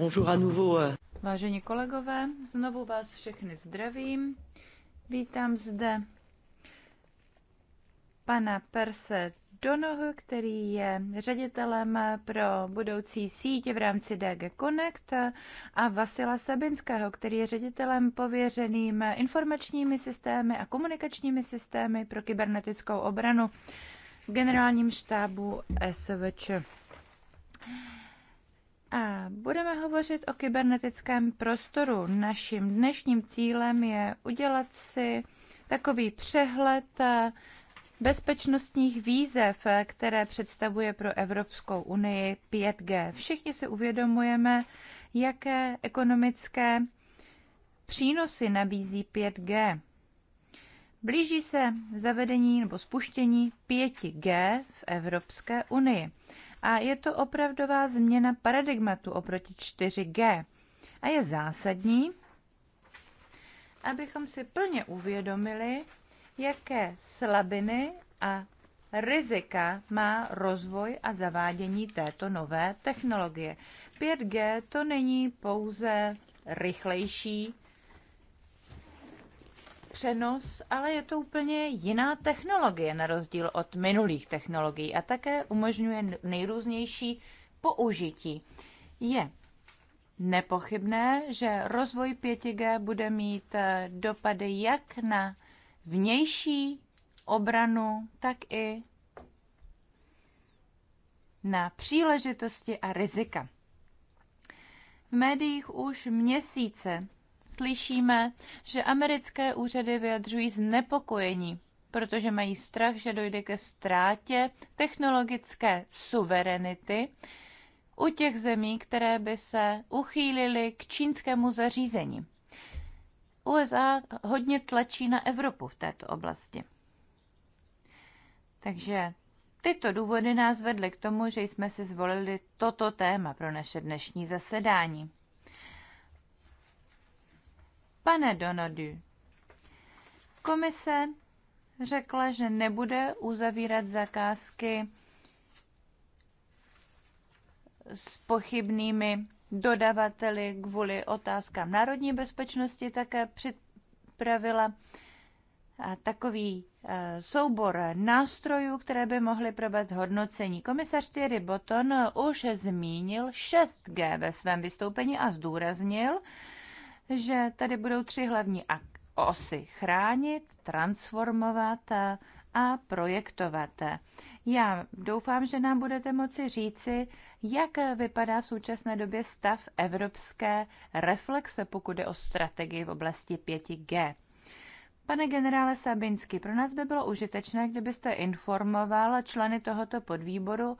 Bonjour à nouveau. Euh. Vážení kolegové, znovu vás všechny zdravím. Vítám zde pana Perse Donohu, který je ředitelem pro budoucí síť v rámci DG Connect a Vasila Sabinského, který je ředitelem pověřeným informačními systémy a komunikačními systémy pro kybernetickou obranu v generálním štábu SVČ. A budeme hovořit o kybernetickém prostoru. Naším dnešním cílem je udělat si takový přehled bezpečnostních výzev, které představuje pro Evropskou unii 5G. Všichni si uvědomujeme, jaké ekonomické přínosy nabízí 5G. Blíží se zavedení nebo spuštění 5G v Evropské unii. A je to opravdová změna paradigmatu oproti 4G. A je zásadní, abychom si plně uvědomili, jaké slabiny a rizika má rozvoj a zavádění této nové technologie. 5G to není pouze rychlejší přenos, ale je to úplně jiná technologie na rozdíl od minulých technologií a také umožňuje nejrůznější použití. Je nepochybné, že rozvoj 5G bude mít eh, dopady jak na vnější obranu, tak i na příležitosti a rizika. V médiích už měsíce slyšíme, že americké úřady vyjadřují znepokojení, protože mají strach, že dojde ke ztrátě technologické suverenity u těch zemí, které by se uchýlily k čínskému zařízení. USA hodně tlačí na Evropu v této oblasti. Takže tyto důvody nás vedly k tomu, že jsme si zvolili toto téma pro naše dnešní zasedání. Pane Donody, komise řekla, že nebude uzavírat zakázky s pochybnými dodavateli kvůli otázkám národní bezpečnosti, také připravila takový e, soubor nástrojů, které by mohly provést hodnocení. Komisař Thierry Botton už zmínil 6G ve svém vystoupení a zdůraznil, že tady budou tři hlavní osy chránit, transformovat eh, a projektovat. Já doufám, že nám budete moci říci, jak vypadá v současné době stav evropské reflexe, pokud jde o strategii v oblasti 5G. Pane generále Sabinsky, pro nás by bylo užitečné, kdybyste informoval členy tohoto podvýboru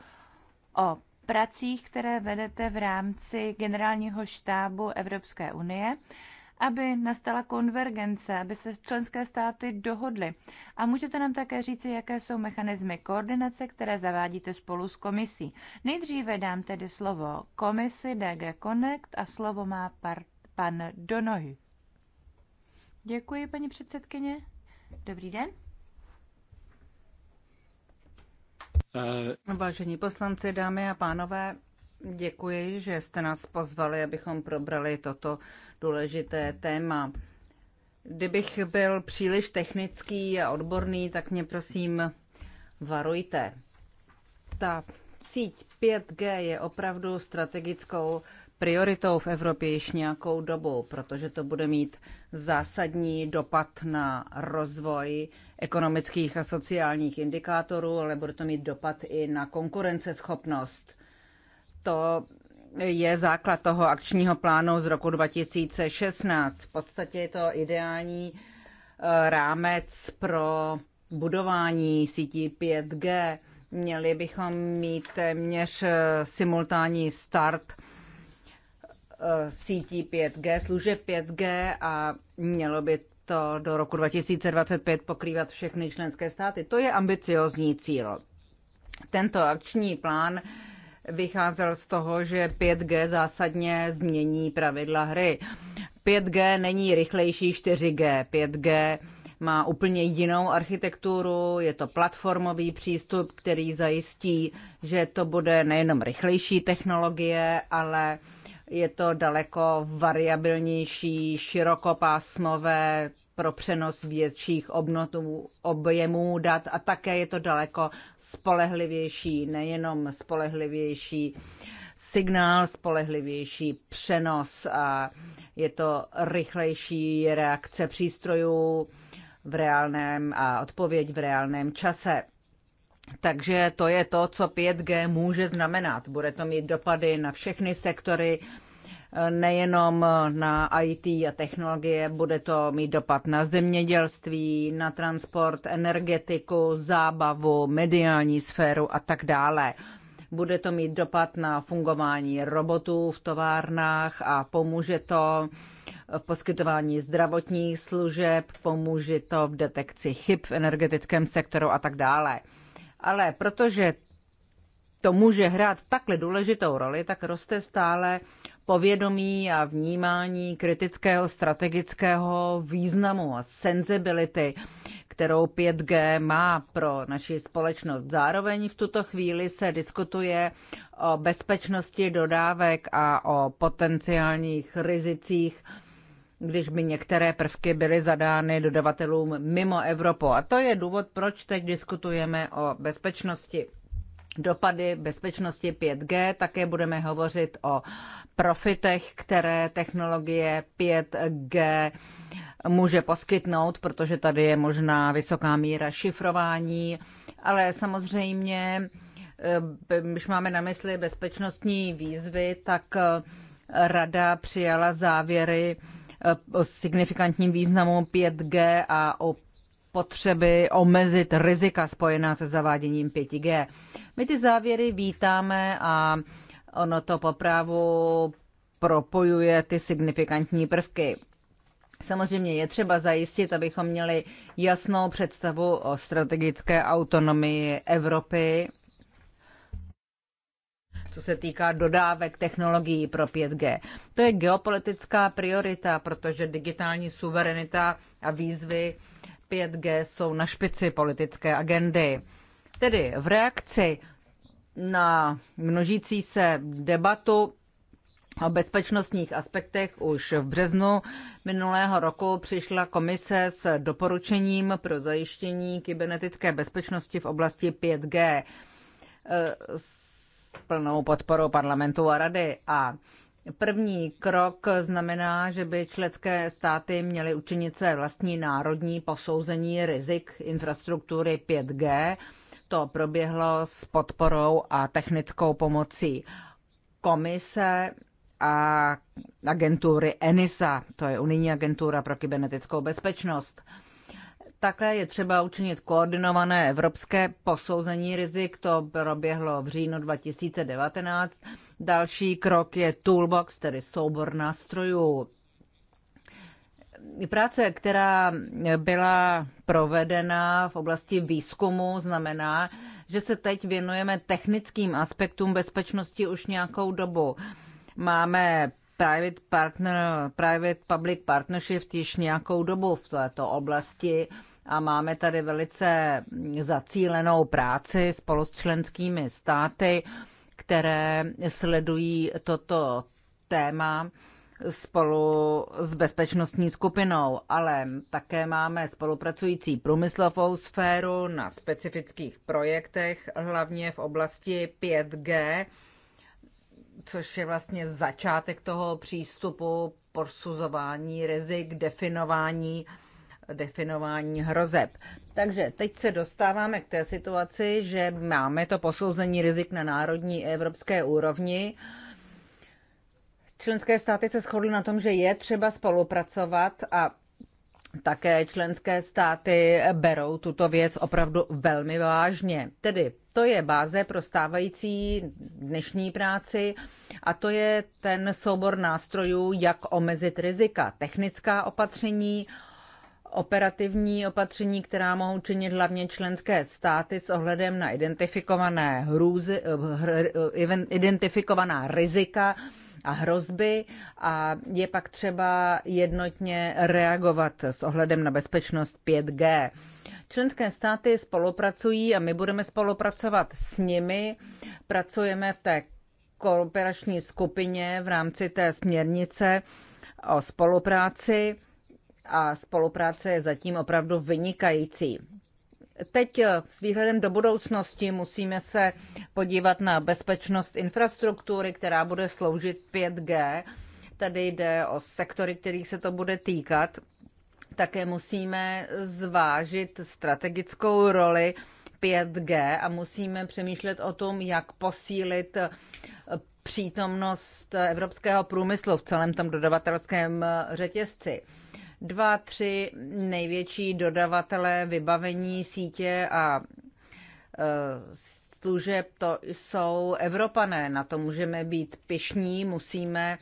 o pracích, které vedete v rámci generálního štábu Evropské unie, aby nastala konvergence, aby se členské státy dohodly. A můžete nám také říci, jaké jsou mechanismy koordinace, které zavádíte spolu s komisí. Nejdříve dám tedy slovo komisi DG Connect a slovo má par, pan Donohy. Děkuji, paní předsedkyně. Dobrý den. Eh, Vážení poslanci, dámy a pánové, děkuji, že jste nás pozvali, abychom probrali toto důležité téma. Kdybych byl příliš technický a odborný, tak mě prosím varujte. Ta síť 5G je opravdu strategickou prioritou v Evropě již nějakou dobu, protože to bude mít zásadní dopad na rozvoj ekonomických a sociálních indikátorů, ale bude to mít dopad i na konkurenceschopnost. To je základ toho akčního plánu z roku 2016. V podstatě je to ideální eh, rámec pro budování sítí 5G. Měli bychom mít téměř eh, simultánní start Eh, sítí 5G, služeb 5G a mělo by to do roku 2025 pokrývat všechny členské státy. To je ambiciozní cíl. Tento akční plán vycházel z toho, že 5G zásadně změní pravidla hry. 5G není rychlejší 4G. 5G má úplně jinou architekturu, je to platformový přístup, který zajistí, že to bude nejenom rychlejší technologie, ale je to daleko variabilnější, širokopásmové pro přenos větších obnotů, objemů dat a také je to daleko spolehlivější, nejenom spolehlivější signál, spolehlivější přenos a je to rychlejší reakce přístrojů v reálném a odpověď v reálném čase. Takže to je to, co 5G může znamenat. Bude to mít dopady na všechny sektory, nejenom na IT a technologie, bude to mít dopad na zemědělství, na transport, energetiku, zábavu, mediální sféru a tak dále. Bude to mít dopad na fungování robotů v továrnách a pomůže to v poskytování zdravotních služeb, pomůže to v detekci chyb v energetickém sektoru a tak dále. Ale protože to může hrát takhle důležitou roli, tak roste stále povědomí a vnímání kritického strategického významu a senzibility, kterou 5G má pro naši společnost. Zároveň v tuto chvíli se diskutuje o bezpečnosti dodávek a o potenciálních rizicích když by některé prvky byly zadány dodavatelům mimo Evropu. A to je důvod, proč teď diskutujeme o bezpečnosti. Dopady bezpečnosti 5G, také budeme hovořit o profitech, které technologie 5G může poskytnout, protože tady je možná vysoká míra šifrování, ale samozřejmě, eh, když máme na mysli bezpečnostní výzvy, tak eh, Rada přijala závěry o signifikantním významu 5G a o potřeby omezit rizika spojená se zaváděním 5G. My ty závěry vítáme a ono to poprávu propojuje ty signifikantní prvky. Samozřejmě je třeba zajistit, abychom měli jasnou představu o strategické autonomii Evropy co se týká dodávek technologií pro 5G. To je geopolitická priorita, protože digitální suverenita a výzvy 5G jsou na špici politické agendy. Tedy v reakci na množící se debatu o bezpečnostních aspektech už v březnu minulého roku přišla komise s doporučením pro zajištění kybernetické bezpečnosti v oblasti 5G s plnou podporou parlamentu a rady. A první krok znamená, že by členské státy měly učinit své vlastní národní posouzení rizik infrastruktury 5G. To proběhlo s podporou a technickou pomocí komise a agentury ENISA, to je unijní agentura pro kybernetickou bezpečnost. Také je třeba učinit koordinované evropské posouzení rizik, to proběhlo v říjnu 2019. Další krok je toolbox, tedy soubor nástrojů. Práce, která byla provedena v oblasti výzkumu, znamená, že se teď věnujeme technickým aspektům bezpečnosti už nějakou dobu. Máme private, partner, private public partnership již nějakou dobu v této oblasti a máme tady velice zacílenou práci spolu s členskými státy, které sledují toto téma spolu s bezpečnostní skupinou, ale také máme spolupracující průmyslovou sféru na specifických projektech, hlavně v oblasti 5G což je vlastně začátek toho přístupu posuzování rizik, definování, definování hrozeb. Takže teď se dostáváme k té situaci, že máme to posouzení rizik na národní evropské úrovni. Členské státy se shodly na tom, že je třeba spolupracovat a také členské státy berou tuto věc opravdu velmi vážně. Tedy to je báze pro stávající dnešní práci a to je ten soubor nástrojů, jak omezit rizika. Technická opatření, operativní opatření, která mohou činit hlavně členské státy s ohledem na identifikované hrůzy, identifikovaná rizika, a hrozby a je pak třeba jednotně reagovat s ohledem na bezpečnost 5G. Členské státy spolupracují a my budeme spolupracovat s nimi. Pracujeme v té kooperační skupině v rámci té směrnice o spolupráci a spolupráce je zatím opravdu vynikající. Teď eh, s výhledem do budoucnosti musíme se podívat na bezpečnost infrastruktury, která bude sloužit 5G. Tady jde o sektory, kterých se to bude týkat. Také musíme zvážit strategickou roli 5G a musíme přemýšlet o tom, jak posílit eh, přítomnost evropského průmyslu v celém tom dodavatelském eh, řetězci dva, tři největší dodavatelé vybavení sítě a e, služeb to jsou Evropané. Na to můžeme být pišní, musíme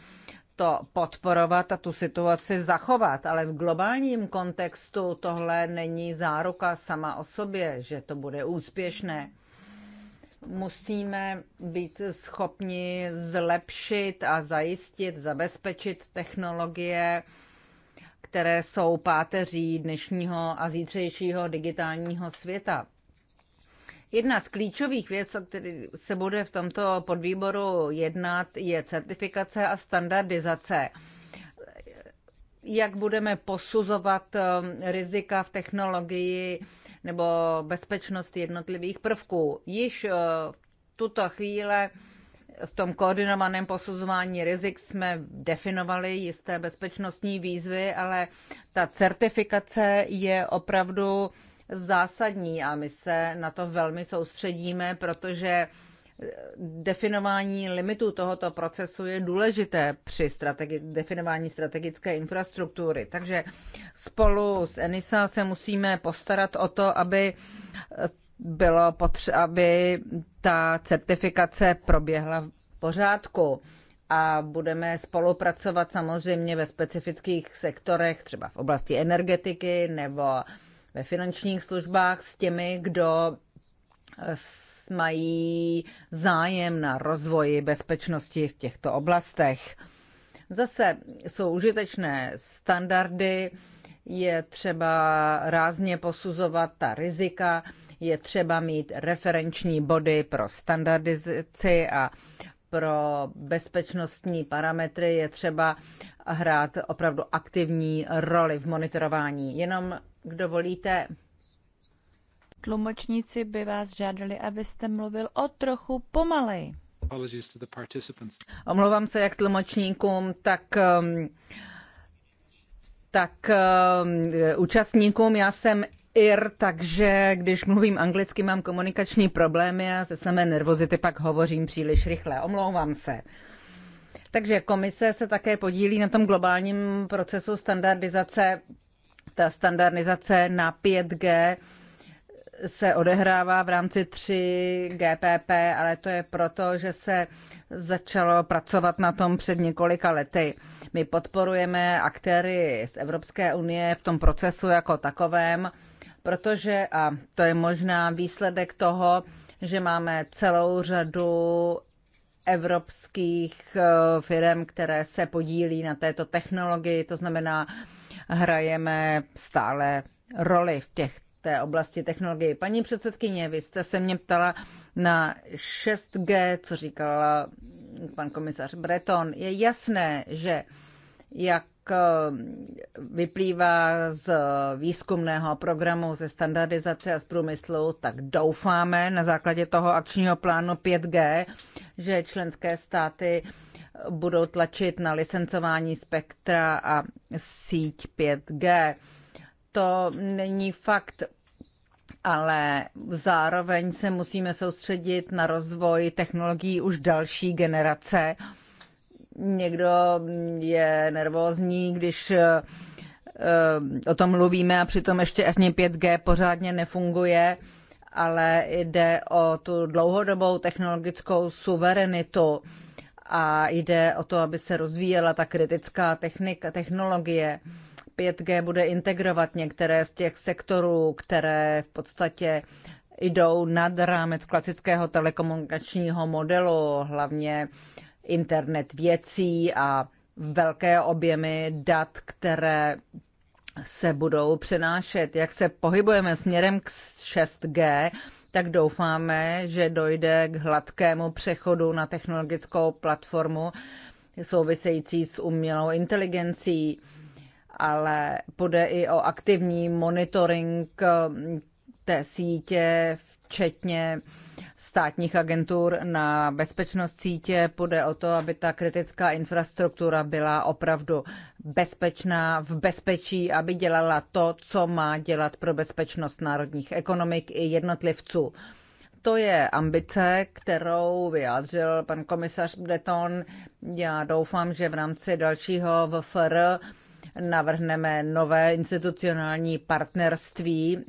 to podporovat a tu situaci zachovat, ale v globálním kontextu tohle není záruka sama o sobě, že to bude úspěšné. Musíme být schopni zlepšit a zajistit, zabezpečit technologie, které jsou páteří dnešního a zítřejšího digitálního světa. Jedna z klíčových věcí, o které se bude v tomto podvýboru jednat, je certifikace a standardizace. Jak budeme posuzovat um, rizika v technologii nebo bezpečnost jednotlivých prvků? Již uh, v tuto chvíli v tom koordinovaném posuzování rizik jsme definovali jisté bezpečnostní výzvy, ale ta certifikace je opravdu zásadní a my se na to velmi soustředíme, protože eh, definování limitů tohoto procesu je důležité při strategi- definování strategické infrastruktury. Takže spolu s ENISA se musíme postarat o to, aby bylo potřeba, aby ta certifikace proběhla v pořádku a budeme spolupracovat samozřejmě ve specifických sektorech, třeba v oblasti energetiky nebo ve finančních službách s těmi, kdo mají zájem na rozvoji bezpečnosti v těchto oblastech. Zase jsou užitečné standardy, je třeba rázně posuzovat ta rizika, je třeba mít referenční body pro standardizaci a pro bezpečnostní parametry je třeba hrát opravdu aktivní roli v monitorování. Jenom, kdo volíte, Tlumočníci by vás žádali, abyste mluvil o trochu pomalej. Omlouvám se jak tlumočníkům, tak um, tak um, účastníkům. Já jsem Ir, takže když mluvím anglicky, mám komunikační problémy a se samé nervozity pak hovořím příliš rychle. Omlouvám se. Takže komise se také podílí na tom globálním procesu standardizace. Ta standardizace na 5G se odehrává v rámci 3GPP, ale to je proto, že se začalo pracovat na tom před několika lety. My podporujeme aktéry z Evropské unie v tom procesu jako takovém protože, a to je možná výsledek toho, že máme celou řadu evropských eh, firm, které se podílí na této technologii, to znamená, hrajeme stále roli v těch té oblasti technologie. Paní předsedkyně, vy jste se mě ptala na 6G, co říkal pan komisař Breton. Je jasné, že jak Eh, vyplývá z výzkumného programu ze standardizace a z průmyslu, tak doufáme na základě toho akčního plánu 5G, že členské státy budou tlačit na licencování spektra a síť 5G. To není fakt, ale zároveň se musíme soustředit na rozvoj technologií už další generace, Někdo je nervózní, když eh, eh, o tom mluvíme a přitom ještě ani 5G pořádně nefunguje, ale jde o tu dlouhodobou technologickou suverenitu a jde o to, aby se rozvíjela ta kritická technika, technologie. 5G bude integrovat některé z těch sektorů, které v podstatě jdou nad rámec klasického telekomunikačního modelu, hlavně uh, internet věcí a velké objemy dat, které se budou přenášet. Jak se pohybujeme směrem k 6G, tak doufáme, že dojde k hladkému přechodu na technologickou platformu související s umělou inteligencí, ale půjde i o aktivní monitoring té sítě včetně státních agentur na bezpečnost sítě. Půjde o to, aby ta kritická infrastruktura byla opravdu bezpečná, v bezpečí, aby dělala to, co má dělat pro bezpečnost národních ekonomik i jednotlivců. To je ambice, kterou vyjádřil pan komisař Breton. Já doufám, že v rámci dalšího VFR navrhneme nové institucionální partnerství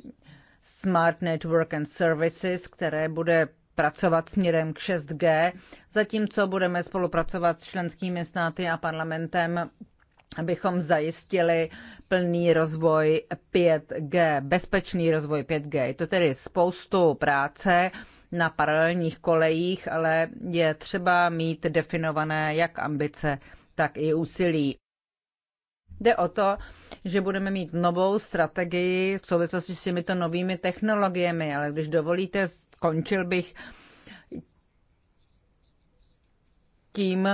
Smart Network and Services, které bude pracovat směrem k 6G, zatímco budeme spolupracovat s členskými státy a parlamentem, abychom zajistili plný rozvoj 5G, bezpečný rozvoj 5G. Je to tedy spoustu práce na paralelních kolejích, ale je třeba mít definované jak ambice, tak i úsilí. Jde o to, že budeme mít novou strategii v souvislosti s těmito novými technologiemi, ale když dovolíte, skončil bych tím,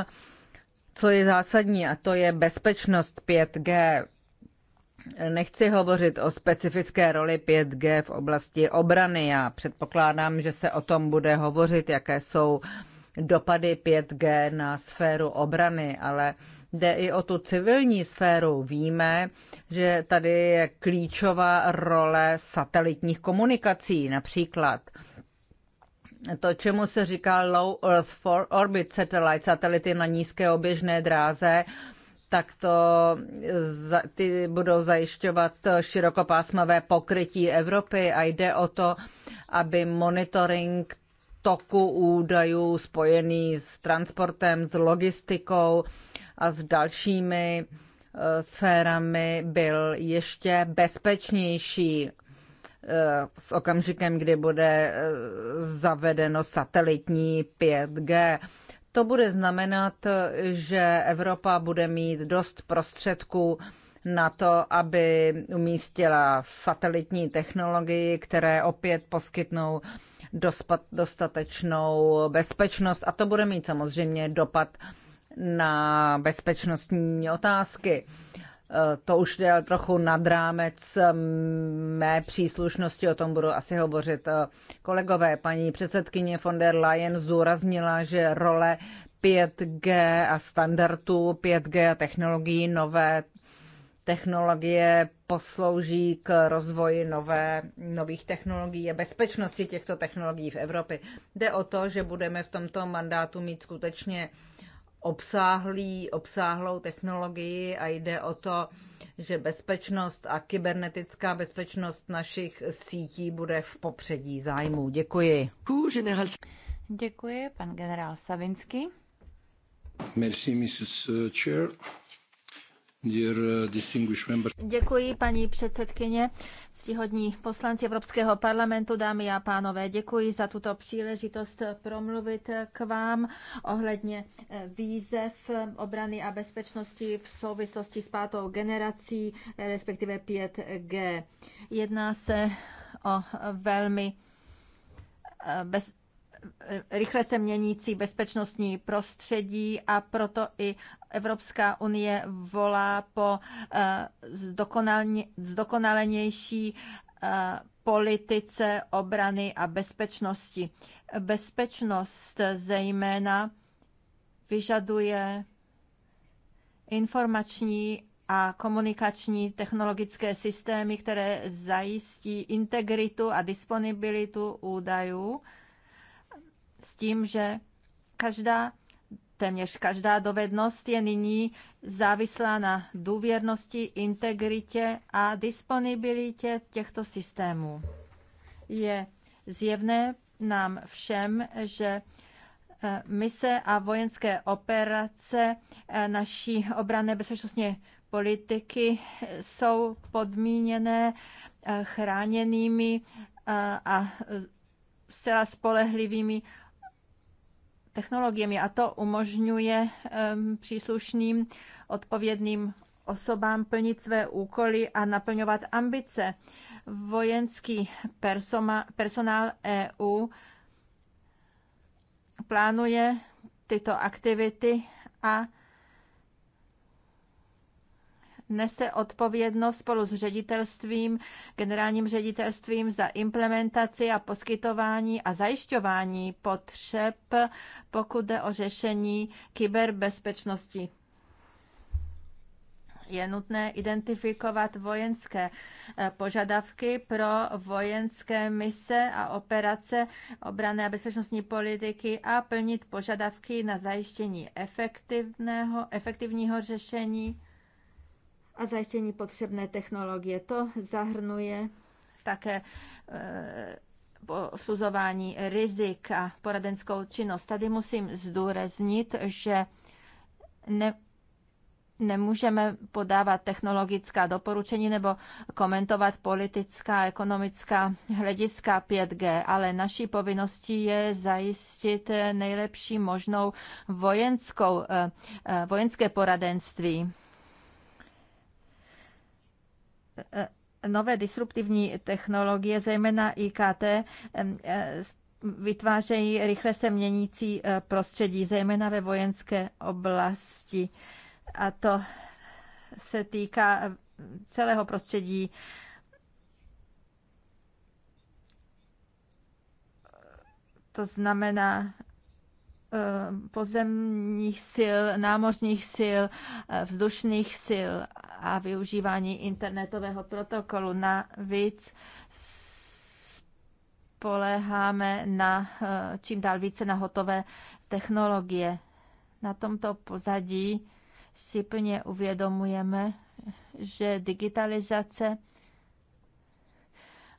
co je zásadní, a to je bezpečnost 5G. Nechci hovořit o specifické roli 5G v oblasti obrany. Já předpokládám, že se o tom bude hovořit, jaké jsou dopady 5G na sféru obrany, ale jde i o tu civilní sféru. Víme, že tady je klíčová role satelitních komunikací například. To, čemu se říká Low Earth for Orbit Satellite, satelity na nízké oběžné dráze, tak to ty budou zajišťovat širokopásmové pokrytí Evropy a jde o to, aby monitoring toku údajů spojený s transportem, s logistikou, a s dalšími eh, sférami byl ještě bezpečnější eh, s okamžikem, kdy bude eh, zavedeno satelitní 5G. To bude znamenat, že Evropa bude mít dost prostředků na to, aby umístila satelitní technologii, které opět poskytnou dostatečnou bezpečnost. A to bude mít samozřejmě dopad na bezpečnostní otázky. E, to už je trochu nad rámec mé příslušnosti, o tom budu asi hovořit e, kolegové. Paní předsedkyně von der Leyen zdůraznila, že role 5G a standardů 5G a technologií nové technologie poslouží k rozvoji nové, nových technologií a bezpečnosti těchto technologií v Evropě. Jde o to, že budeme v tomto mandátu mít skutečně uh, obsáhlý, obsáhlou technologii a jde o to, že bezpečnost a kybernetická bezpečnost našich sítí bude v popředí zájmu. Děkuji. Děkuji, pan generál Savinsky. Merci, Mrs. Eh, Chair. Uh, Děkuji, paní předsedkyně, ctihodní poslanci Evropského parlamentu, dámy a pánové. Děkuji za tuto příležitost promluvit k vám ohledně eh, výzev eh, obrany a bezpečnosti v souvislosti s pátou generací, eh, respektive 5G. Jedná se o velmi bez, Eh, rychle se měnící bezpečnostní prostředí a proto i Evropská unie volá po eh, zdokonalenější eh, politice obrany a bezpečnosti. Bezpečnost zejména vyžaduje informační a komunikační technologické systémy, které zajistí integritu a disponibilitu údajů s tím, že každá Téměř každá dovednost je nyní závislá na důvěrnosti, integritě a disponibilitě těchto systémů. Je zjevné nám všem, že eh, mise a vojenské operace eh, naší obranné bezpečnostní politiky jsou podmíněné eh, chráněnými a zcela spolehlivými technologiemi a to umožňuje příslušným odpovědným osobám plnit své úkoly a naplňovat ambice. Vojenský persoma, personál EU plánuje tyto aktivity a nese odpovědnost spolu s ředitelstvím, generálním ředitelstvím za implementaci a poskytování a zajišťování potřeb, pokud jde o řešení kyberbezpečnosti je nutné identifikovat vojenské eh, požadavky pro vojenské mise a operace obrané a bezpečnostní politiky a plnit požadavky na zajištění efektivného, efektivního řešení a zajištění potřebné technologie. To zahrnuje také e, posuzování rizik a poradenskou činnost. Tady musím zdůraznit, že ne, nemůžeme podávat technologická doporučení nebo komentovat politická, ekonomická hlediska 5G, ale naší povinností je zajistit nejlepší možnou vojenskou, e, e, vojenské poradenství Eh, nové disruptivní technologie, zejména IKT, eh, vytvářejí rychle se měnící eh, prostředí, zejména ve vojenské oblasti. A to se týká celého prostředí To znamená Eh, pozemních sil, námořních sil, eh, vzdušných sil a využívání internetového protokolu. Navíc spoleháme na eh, čím dál více na hotové technologie. Na tomto pozadí si plně uvědomujeme, že digitalizace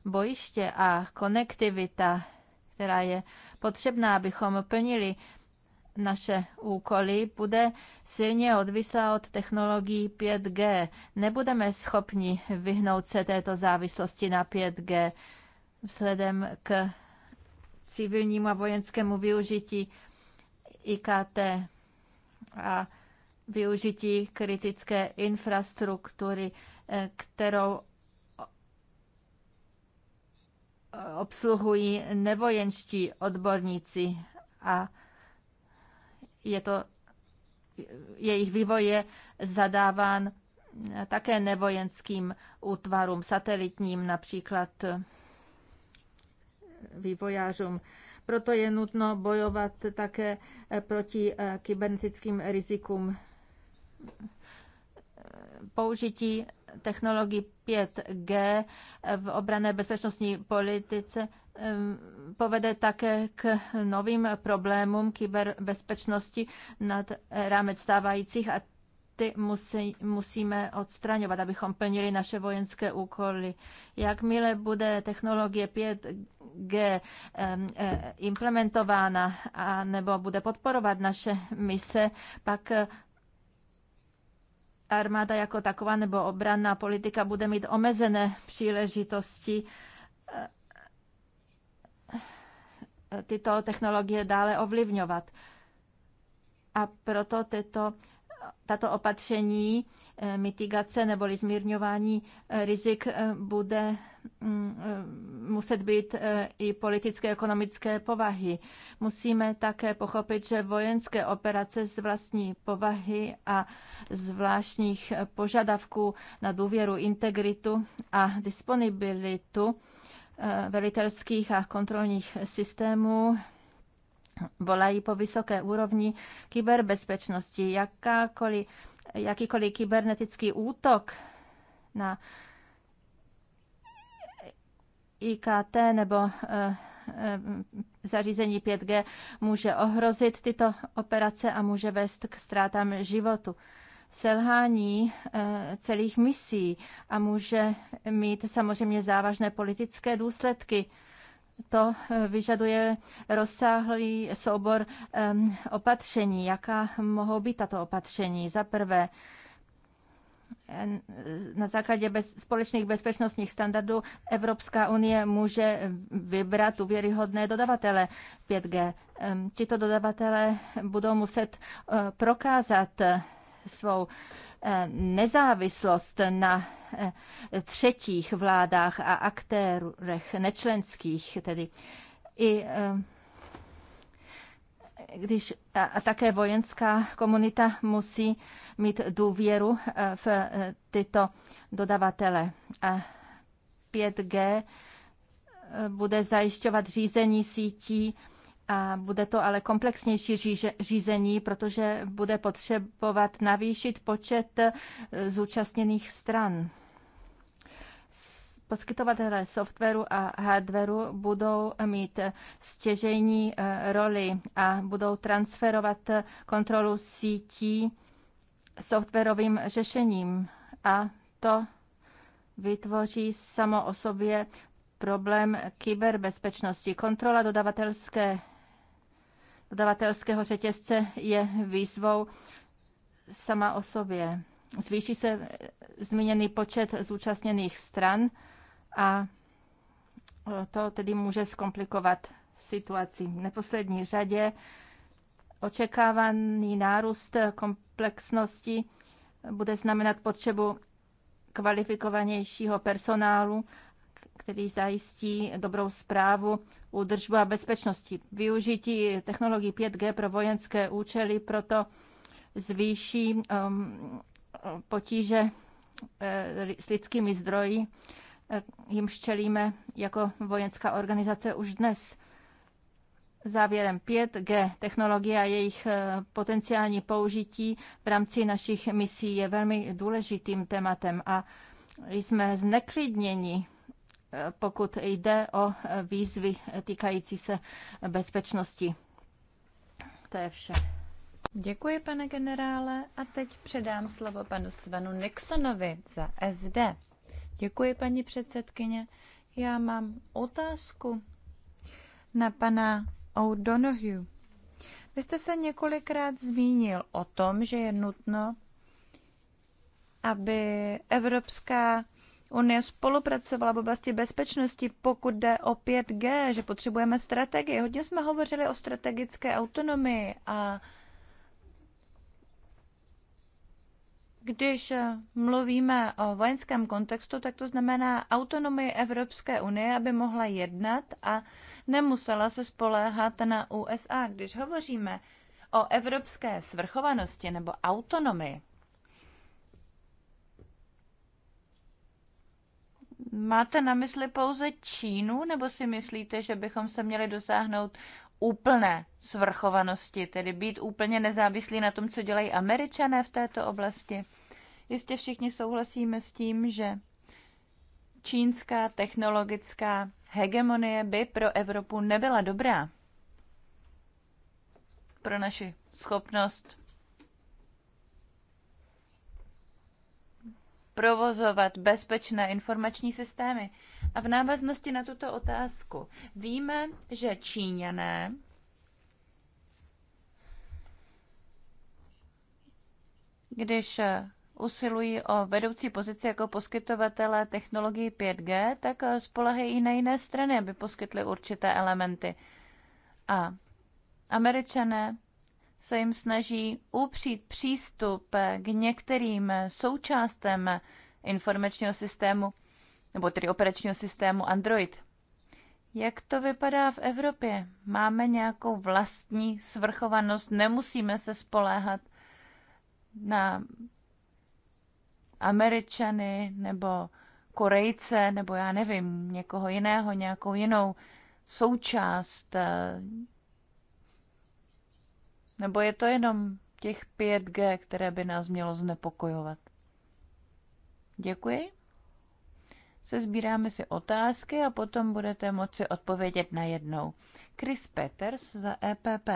bojiště a konektivita, která je potřebná, abychom plnili naše úkoly bude silně odvislá od technologií 5G. Nebudeme schopni vyhnout se této závislosti na 5G vzhledem k civilnímu a vojenskému využití IKT a využití kritické infrastruktury, eh, kterou obsluhují nevojenští odborníci a je to, jejich vývoj je zadáván také nevojenským útvarům, satelitním například vývojářům. Proto je nutno bojovat také proti kybernetickým rizikům použití technologii 5G v obrané bezpečnostní politice povede také k novým problémům kyberbezpečnosti nad rámec stávajících a ty musí, musíme odstraňovat, abychom plnili naše vojenské úkoly. Jakmile bude technologie 5G e, implementována a nebo bude podporovat naše mise, pak armáda jako taková nebo obranná politika bude mít omezené příležitosti tyto technologie dále ovlivňovat. A proto tyto tato opatření eh, mitigace neboli zmírňování eh, rizik eh, bude mm, muset být i politické ekonomické povahy. Musíme také pochopit, že vojenské operace z vlastní povahy a zvláštních požadavků na důvěru, integritu a disponibilitu velitelských a kontrolních systémů volají po vysoké úrovni kyberbezpečnosti. Jakákoliv, jakýkoliv kybernetický útok na IKT nebo eh, eh, zařízení 5G může ohrozit tyto operace a může vést k ztrátám životu selhání eh, celých misí a může mít samozřejmě závažné politické důsledky to eh, vyžaduje rozsáhlý soubor opatření. Jaká mohou být tato opatření? Za prvé, na základě bez, společných bezpečnostních standardů Evropská unie může vybrat uvěryhodné dodavatele 5G. Tito dodavatele budou muset eh, prokázat svou eh, nezávislost na eh, třetích vládách a aktérech nečlenských, tedy i eh, když a, a také vojenská komunita musí mít důvěru v tyto dodavatele. A 5G bude zajišťovat řízení sítí a bude to ale komplexnější řízení, protože bude potřebovat navýšit počet eh, zúčastněných stran. Poskytovatelé softwaru a hardwaru budou mít eh, stěžejní eh, roli a budou transferovat kontrolu sítí softwarovým řešením. A to vytvoří samo o sobě problém kyberbezpečnosti. Kontrola dodavatelské dodavatelského řetězce je výzvou sama o sobě. Zvýší se zmíněný počet zúčastněných stran a to tedy může zkomplikovat situaci. V neposlední řadě očekávaný nárůst komplexnosti bude znamenat potřebu kvalifikovanějšího personálu který zajistí dobrou zprávu, údržbu a bezpečnosti. Využití technologií 5G pro vojenské účely proto zvýší um, potíže eh, s lidskými zdroji, eh, jim čelíme jako vojenská organizace už dnes. Závěrem 5G technologie a jejich eh, potenciální použití v rámci našich misí je velmi důležitým tématem a jsme zneklidněni pokud jde o výzvy týkající se bezpečnosti. To je vše. Děkuji, pane generále, a teď předám slovo panu Svanu Nixonovi za SD. Děkuji, paní předsedkyně. Já mám otázku na pana O'Donohue. Vy jste se několikrát zmínil o tom, že je nutno, aby Evropská Unie spolupracovala v oblasti bezpečnosti, pokud jde o 5G, že potřebujeme strategii. Hodně jsme hovořili o strategické autonomii a Když mluvíme o vojenském kontextu, tak to znamená autonomii Evropské unie, aby mohla jednat a nemusela se spoléhat na USA. Když hovoříme o evropské svrchovanosti nebo autonomii, Máte na mysli pouze Čínu, nebo si myslíte, že bychom se měli dosáhnout úplné svrchovanosti, tedy být úplně nezávislí na tom, co dělají američané v této oblasti? Jistě všichni souhlasíme s tím, že čínská technologická hegemonie by pro Evropu nebyla dobrá. Pro naši schopnost provozovat bezpečné informační systémy. A v návaznosti na tuto otázku víme, že Číňané když usilují o vedoucí pozici jako poskytovatele technologií 5G, tak spolehají i na jiné strany, aby poskytly určité elementy. A američané se jim snaží upřít přístup k některým součástem informačního systému, nebo tedy operačního systému Android. Jak to vypadá v Evropě? Máme nějakou vlastní svrchovanost, nemusíme se spoléhat na Američany nebo Korejce, nebo já nevím, někoho jiného, nějakou jinou součást nebo je to jenom těch 5G, které by nás mělo znepokojovat? Děkuji. Sezbíráme si otázky a potom budete moci odpovědět na jednou. Chris Peters za EPP.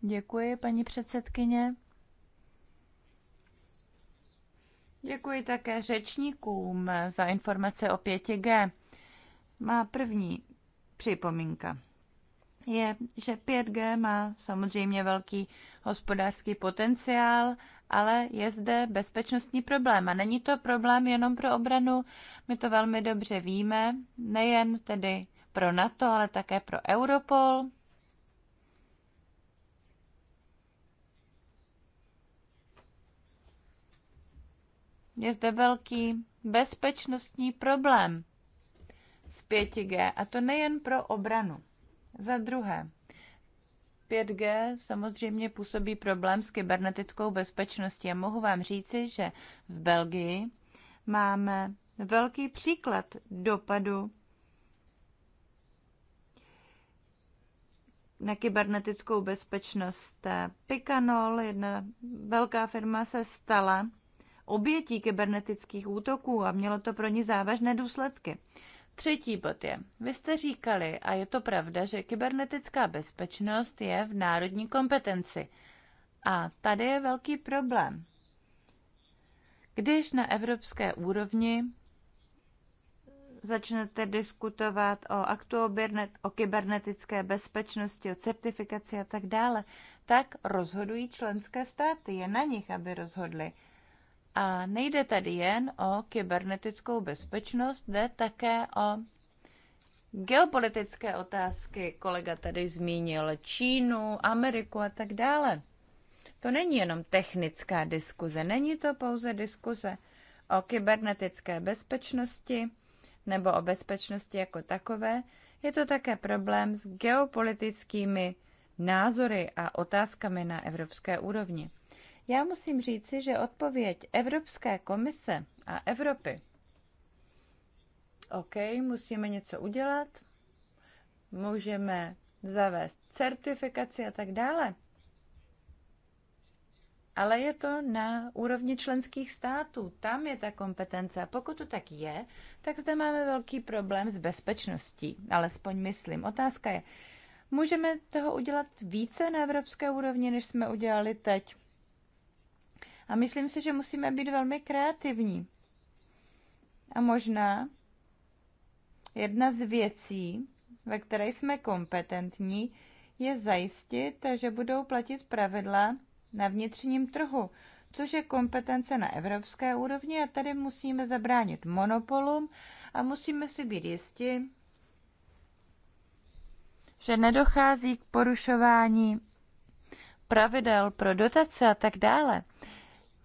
Děkuji, paní předsedkyně. Děkuji také řečníkům za informace o 5G. Má první připomínka je, že 5G má samozřejmě velký hospodářský potenciál, ale je zde bezpečnostní problém. A není to problém jenom pro obranu, my to velmi dobře víme, nejen tedy pro NATO, ale také pro Europol. Je zde velký bezpečnostní problém z 5G, a to nejen pro obranu. Za druhé, 5G samozřejmě působí problém s kybernetickou bezpečností a mohu vám říci, že v Belgii máme velký příklad dopadu na kybernetickou bezpečnost. Picanol, jedna velká firma, se stala obětí kybernetických útoků a mělo to pro ní závažné důsledky. Třetí bod je, vy jste říkali, a je to pravda, že kybernetická bezpečnost je v národní kompetenci. A tady je velký problém. Když na evropské úrovni začnete diskutovat o aktu o kybernetické bezpečnosti, o certifikaci a tak dále, tak rozhodují členské státy. Je na nich, aby rozhodli. A nejde tady jen o kybernetickou bezpečnost, jde také o geopolitické otázky. Kolega tady zmínil Čínu, Ameriku a tak dále. To není jenom technická diskuze, není to pouze diskuze o kybernetické bezpečnosti nebo o bezpečnosti jako takové, je to také problém s geopolitickými názory a otázkami na evropské úrovni. Já musím říci, že odpověď Evropské komise a Evropy. OK, musíme něco udělat, můžeme zavést certifikaci a tak dále. Ale je to na úrovni členských států. Tam je ta kompetence. A pokud to tak je, tak zde máme velký problém s bezpečností. Alespoň myslím. Otázka je, můžeme toho udělat více na evropské úrovni, než jsme udělali teď? A myslím si, že musíme být velmi kreativní. A možná jedna z věcí, ve které jsme kompetentní, je zajistit, že budou platit pravidla na vnitřním trhu, což je kompetence na evropské úrovni a tady musíme zabránit monopolům a musíme si být jisti, že nedochází k porušování pravidel pro dotace a tak dále.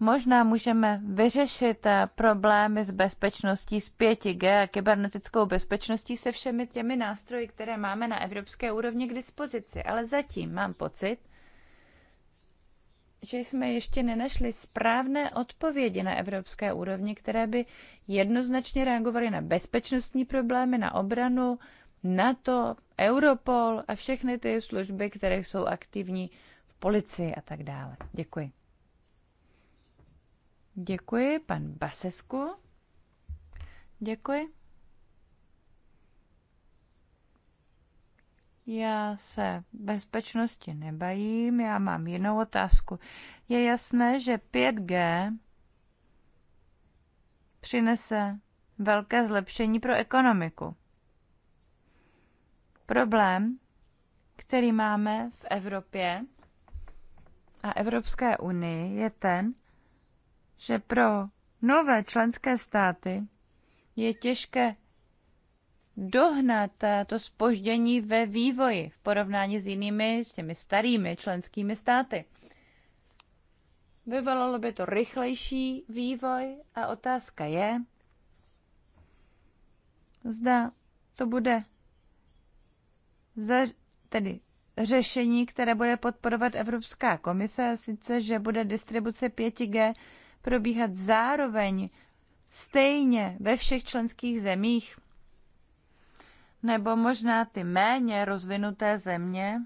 Možná můžeme vyřešit eh, problémy s bezpečností, s 5G a kybernetickou bezpečností se všemi těmi nástroji, které máme na evropské úrovni k dispozici. Ale zatím mám pocit, že jsme ještě nenašli správné odpovědi na evropské úrovni, které by jednoznačně reagovaly na bezpečnostní problémy, na obranu, NATO, Europol a všechny ty služby, které jsou aktivní v policii a tak dále. Děkuji. Děkuji, pan Basesku. Děkuji. Já se bezpečnosti nebajím, já mám jinou otázku. Je jasné, že 5G přinese velké zlepšení pro ekonomiku. Problém, který máme v Evropě a Evropské unii, je ten, že pro nové členské státy je těžké dohnat to spoždění ve vývoji v porovnání s jinými, s těmi starými členskými státy. Vyvolalo by to rychlejší vývoj a otázka je, zda to bude za, tedy řešení, které bude podporovat Evropská komise, a sice, že bude distribuce 5G probíhat zároveň stejně ve všech členských zemích? Nebo možná ty méně rozvinuté země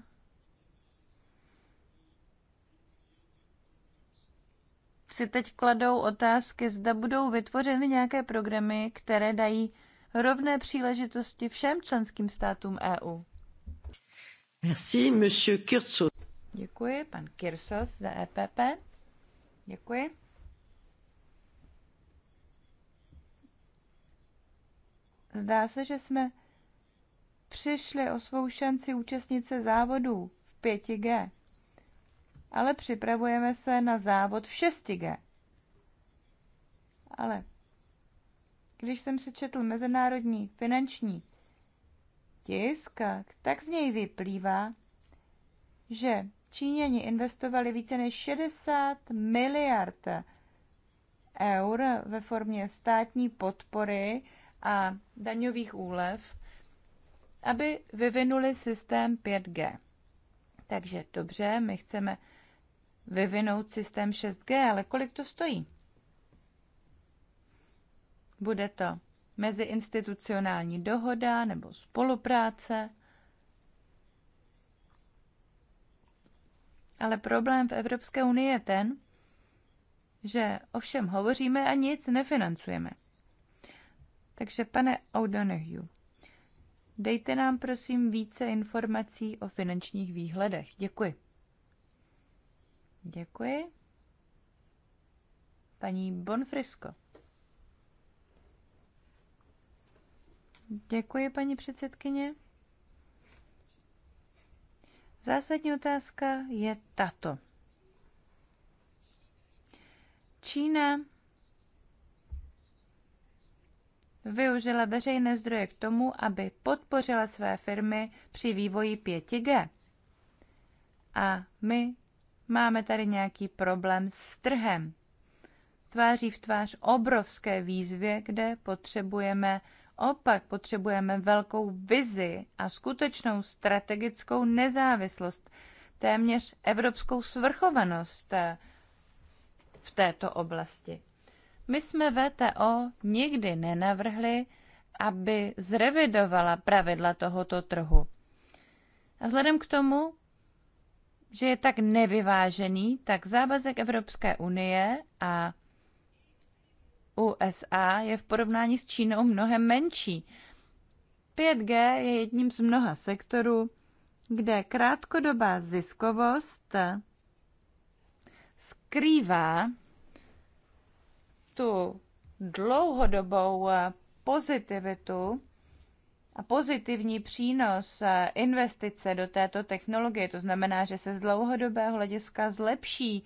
si teď kladou otázky, zda budou vytvořeny nějaké programy, které dají rovné příležitosti všem členským státům EU. Merci, monsieur Kirchhoff. Děkuji, pan Kirsos za EPP. Děkuji. Zdá se, že jsme přišli o svou šanci účastnit se závodů v 5G, ale připravujeme se na závod v 6G. Ale když jsem si četl mezinárodní finanční tisk, tak z něj vyplývá, že Číňani investovali více než 60 miliard eur ve formě státní podpory a daňových úlev, aby vyvinuli systém 5G. Takže dobře, my chceme vyvinout systém 6G, ale kolik to stojí? Bude to meziinstitucionální dohoda nebo spolupráce? Ale problém v Evropské unii je ten, že o všem hovoříme a nic nefinancujeme. Takže pane O'Donoghue, dejte nám prosím více informací o finančních výhledech. Děkuji. Děkuji. Paní Bonfrisko. Děkuji, paní předsedkyně. Zásadní otázka je tato. Čína využila veřejné zdroje k tomu, aby podpořila své firmy při vývoji 5G. A my máme tady nějaký problém s trhem. Tváří v tvář obrovské výzvě, kde potřebujeme opak, potřebujeme velkou vizi a skutečnou strategickou nezávislost, téměř evropskou svrchovanost v této oblasti. My jsme VTO nikdy nenavrhli, aby zrevidovala pravidla tohoto trhu. A vzhledem k tomu, že je tak nevyvážený, tak závazek Evropské unie a USA je v porovnání s Čínou mnohem menší. 5G je jedním z mnoha sektorů, kde krátkodobá ziskovost skrývá tu dlouhodobou eh, pozitivitu a pozitivní přínos eh, investice do této technologie. To znamená, že se z dlouhodobého hlediska zlepší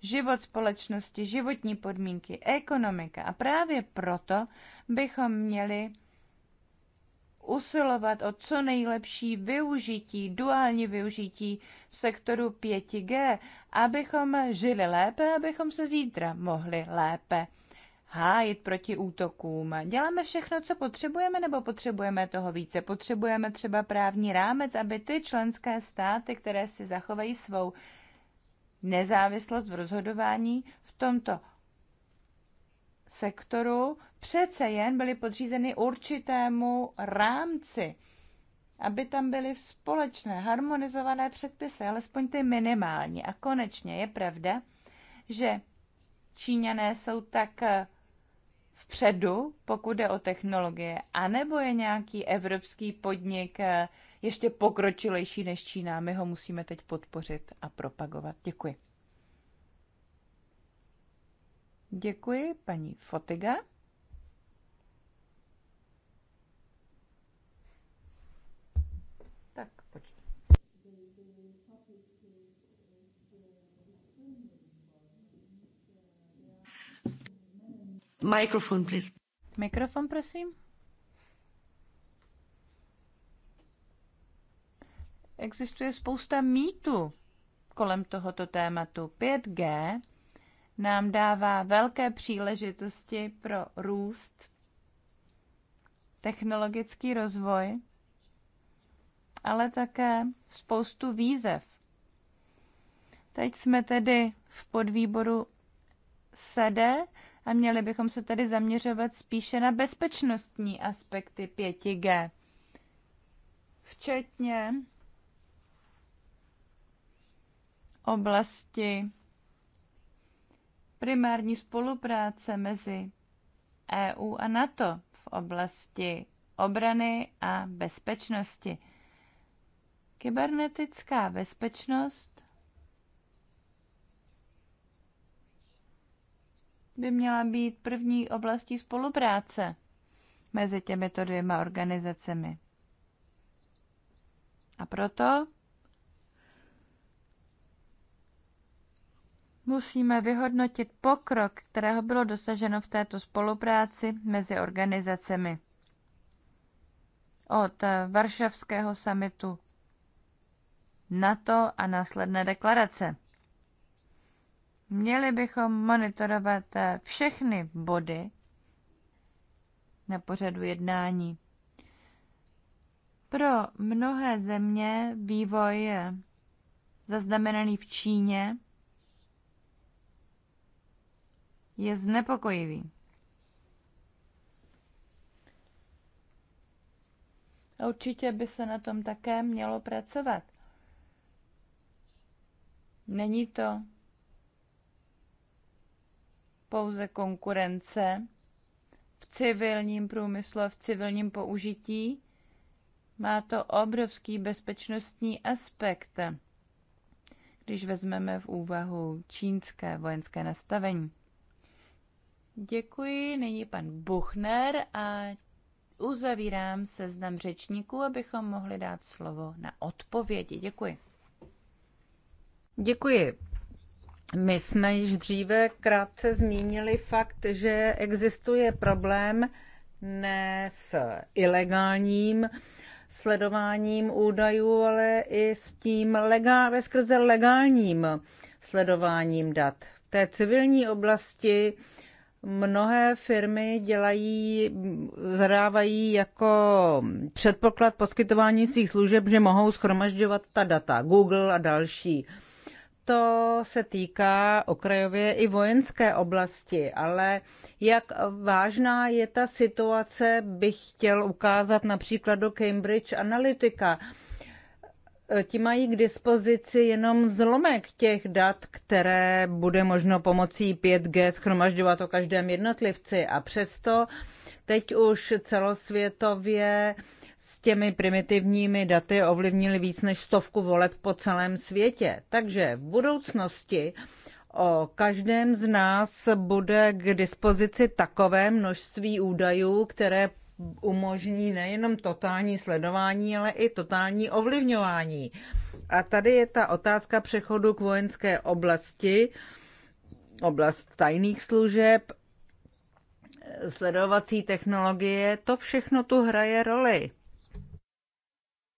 život společnosti, životní podmínky, ekonomika. A právě proto bychom měli usilovat o co nejlepší využití, duální využití v sektoru 5G, abychom žili lépe, abychom se zítra mohli lépe hájit proti útokům. Děláme všechno, co potřebujeme, nebo potřebujeme toho více? Potřebujeme třeba právní rámec, aby ty členské státy, které si zachovají svou nezávislost v rozhodování v tomto sektoru, přece jen byly podřízeny určitému rámci, aby tam byly společné, harmonizované předpisy, alespoň ty minimální. A konečně je pravda, že Číňané jsou tak vpředu, pokud jde o technologie, anebo je nějaký evropský podnik eh, ještě pokročilejší než Čína. My ho musíme teď podpořit a propagovat. Děkuji. Děkuji, paní Fotiga. Mikrofon, please. Mikrofon, prosím. Existuje spousta mýtů kolem tohoto tématu. 5G nám dává velké příležitosti pro růst, technologický rozvoj, ale také spoustu výzev. Teď jsme tedy v podvýboru SEDE, a měli bychom se tedy zaměřovat spíše na bezpečnostní aspekty 5G, včetně oblasti primární spolupráce mezi EU a NATO v oblasti obrany a bezpečnosti. Kybernetická bezpečnost by měla být první oblastí spolupráce mezi těmito dvěma organizacemi. A proto musíme vyhodnotit pokrok, kterého bylo dosaženo v této spolupráci mezi organizacemi. Od Varšavského samitu NATO a následné deklarace. Měli bychom monitorovat eh, všechny body na pořadu jednání. Pro mnohé země vývoj eh, zaznamenaný v Číně je znepokojivý. A určitě by se na tom také mělo pracovat. Není to pouze konkurence v civilním průmyslu a v civilním použití. Má to obrovský bezpečnostní aspekt, když vezmeme v úvahu čínské vojenské nastavení. Děkuji, nyní pan Buchner a uzavírám seznam řečníků, abychom mohli dát slovo na odpovědi. Děkuji. Děkuji. My jsme již dříve krátce zmínili fakt, že existuje problém ne s ilegálním sledováním údajů, ale i s tím legál, ve skrze legálním sledováním dat. V té civilní oblasti mnohé firmy dělají, zadávají jako předpoklad poskytování svých služeb, že mohou schromažďovat ta data, Google a další to se týká okrajově i vojenské oblasti, ale jak vážná je ta situace, bych chtěl ukázat například do Cambridge Analytica. Ti mají k dispozici jenom zlomek těch dat, které bude možno pomocí 5G schromažďovat o každém jednotlivci. A přesto teď už celosvětově s těmi primitivními daty ovlivnili víc než stovku voleb po celém světě. Takže v budoucnosti o každém z nás bude k dispozici takové množství údajů, které umožní nejenom totální sledování, ale i totální ovlivňování. A tady je ta otázka přechodu k vojenské oblasti, oblast tajných služeb, sledovací technologie, to všechno tu hraje roli.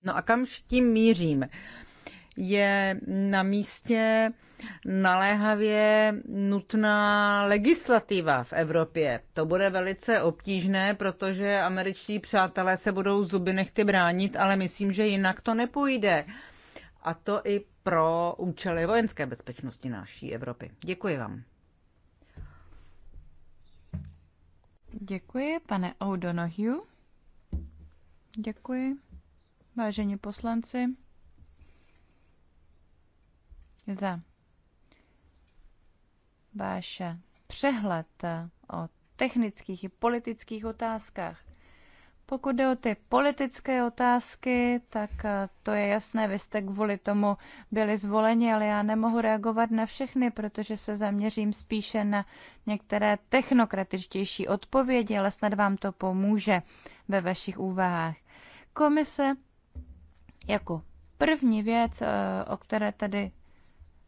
No a kam tím mířím? Je na místě naléhavě nutná legislativa v Evropě. To bude velice obtížné, protože američtí přátelé se budou zuby nechty bránit, ale myslím, že jinak to nepůjde. A to i pro účely vojenské bezpečnosti naší Evropy. Děkuji vám. Děkuji, pane O'Donohue. Děkuji vážení poslanci, za váš přehled o technických i politických otázkách. Pokud jde o ty politické otázky, tak to je jasné, vy jste kvůli tomu byli zvoleni, ale já nemohu reagovat na všechny, protože se zaměřím spíše na některé technokratičtější odpovědi, ale snad vám to pomůže ve vašich úvahách. Komise jako první věc, eh, o které tady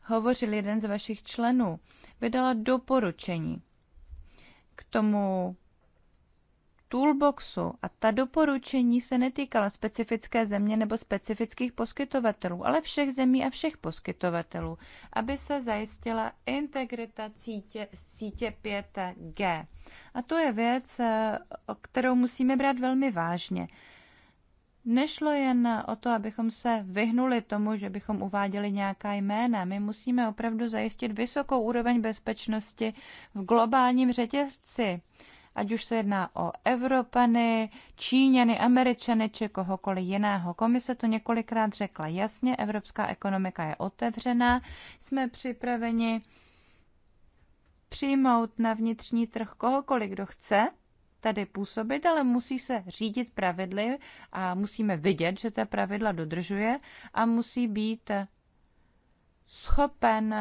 hovořil jeden z vašich členů, vydala doporučení k tomu toolboxu a ta doporučení se netýkala specifické země nebo specifických poskytovatelů, ale všech zemí a všech poskytovatelů, aby se zajistila integrita sítě, sítě 5G. A to je věc, eh, o kterou musíme brát velmi vážně nešlo jen o to, abychom se vyhnuli tomu, že bychom uváděli nějaká jména. My musíme opravdu zajistit vysokou úroveň bezpečnosti v globálním řetězci. Ať už se jedná o Evropany, Číňany, Američany či kohokoliv jiného. Komise to několikrát řekla jasně, evropská ekonomika je otevřená, jsme připraveni přijmout na vnitřní trh kohokoliv, kdo chce, tady působit, ale musí se řídit pravidly a musíme vidět, že ta pravidla dodržuje a musí být schopen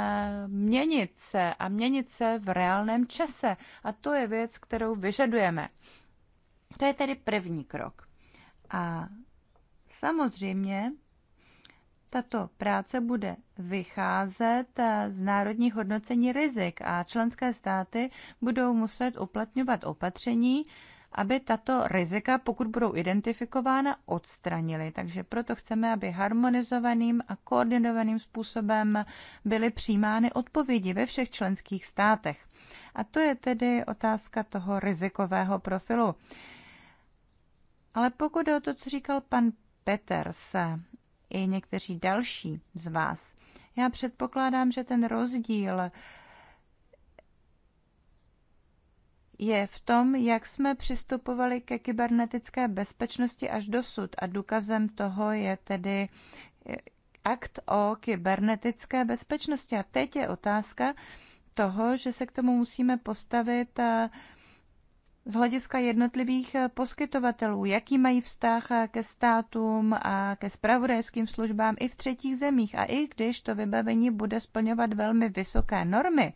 měnit se a měnit se v reálném čase. A to je věc, kterou vyžadujeme. To je tedy první krok. A samozřejmě tato práce bude vycházet eh, z národních hodnocení rizik a členské státy budou muset uplatňovat opatření, aby tato rizika, pokud budou identifikována, odstranili. Takže proto chceme, aby harmonizovaným a koordinovaným způsobem byly přijímány odpovědi ve všech členských státech. A to je tedy otázka toho rizikového profilu. Ale pokud je o to, co říkal pan Peters, i někteří další z vás. Já předpokládám, že ten rozdíl je v tom, jak jsme přistupovali ke kybernetické bezpečnosti až dosud. A důkazem toho je tedy akt o kybernetické bezpečnosti. A teď je otázka toho, že se k tomu musíme postavit a eh, z hlediska jednotlivých eh, poskytovatelů, jaký mají vztah eh, ke státům a ke spravodajským službám i v třetích zemích. A i když to vybavení bude splňovat velmi vysoké normy,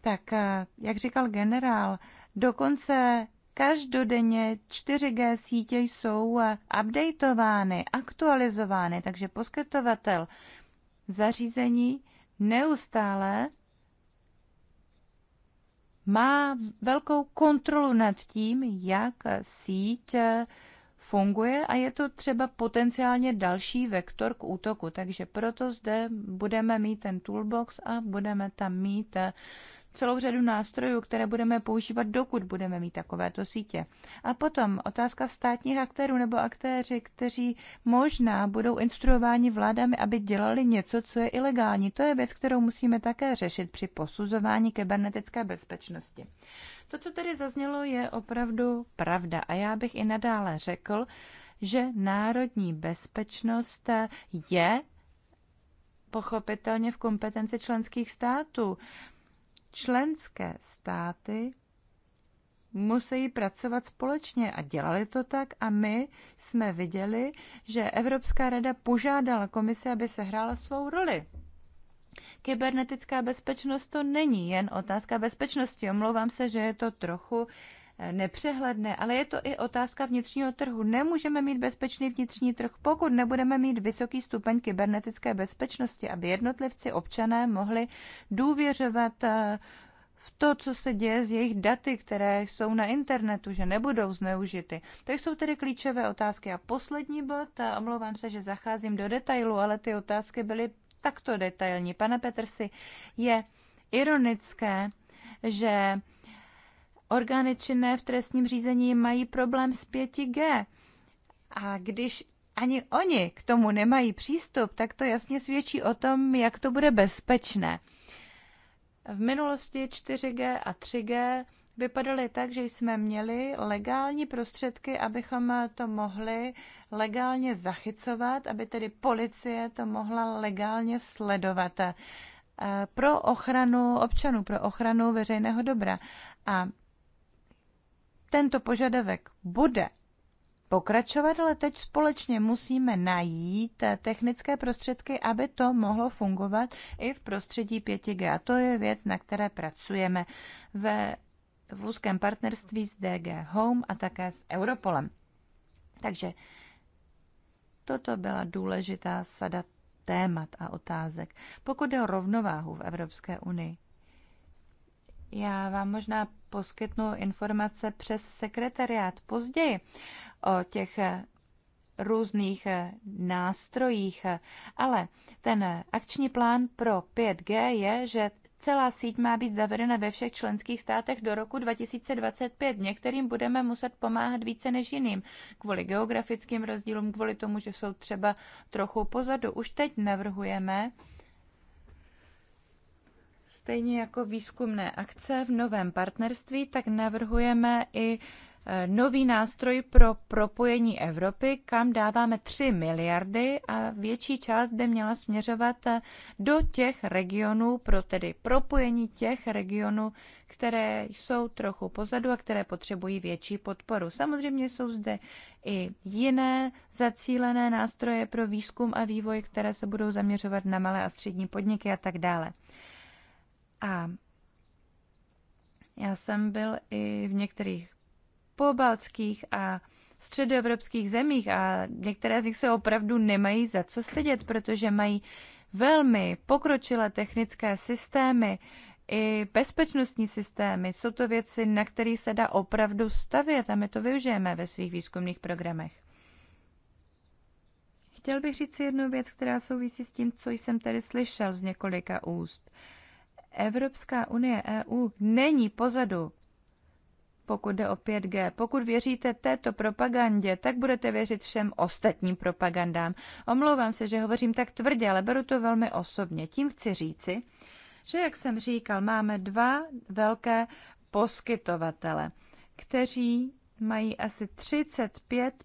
tak, eh, jak říkal generál, dokonce každodenně 4G sítě jsou updateovány, aktualizovány, takže poskytovatel zařízení neustále má velkou kontrolu nad tím, jak síť funguje a je to třeba potenciálně další vektor k útoku. Takže proto zde budeme mít ten toolbox a budeme tam mít celou řadu nástrojů, které budeme používat, dokud budeme mít takovéto sítě. A potom otázka státních aktérů nebo aktéři, kteří možná budou instruováni vládami, aby dělali něco, co je ilegální. To je věc, kterou musíme také řešit při posuzování kybernetické bezpečnosti. To, co tedy zaznělo, je opravdu pravda. A já bych i nadále řekl, že národní bezpečnost je pochopitelně v kompetenci členských států členské státy musí pracovat společně a dělali to tak a my jsme viděli, že Evropská rada požádala komisi, aby se hrála svou roli. Kybernetická bezpečnost to není jen otázka bezpečnosti. Omlouvám se, že je to trochu nepřehledné, ale je to i otázka vnitřního trhu. Nemůžeme mít bezpečný vnitřní trh, pokud nebudeme mít vysoký stupeň kybernetické bezpečnosti, aby jednotlivci občané mohli důvěřovat eh, v to, co se děje s jejich daty, které jsou na internetu, že nebudou zneužity. To jsou tedy klíčové otázky. A poslední bod, a omlouvám se, že zacházím do detailu, ale ty otázky byly takto detailní. Pane Petrsi, je ironické, že Orgány činné v trestním řízení mají problém s 5G. A když ani oni k tomu nemají přístup, tak to jasně svědčí o tom, jak to bude bezpečné. V minulosti 4G a 3G vypadaly tak, že jsme měli legální prostředky, abychom to mohli legálně zachycovat, aby tedy policie to mohla legálně sledovat e, pro ochranu občanů, pro ochranu veřejného dobra. A tento požadavek bude pokračovat, ale teď společně musíme najít technické prostředky, aby to mohlo fungovat i v prostředí 5G. A to je věc, na které pracujeme ve, v úzkém partnerství s DG Home a také s Europolem. Takže toto byla důležitá sada témat a otázek. Pokud je o rovnováhu v Evropské unii, já vám možná poskytnu informace přes sekretariát později o těch různých nástrojích, ale ten akční plán pro 5G je, že celá síť má být zavedena ve všech členských státech do roku 2025. Některým budeme muset pomáhat více než jiným, kvůli geografickým rozdílům, kvůli tomu, že jsou třeba trochu pozadu. Už teď navrhujeme Stejně jako výzkumné akce v novém partnerství, tak navrhujeme i e, nový nástroj pro propojení Evropy, kam dáváme 3 miliardy a větší část by měla směřovat e, do těch regionů, pro tedy propojení těch regionů, které jsou trochu pozadu a které potřebují větší podporu. Samozřejmě jsou zde i jiné zacílené nástroje pro výzkum a vývoj, které se budou zaměřovat na malé a střední podniky a tak dále. A já jsem byl i v některých pobaltských a středoevropských zemích a některé z nich se opravdu nemají za co stydět, protože mají velmi pokročilé technické systémy, i bezpečnostní systémy. Jsou to věci, na kterých se dá opravdu stavět a my to využijeme ve svých výzkumných programech. Chtěl bych říct si jednu věc, která souvisí s tím, co jsem tady slyšel z několika úst. Uh, Evropská unie EU není pozadu, pokud jde o 5G. Pokud věříte této propagandě, tak budete věřit všem ostatním propagandám. Omlouvám se, že hovořím tak tvrdě, ale beru to velmi osobně. Tím chci říci, že, jak jsem říkal, máme dva velké poskytovatele, kteří mají asi 35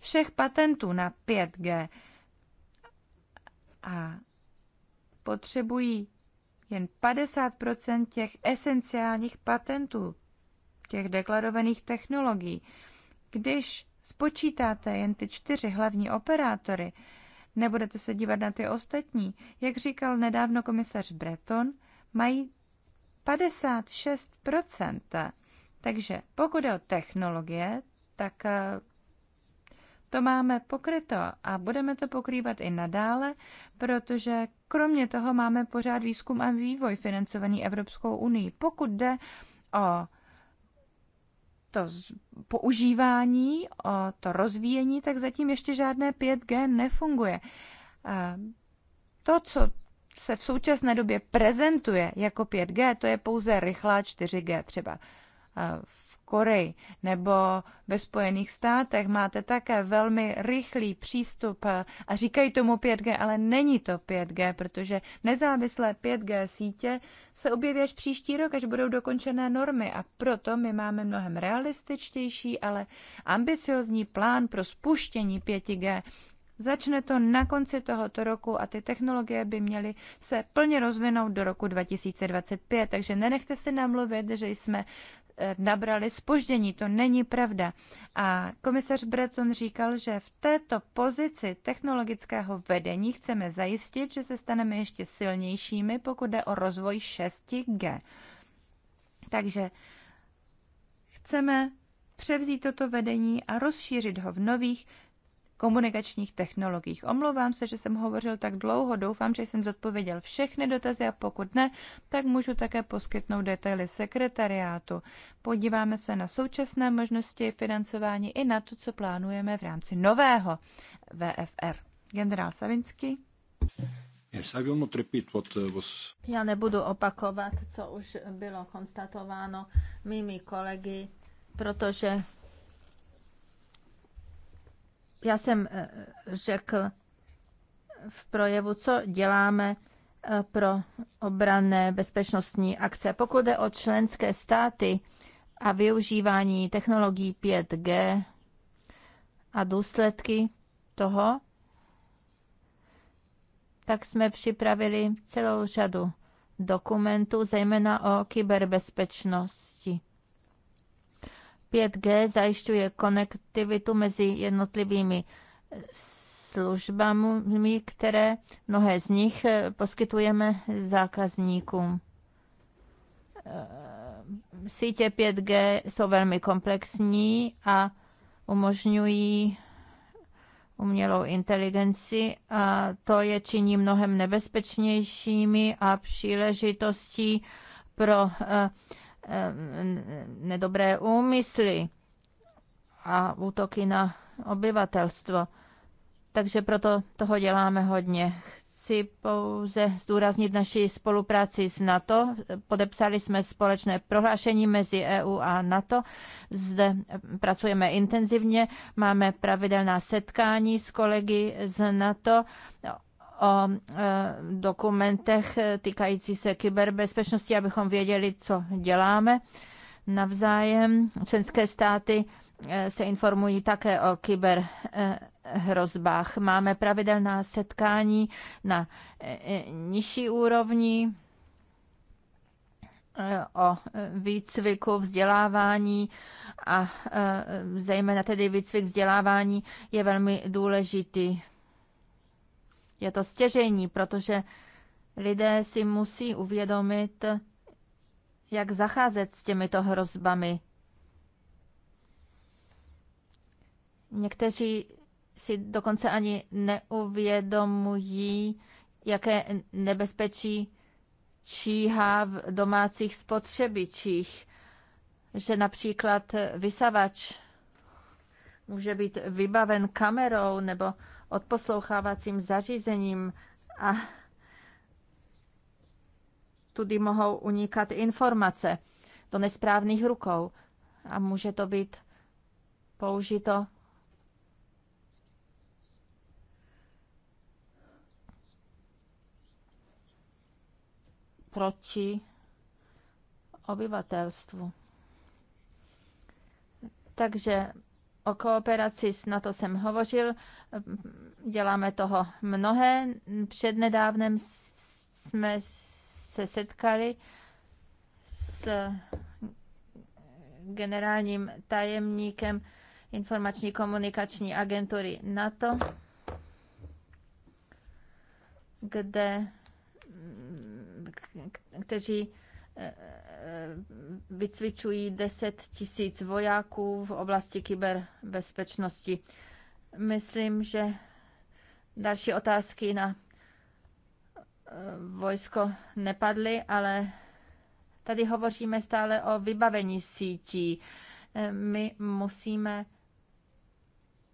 všech patentů na 5G a potřebují jen 50 těch esenciálních patentů, těch deklarovaných technologií. Když spočítáte jen ty čtyři hlavní operátory, nebudete se dívat na ty ostatní. Jak říkal nedávno komisař Breton, mají 56 Takže pokud je o technologie, tak eh, to máme pokryto a budeme to pokrývat i nadále, protože Kromě toho máme pořád výzkum a vývoj financovaný Evropskou unii. Pokud jde o to používání, o to rozvíjení, tak zatím ještě žádné 5G nefunguje. To, co se v současné době prezentuje jako 5G, to je pouze rychlá 4G třeba v Koreji nebo ve Spojených státech máte také velmi rychlý přístup a říkají tomu 5G, ale není to 5G, protože nezávislé 5G sítě se objeví až příští rok, až budou dokončené normy a proto my máme mnohem realističtější, ale ambiciozní plán pro spuštění 5G, Začne to na konci tohoto roku a ty technologie by měly se plně rozvinout do roku 2025, takže nenechte si namluvit, že jsme nabrali spoždění. To není pravda. A komisař Breton říkal, že v této pozici technologického vedení chceme zajistit, že se staneme ještě silnějšími, pokud jde o rozvoj 6G. Takže chceme převzít toto vedení a rozšířit ho v nových komunikačních technologiích. Omlouvám se, že jsem hovořil tak dlouho, doufám, že jsem zodpověděl všechny dotazy a pokud ne, tak můžu také poskytnout detaily sekretariátu. Podíváme se na současné možnosti financování i na to, co plánujeme v rámci nového VFR. Generál Savinský. Eh, Já nebudu opakovat, co už bylo konstatováno mými kolegy, protože já jsem eh, řekl v projevu, co děláme eh, pro obranné bezpečnostní akce. Pokud jde o členské státy a využívání technologií 5G a důsledky toho, tak jsme připravili celou řadu dokumentů, zejména o kyberbezpečnosti. 5G zajišťuje konektivitu mezi jednotlivými službami, které mnohé z nich eh, poskytujeme zákazníkům. Eh, sítě 5G jsou velmi komplexní a umožňují umělou inteligenci a to je činí mnohem nebezpečnějšími a příležitostí pro uh, Eh, nedobré úmysly a útoky na obyvatelstvo. Takže proto toho děláme hodně. Chci pouze zdůraznit naši spolupráci s NATO. Podepsali jsme společné prohlášení mezi EU a NATO. Zde pracujeme intenzivně, máme pravidelná setkání s kolegy z NATO o eh, dokumentech eh, týkající se kyberbezpečnosti, abychom věděli, co děláme navzájem. Členské státy eh, se informují také o kyber hrozbách. Máme pravidelná setkání na nižší úrovni o výcviku, vzdělávání a zejména tedy výcvik vzdělávání je velmi důležitý je to stěžení, protože lidé si musí uvědomit, jak zacházet s těmito hrozbami. Někteří si dokonce ani neuvědomují, jaké nebezpečí číhá v domácích spotřebičích, že například vysavač může být vybaven kamerou nebo odposlouchávacím zařízením a tudy mohou unikat informace do nesprávných rukou a může to být použito proti obyvatelstvu. Takže O kooperaci s NATO jsem hovořil, děláme toho mnohé. Přednedávnem jsme se setkali s generálním tajemníkem informační komunikační agentury NATO, kde kteří eh, Eh, vycvičují 10 tisíc vojáků v oblasti kyberbezpečnosti. Myslím, že další otázky na eh, vojsko nepadly, ale tady hovoříme stále o vybavení sítí. Eh, my musíme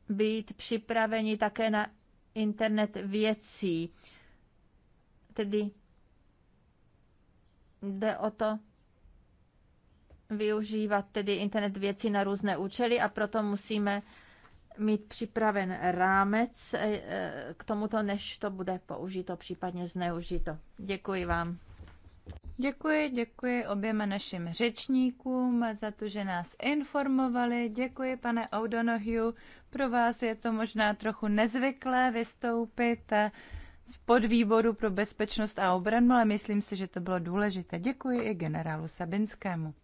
být připraveni také na internet věcí. Tedy jde o to, využívat tedy internet věcí na různé účely a proto musíme mít připraven rámec eh, eh, k tomuto, než to bude použito, případně zneužito. Děkuji vám. Děkuji, děkuji oběma našim řečníkům za to, že nás informovali. Děkuji, pane O'Donohue. Pro vás je to možná trochu nezvyklé vystoupit eh, v podvýboru pro bezpečnost a obranu, ale myslím si, že to bylo důležité. Děkuji i generálu Sabinskému.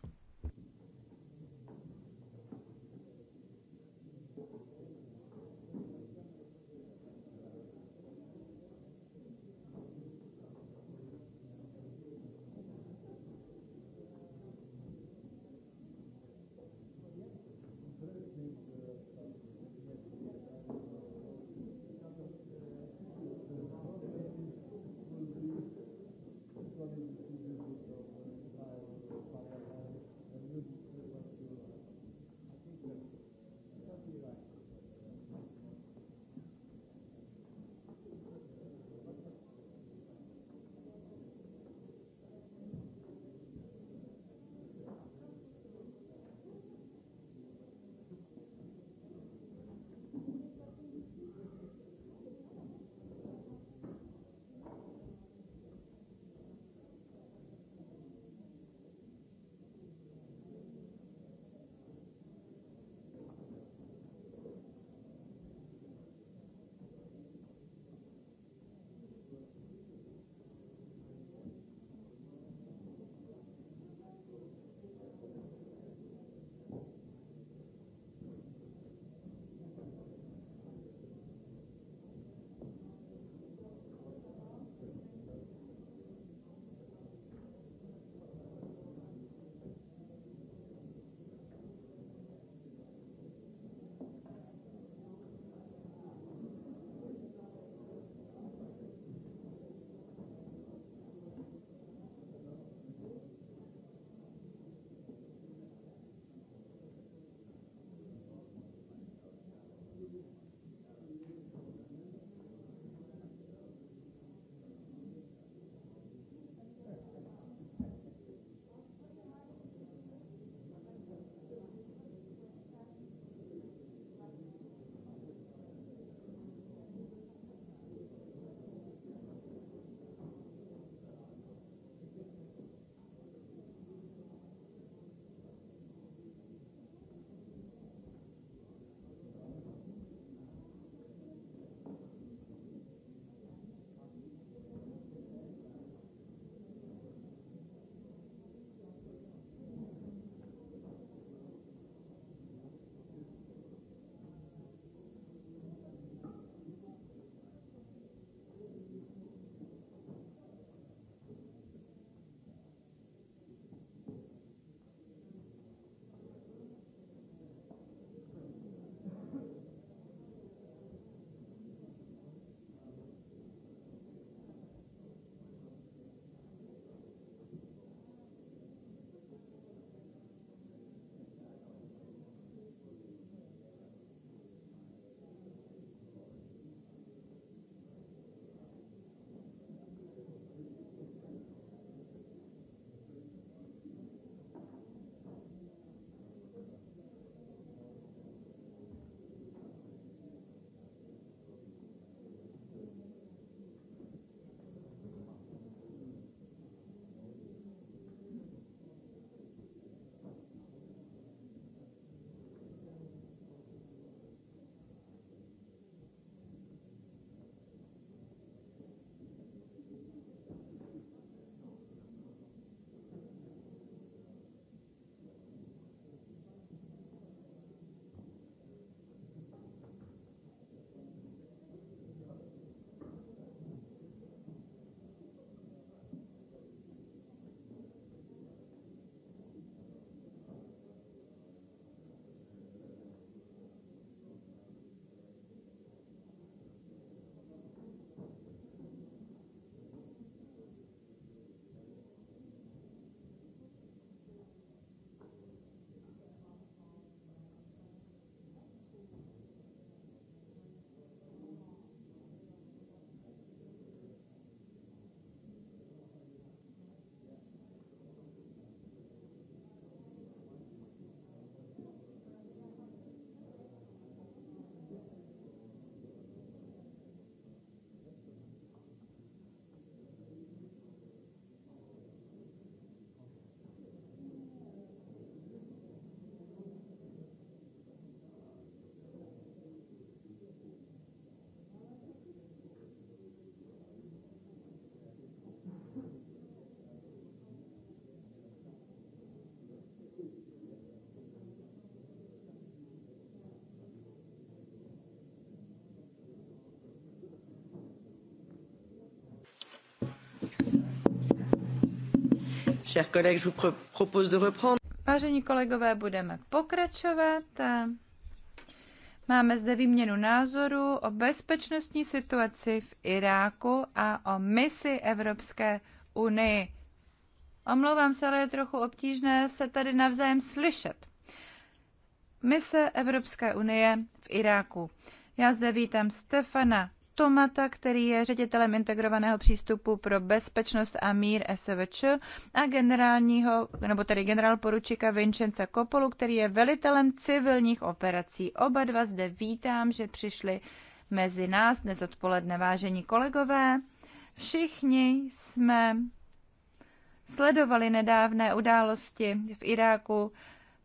chers collègues, je vous propose de reprendre. Vážení kolegové, budeme pokračovat. Máme zde výměnu názoru o bezpečnostní situaci v Iráku a o misi Evropské unii. Omlouvám se, ale je trochu obtížné se tady navzájem slyšet. Mise Evropské unie v Iráku. Já zde vítám Stefana Tomata, který je ředitelem integrovaného přístupu pro bezpečnost a mír SVČ a generálního, nebo tedy generál poručíka Vincenza Kopolu, který je velitelem civilních operací. Oba dva zde vítám, že přišli mezi nás dnes odpoledne, vážení kolegové. Všichni jsme sledovali nedávné události v Iráku,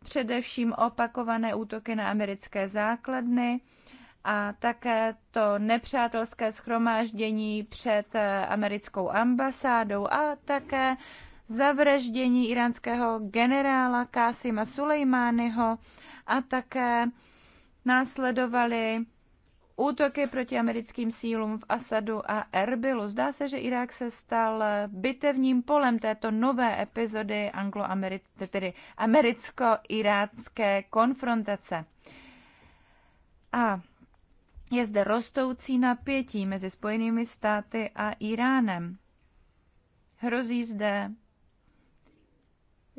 především opakované útoky na americké základny, a také to nepřátelské schromáždění před eh, americkou ambasádou a také zavraždění iránského generála Kásima Sulejmányho a také následovaly útoky proti americkým sílům v Asadu a Erbilu. Zdá se, že Irák se stal eh, bitevním polem této nové epizody anglo-americké, tedy americko-irácké konfrontace. A je zde rostoucí napětí mezi Spojenými státy a Iránem. Hrozí zde,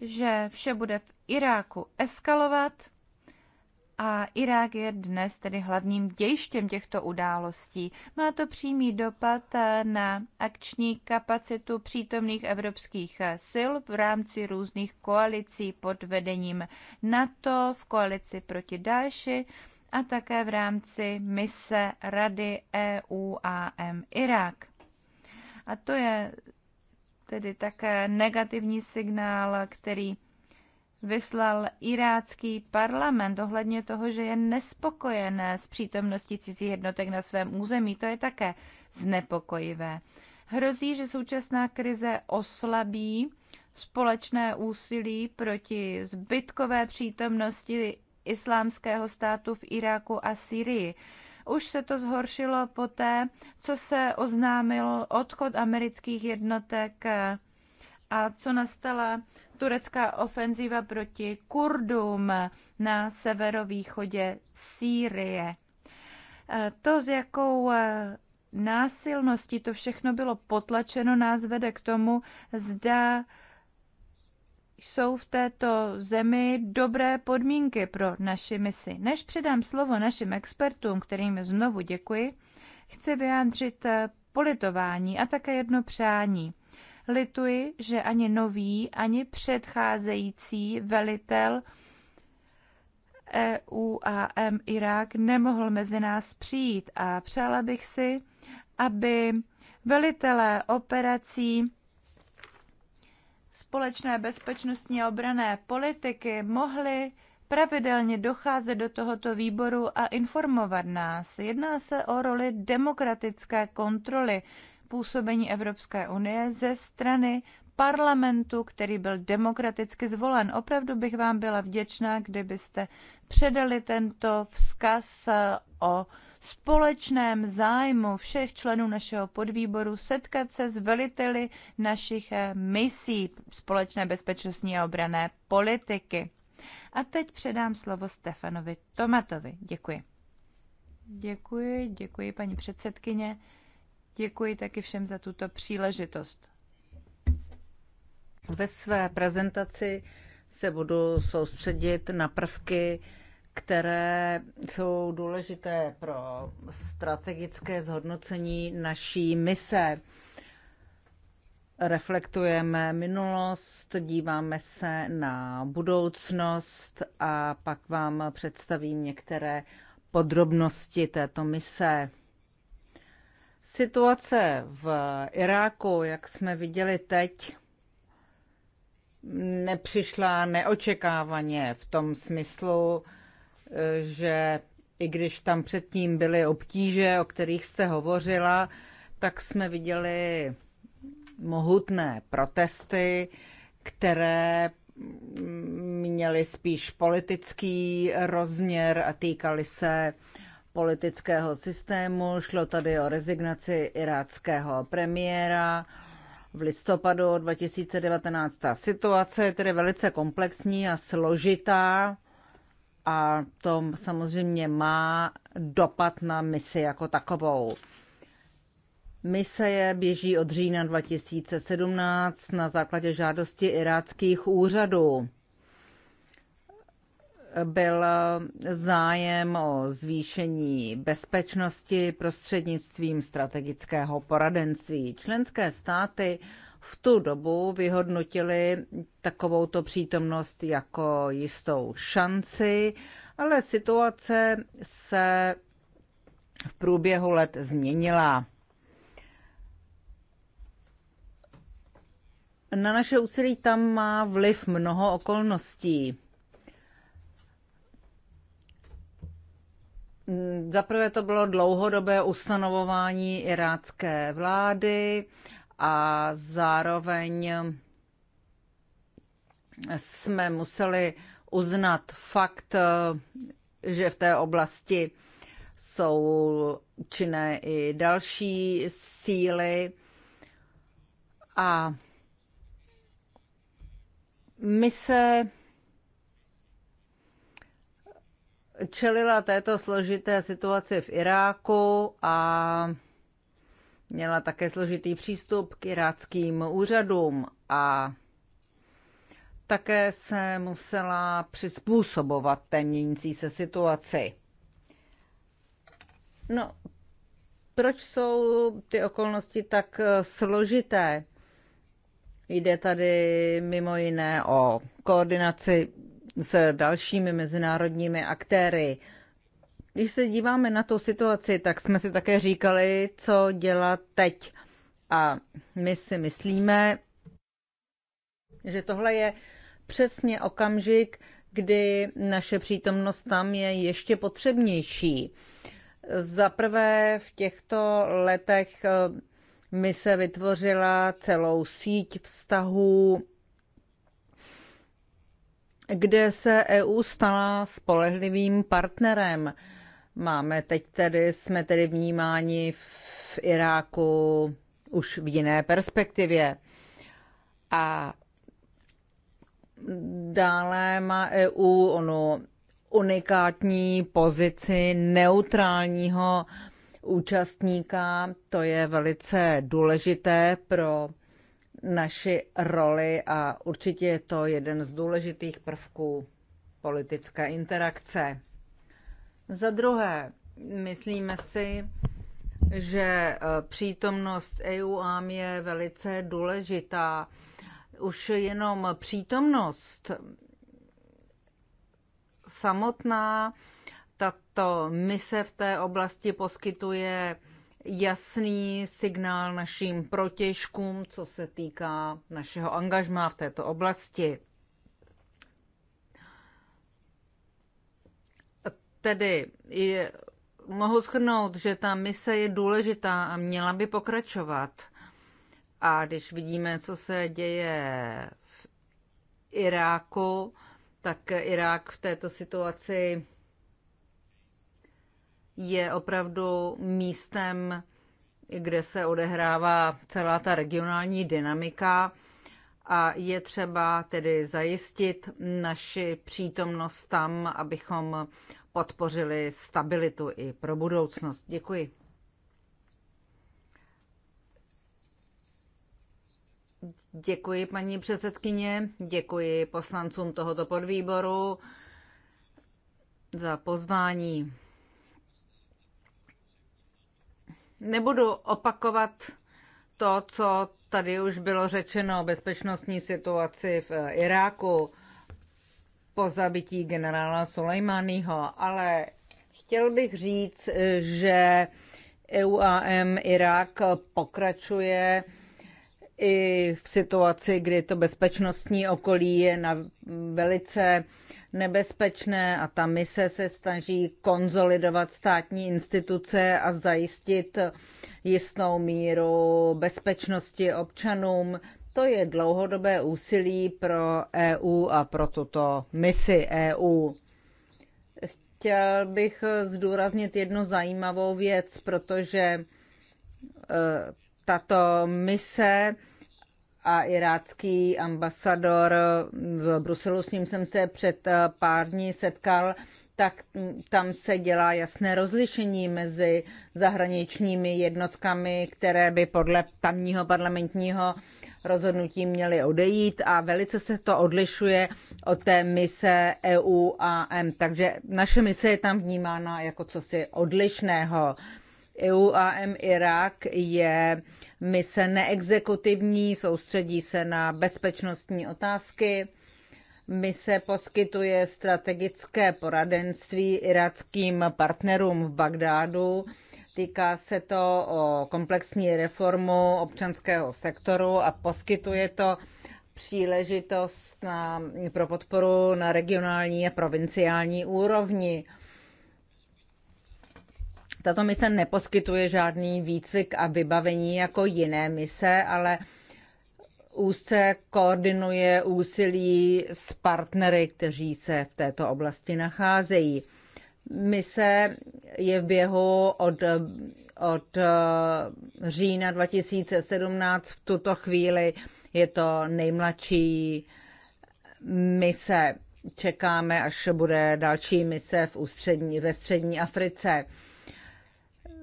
že vše bude v Iráku eskalovat a Irák je dnes tedy hlavním dějištěm těchto událostí. Má to přímý dopad na akční kapacitu přítomných evropských sil v rámci různých koalicí pod vedením NATO v koalici proti Dáši a také v rámci mise Rady EU AM Irák. A to je tedy také negativní signál, který vyslal irácký parlament ohledně toho, že je nespokojen s přítomností cizích jednotek na svém území. To je také znepokojivé. Hrozí, že současná krize oslabí společné úsilí proti zbytkové přítomnosti islámského státu v Iráku a Syrii. Už se to zhoršilo poté, co se oznámil odchod amerických jednotek a co nastala turecká ofenziva proti Kurdům na severovýchodě Sýrie. To, s jakou eh, násilností to všechno bylo potlačeno, nás vede k tomu, zda jsou v této zemi dobré podmínky pro naši misi. Než předám slovo našim expertům, kterým znovu děkuji, chci vyjádřit politování a také jedno přání. Lituji, že ani nový, ani předcházející velitel EUAM Irák nemohl mezi nás přijít a přála bych si, aby velitelé operací společné bezpečnostní a obrané politiky mohli pravidelně docházet do tohoto výboru a informovat nás. Jedná se o roli demokratické kontroly působení Evropské unie ze strany parlamentu, který byl demokraticky zvolen. Opravdu bych vám byla vděčná, kdybyste předali tento vzkaz eh, o společném zájmu všech členů našeho podvýboru setkat se s veliteli našich eh, misí společné bezpečnostní a obrané politiky. A teď předám slovo Stefanovi Tomatovi. Děkuji. Děkuji, děkuji paní předsedkyně. Děkuji taky všem za tuto příležitost. Ve své prezentaci se budu soustředit na prvky které jsou důležité pro strategické zhodnocení naší mise. Reflektujeme minulost, díváme se na budoucnost a pak vám představím některé podrobnosti této mise. Situace v Iráku, jak jsme viděli teď, nepřišla neočekávaně v tom smyslu, že i když tam předtím byly obtíže, o kterých jste hovořila, tak jsme viděli mohutné protesty, které měly spíš politický rozměr a týkaly se politického systému. Šlo tady o rezignaci iráckého premiéra. V listopadu 2019 ta situace je tedy velice komplexní a složitá a to samozřejmě má dopad na misi jako takovou. Mise je běží od října 2017 na základě žádosti iráckých úřadů. Byl zájem o zvýšení bezpečnosti prostřednictvím strategického poradenství. Členské státy v tu dobu vyhodnotili takovouto přítomnost jako jistou šanci, ale situace se v průběhu let změnila. Na naše úsilí tam má vliv mnoho okolností. Zaprvé to bylo dlouhodobé ustanovování irácké vlády a zároveň jsme museli uznat fakt, že v té oblasti jsou činné i další síly a my se čelila této složité situaci v Iráku a Měla také složitý přístup k iráckým úřadům a také se musela přizpůsobovat té měnící se situaci. No, proč jsou ty okolnosti tak eh, složité? Jde tady mimo jiné o koordinaci s dalšími mezinárodními aktéry, když se díváme na tu situaci, tak jsme si také říkali, co dělat teď. A my si myslíme, že tohle je přesně okamžik, kdy naše přítomnost tam je ještě potřebnější. Za prvé v těchto letech eh, mi se vytvořila celou síť vztahů, kde se EU stala spolehlivým partnerem Máme teď tedy, jsme tedy vnímáni v Iráku už v jiné perspektivě. A dále má EU ono unikátní pozici neutrálního účastníka. To je velice důležité pro naši roli a určitě je to jeden z důležitých prvků politické interakce. Za druhé, myslíme si, že eh, přítomnost EUAM je velice důležitá. Už jenom přítomnost samotná, tato mise v té oblasti poskytuje jasný signál našim protěžkům, co se týká našeho angažmá v této oblasti. Tedy je, mohu schrnout, že ta mise je důležitá a měla by pokračovat. A když vidíme, co se děje v Iráku, tak Irák v této situaci je opravdu místem, kde se odehrává celá ta regionální dynamika a je třeba tedy zajistit naši přítomnost tam, abychom podpořili stabilitu i pro budoucnost. Děkuji. Děkuji, paní předsedkyně, děkuji poslancům tohoto podvýboru za pozvání. Nebudu opakovat to, co tady už bylo řečeno o bezpečnostní situaci v Iráku po zabití generála Soleimaniho, ale chtěl bych říct, že EUAM Irak pokračuje i v situaci, kdy to bezpečnostní okolí je na velice nebezpečné a ta mise se snaží konzolidovat státní instituce a zajistit jistou míru bezpečnosti občanům. To je dlouhodobé úsilí pro EU a pro tuto misi EU. Chtěl bych zdůraznit jednu zajímavou věc, protože e, tato mise a irácký ambasador v Bruselu, s ním jsem se před e, pár dní setkal, tak tam se dělá jasné rozlišení mezi zahraničními jednotkami, které by podle tamního parlamentního rozhodnutí měli odejít a velice se to odlišuje od té mise EU a M. Takže naše mise je tam vnímána jako cosi odlišného. EUAM Irak je mise neexekutivní, soustředí se na bezpečnostní otázky Mise poskytuje strategické poradenství iráckým partnerům v Bagdádu. Týká se to o komplexní reformu občanského sektoru a poskytuje to příležitost na, pro podporu na regionální a provinciální úrovni. Tato mise neposkytuje žádný výcvik a vybavení jako jiné mise, ale úzce koordinuje úsilí s partnery, kteří se v této oblasti nacházejí. Mise je v běhu od, od eh, října 2017. V tuto chvíli je to nejmladší mise. Čekáme, až bude další mise v ústřední, ve střední Africe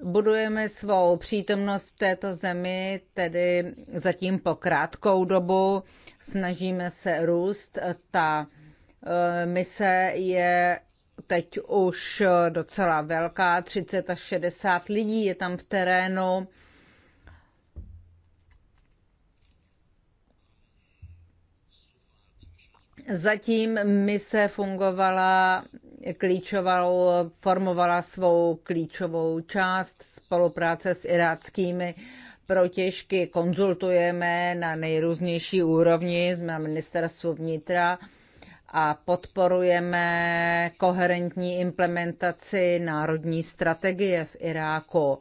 budujeme svou přítomnost v této zemi, tedy zatím po krátkou dobu, snažíme se růst. Ta e, mise je teď už docela velká, 30 až 60 lidí je tam v terénu. Zatím mise fungovala klíčovou, formovala svou klíčovou část spolupráce s iráckými protěžky. Konzultujeme na nejrůznější úrovni, jsme ministerstvu vnitra a podporujeme koherentní implementaci národní strategie v Iráku.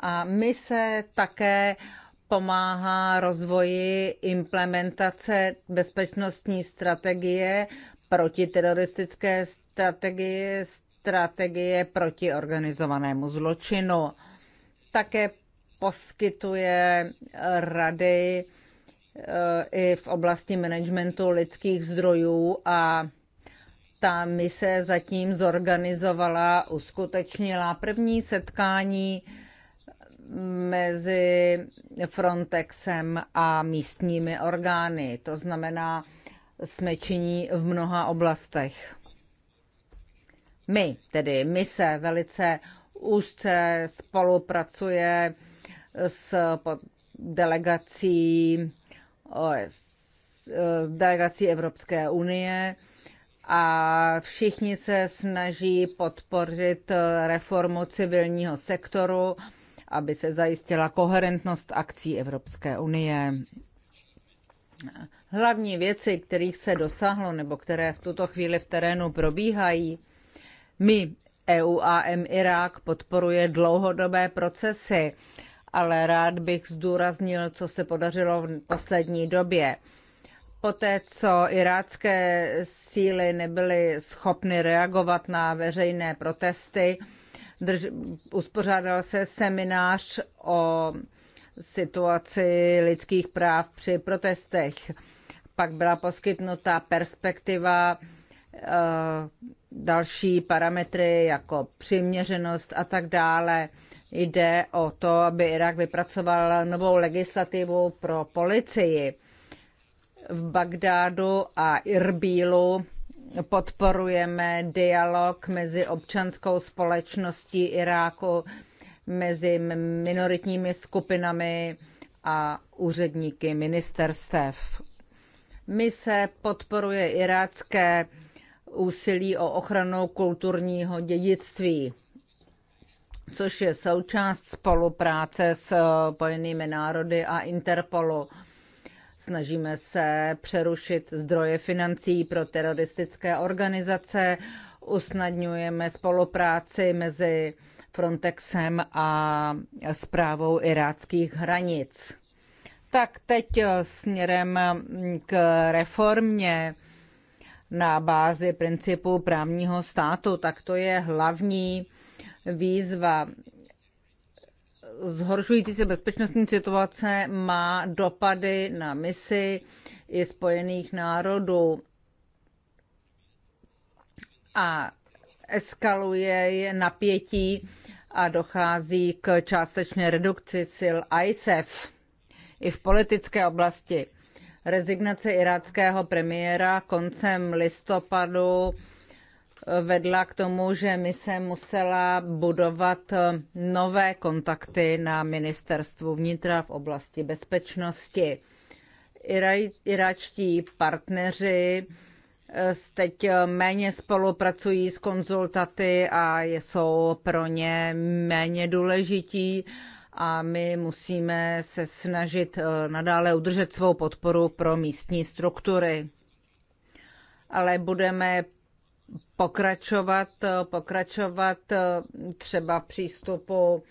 A my se také pomáhá rozvoji implementace bezpečnostní strategie protiteroristické strategie, strategie proti organizovanému zločinu. Také poskytuje rady eh, i v oblasti managementu lidských zdrojů a ta mise zatím zorganizovala, uskutečnila první setkání mezi Frontexem a místními orgány. To znamená, jsme činí v mnoha oblastech. My, tedy my se velice úzce spolupracuje s delegací, s delegací Evropské unie a všichni se snaží podpořit reformu civilního sektoru, aby se zajistila koherentnost akcí Evropské unie hlavní věci, kterých se dosáhlo nebo které v tuto chvíli v terénu probíhají. My, EU a M Irák, podporuje dlouhodobé procesy, ale rád bych zdůraznil, co se podařilo v poslední době. Poté, co irácké síly nebyly schopny reagovat na veřejné protesty, drž, uspořádal se seminář o situaci lidských práv při protestech pak byla poskytnuta perspektiva, eh, další parametry jako přiměřenost a tak dále. Jde o to, aby Irak vypracoval novou legislativu pro policii. V Bagdádu a Irbílu podporujeme dialog mezi občanskou společností Iráku, mezi minoritními skupinami a úředníky ministerstev mise podporuje irácké úsilí o ochranu kulturního dědictví, což je součást spolupráce s Spojenými národy a Interpolu. Snažíme se přerušit zdroje financí pro teroristické organizace, usnadňujeme spolupráci mezi Frontexem a zprávou iráckých hranic. Tak teď eh, směrem mm, k reformě na bázi principu právního státu, tak to je hlavní výzva. Zhoršující se bezpečnostní situace má dopady na misi i Spojených národů a eskaluje je napětí a dochází k částečné redukci sil ISEF i v politické oblasti. Rezignace iráckého premiéra koncem listopadu eh, vedla k tomu, že mi se musela budovat eh, nové kontakty na ministerstvu vnitra v oblasti bezpečnosti. Iráčtí partneři eh, teď méně spolupracují s konzultaty a jsou pro ně méně důležití a my musíme se snažit eh, nadále udržet svou podporu pro místní struktury. Ale budeme pokračovat, eh, pokračovat eh, třeba v přístupu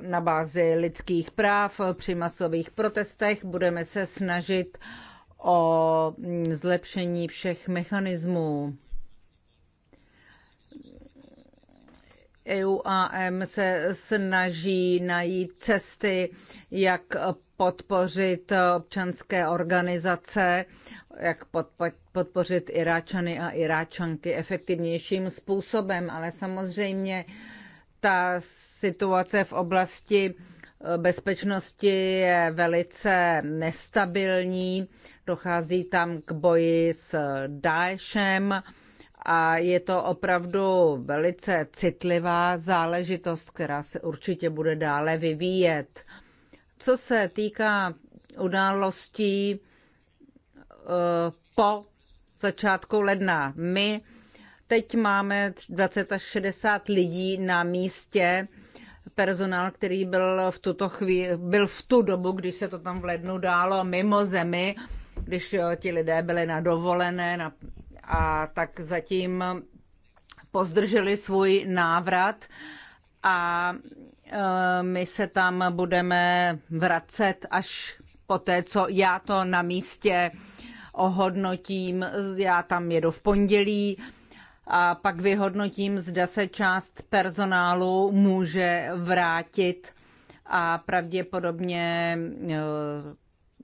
na bázi lidských práv při masových protestech. Budeme se snažit o mm, zlepšení všech mechanismů. EUAM se snaží najít cesty, jak podpořit občanské organizace, jak podpořit Iráčany a Iráčanky efektivnějším způsobem, ale samozřejmě ta situace v oblasti bezpečnosti je velice nestabilní, dochází tam k boji s Daeshem a je to opravdu velice citlivá záležitost, která se určitě bude dále vyvíjet. Co se týká událostí eh, po začátku ledna, my teď máme 20 až 60 lidí na místě, personál, který byl v, tuto chvíli, byl v tu dobu, když se to tam v lednu dálo mimo zemi, když eh, ti lidé byli na dovolené, na a tak zatím pozdrželi svůj návrat a eh, my se tam budeme vracet až po té, co já to na místě ohodnotím. Já tam jedu v pondělí a pak vyhodnotím, zda se část personálu může vrátit a pravděpodobně eh,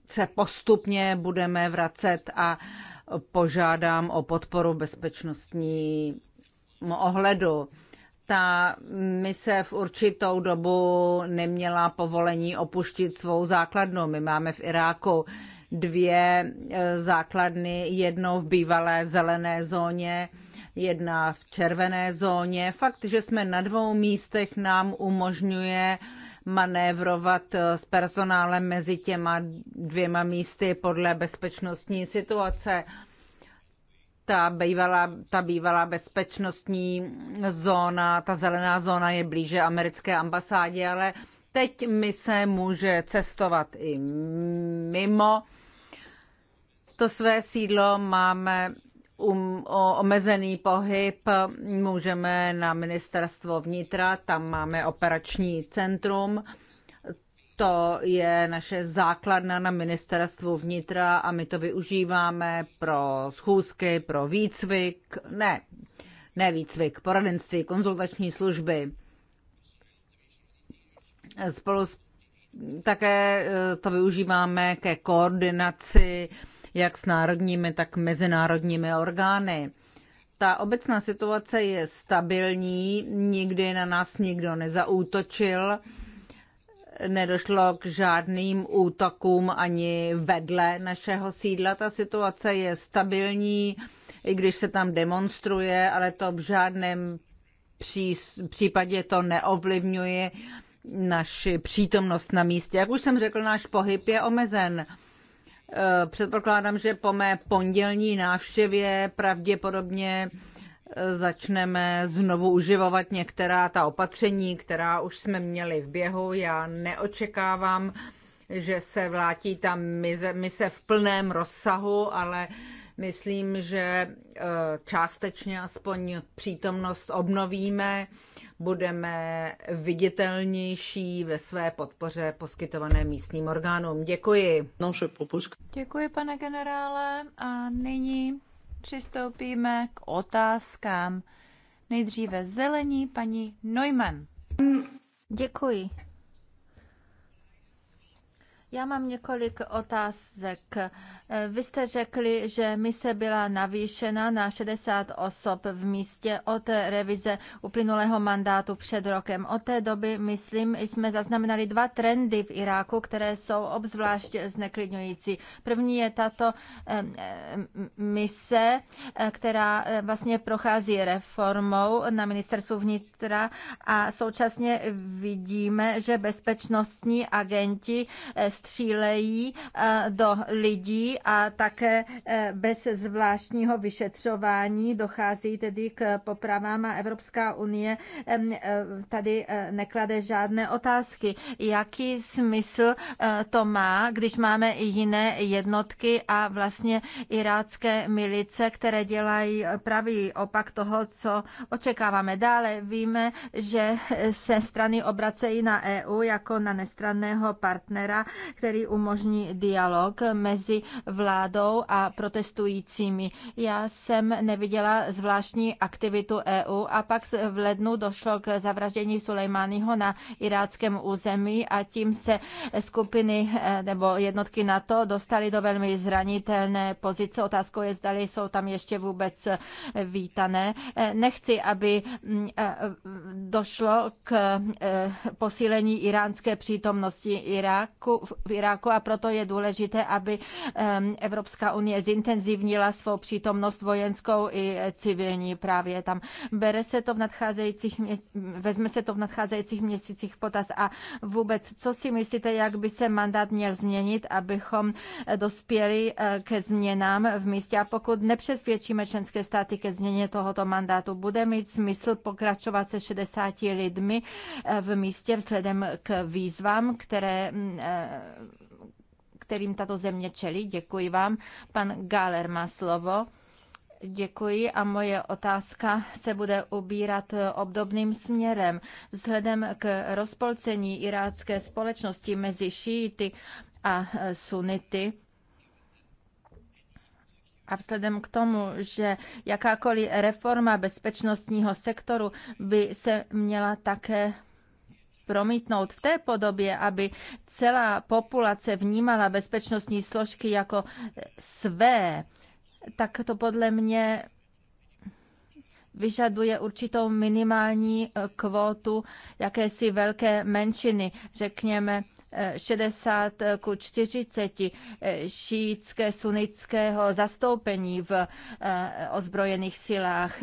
se postupně budeme vracet a požádám o podporu bezpečnostní ohledu. Ta mise v určitou dobu neměla povolení opuštit svou základnu. My máme v Iráku dvě eh, základny, jedno v bývalé zelené zóně, jedna v červené zóně. Fakt, že jsme na dvou místech, nám umožňuje manévrovat eh, s personálem mezi těma dvěma místy podle bezpečnostní situace. Ta bývalá, ta bývalá bezpečnostní zóna, ta zelená zóna je blíže americké ambasádě, ale teď se může cestovat i mimo to své sídlo máme um, o omezený pohyb můžeme na ministerstvo vnitra, tam máme operační centrum. To je naše základna na ministerstvu vnitra a my to využíváme pro schůzky, pro výcvik, ne, ne výcvik, poradenství, konzultační služby. Spolu s, také eh, to využíváme ke koordinaci uh, jak s národními, tak mezinárodními orgány. Ta obecná situace je stabilní, nikdy na nás nikdo nezaútočil, nedošlo k žádným útokům ani vedle našeho sídla. Ta situace je stabilní, i když se tam demonstruje, ale to v žádném případě to neovlivňuje naši přítomnost na místě. Jak už jsem řekl, náš pohyb je omezen. Eh, předpokládám, že po mé pondělní návštěvě pravděpodobně eh, začneme znovu uživovat některá ta opatření, která už jsme měli v běhu. Já neočekávám, že se vlátí ta mise, mise v plném rozsahu, ale myslím, že eh, částečně aspoň přítomnost obnovíme budeme viditelnější ve své podpoře poskytované místním orgánům. Děkuji. No, Děkuji, pane generále. A nyní přistoupíme k otázkám. Nejdříve zelení paní Neumann. Děkuji. Já mám několik otázek. Eh, vy jste řekli, že mise byla navýšena na 60 osob v místě od revize uplynulého mandátu před rokem. Od té doby, myslím, jsme zaznamenali dva trendy v Iráku, které jsou obzvlášť zneklidňující. První je tato mise, eh, která eh, vlastně prochází reformou na ministerstvu vnitra a současně vidíme, že bezpečnostní agenti střílejí do lidí, a také eh, bez zvláštního vyšetřování dochází tedy k popravám a Evropská unie eh, tady eh, neklade žádné otázky. Jaký smysl to má, když máme i jiné jednotky a vlastně irácké milice, které dělají pravý opak toho, co očekáváme. Dále víme, že se strany obracejí na EU jako na nestranného partnera, který umožní dialog mezi vládou a protestujícími. Já jsem neviděla zvláštní aktivitu EU a pak v lednu došlo k zavraždění Sulejmányho na iráckém území a tím se skupiny eh, nebo jednotky NATO dostaly do velmi zranitelné pozice. Otázkou je, zdali jsou tam ještě vůbec eh, vítané. Eh, nechci, aby mm, došlo k posílení iránské přítomnosti Iráku, v Iráku a proto je důležité, aby Ehm, Evropská unie zintenzivnila svou přítomnost vojenskou i civilní právě tam. Bere se to v nadcházejících, vezme se to v nadcházejících měsících potaz a vůbec, co si myslíte, jak by se mandát měl změnit, abychom eh, dospěli eh, ke změnám v místě a pokud nepřesvědčíme členské státy ke změně tohoto mandátu, bude mít smysl pokračovat se 60 lidmi eh, v místě vzhledem k výzvám, které mm, kterým tato země čelí. Děkuji vám. Pan Galer má slovo. Děkuji a moje otázka se bude ubírat obdobným směrem. Vzhledem k rozpolcení irácké společnosti mezi šíity a sunity, a vzhledem k tomu, že jakákoliv reforma bezpečnostního sektoru by se měla také promítnout v té podobě, aby celá populace vnímala bezpečnostní složky jako své, tak to podle mě vyžaduje určitou minimální eh, kvótu jakési velké menšiny, řekněme 60 ku 40 šítské sunnického zastoupení v eh, ozbrojených silách.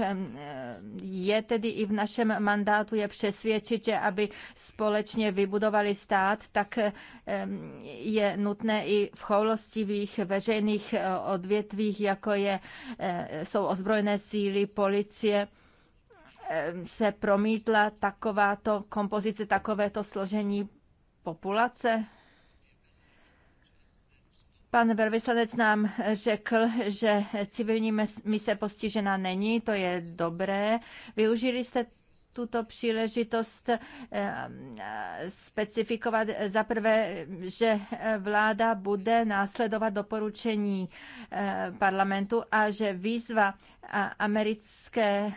Je tedy i v našem mandátu je přesvědčit, že aby společně vybudovali stát, tak eh, je nutné i v choulostivých veřejných eh, odvětvích, jako je, jsou ozbrojené síly, policie, se promítla takováto kompozice, takovéto složení populace. Pan velvyslanec nám řekl, že civilní mise postižena není, to je dobré. Využili jste tuto příležitost eh, eh, specifikovat za prvé, že vláda bude následovat doporučení eh, parlamentu a že výzva americké,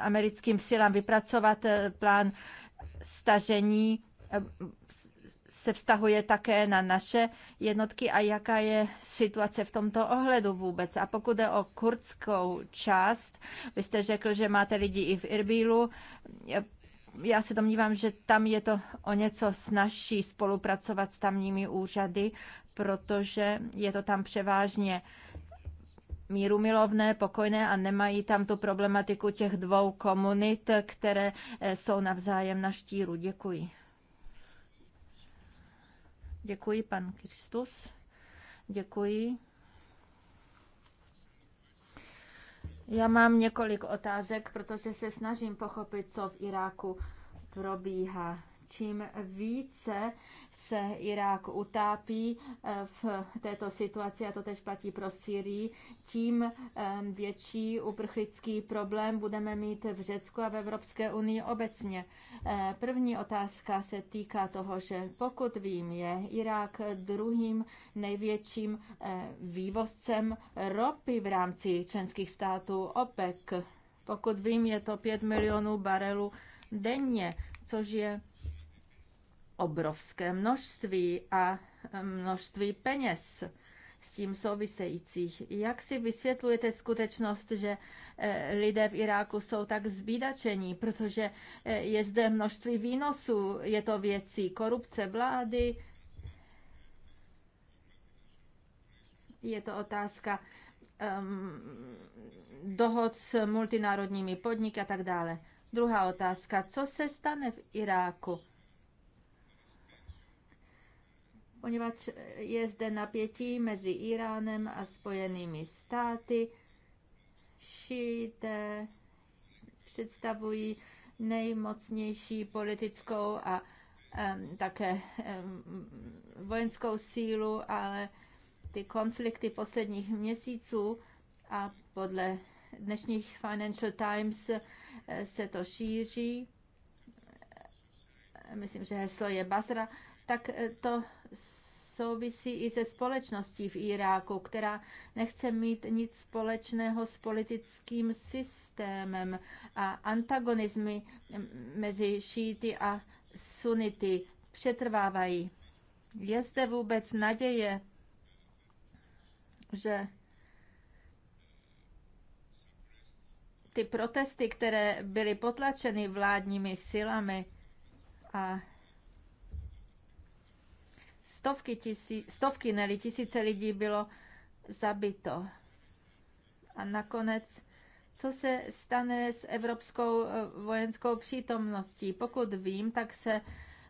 americkým silám vypracovat plán stažení se vztahuje také na naše jednotky a jaká je situace v tomto ohledu vůbec. A pokud jde o kurdskou část, vy jste řekl, že máte lidi i v Irbílu. Já se domnívám, že tam je to o něco snažší spolupracovat s tamními úřady, protože je to tam převážně míru milovné, pokojné a nemají tam tu problematiku těch dvou komunit, které eh, jsou navzájem na štíru. Děkuji. Děkuji, pan Kristus. Děkuji. Já mám několik otázek, protože se snažím pochopit, co v Iráku probíhá čím více se Irák utápí eh, v této situaci, a to tež platí pro Syrii, tím eh, větší uprchlický problém budeme mít v Řecku a v Evropské unii obecně. Eh, první otázka se týká toho, že pokud vím, je Irák druhým největším vývozcem ropy v rámci členských států OPEC. Pokud vím, je to 5 milionů barelů denně, což je obrovské množství a množství peněz s tím souvisejících. Jak si vysvětlujete skutečnost, že eh, lidé v Iráku jsou tak zbídačení, protože eh, je zde množství výnosů, je to věcí korupce vlády, je to otázka um, dohod s multinárodními podniky a tak dále. Druhá otázka, co se stane v Iráku? poněvadž je zde napětí mezi Iránem a Spojenými státy. šíte představují nejmocnější politickou a um, také um, vojenskou sílu, ale ty konflikty posledních měsíců a podle dnešních Financial Times eh, se to šíří. Myslím, že heslo je Basra. Tak eh, to souvisí i se společností v Iráku, která nechce mít nic společného s politickým systémem a antagonizmy mezi šíty a sunity přetrvávají. Je zde vůbec naděje, že ty protesty, které byly potlačeny vládními silami a stovky, tisí, stovky neli tisíce lidí bylo zabito. A nakonec, co se stane s evropskou eh, vojenskou přítomností? Pokud vím, tak se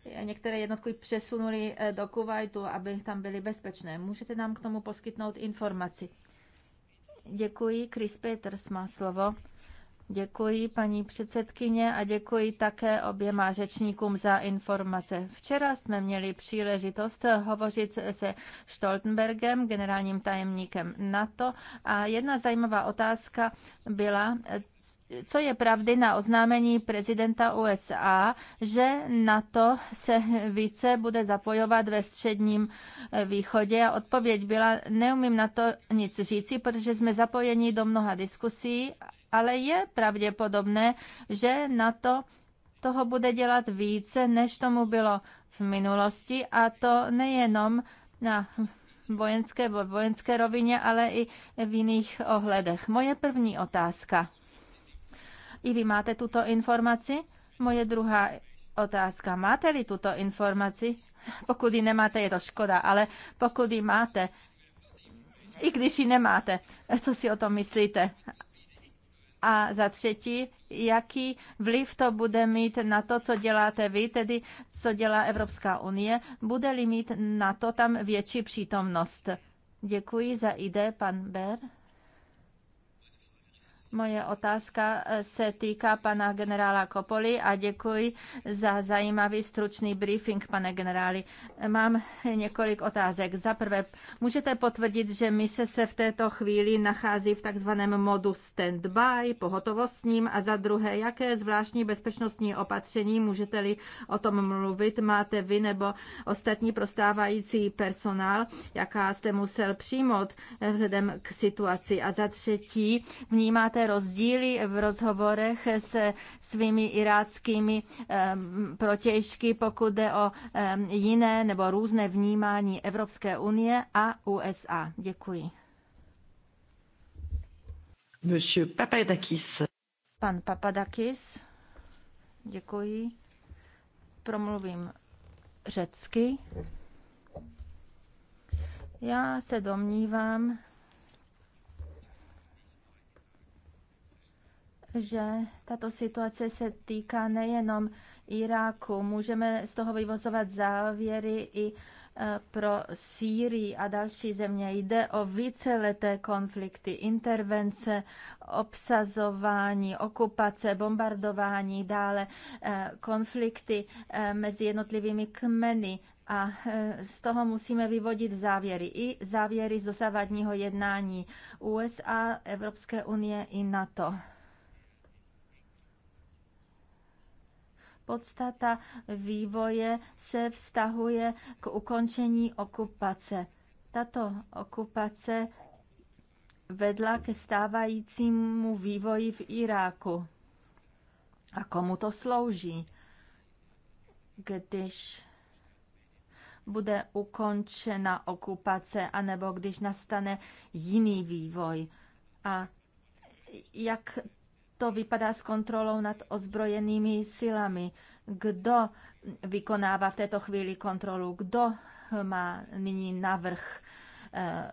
eh, některé jednotky přesunuly eh, do Kuwaitu, aby tam byly bezpečné. Můžete nám k tomu poskytnout informaci? Děkuji. Chris Peters má slovo. Děkuji paní předsedkyně a děkuji také oběma řečníkům za informace. Včera jsme měli příležitost hovořit se Stoltenbergem, generálním tajemníkem NATO, a jedna zajímavá otázka byla, co je pravdy na oznámení prezidenta USA, že NATO se více bude zapojovat ve středním východě a odpověď byla, neumím na to nic říci, protože jsme zapojeni do mnoha diskusí ale je pravděpodobné, že na to toho bude dělat více, než tomu bylo v minulosti a to nejenom na vojenské, vojenské rovině, ale i v jiných ohledech. Moje první otázka. I vy máte tuto informaci? Moje druhá otázka. Máte-li tuto informaci? Pokud ji nemáte, je to škoda, ale pokud ji máte, i když ji nemáte, co si o tom myslíte? A za třetí, jaký vliv to bude mít na to, co děláte vy, tedy co dělá Evropská unie, bude-li mít na to tam větší přítomnost. Děkuji za ide, pan Ber. Moje otázka eh, se týká pana generála Kopoli a děkuji za zajímavý stručný briefing, pane generáli. Mám několik otázek. Za prvé, můžete potvrdit, že mise se v této chvíli nachází v takzvaném modu standby, pohotovostním a za druhé, jaké zvláštní bezpečnostní opatření, můžete-li o tom mluvit, máte vy nebo ostatní prostávající personál, jaká jste musel přijmout eh, vzhledem k situaci. A za třetí, vnímáte máte rozdíly v rozhovorech se svými iráckými protějšky, pokud jde o jiné nebo různé vnímání Evropské unie a USA? Děkuji. Monsieur Papadakis. Pan Papadakis. Děkuji. Promluvím řecky. Já se domnívám, že tato situace se týká nejenom Iráku. Můžeme z toho vyvozovat závěry i e, pro Sýrii a další země. Jde o víceleté konflikty, intervence, obsazování, okupace, bombardování, dále e, konflikty e, mezi jednotlivými kmeny, a z toho musíme vyvodit závěry. I závěry z dosavadního jednání USA, Evropské unie i NATO. Podstata vývoje se vztahuje k ukončení okupace. Tato okupace vedla ke stávajícímu vývoji v Iráku. A komu to slouží, když bude ukončena okupace, anebo když nastane jiný vývoj? A jak to vypadá s kontrolou nad ozbrojenými silami. Kdo vykonává v této chvíli kontrolu? Kdo má nyní navrh? Eh,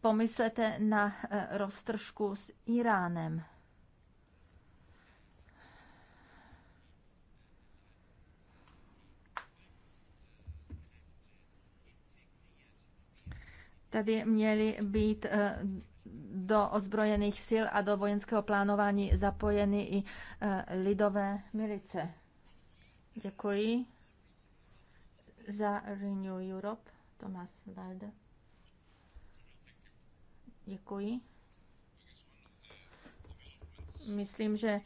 pomyslete na eh, roztržku s Iránem. Tady měly být eh, do ozbrojených sil a do vojenského plánování zapojeny i eh, lidové milice. Děkuji za Renew Europe, Tomas Valde. Děkuji. Myslím, že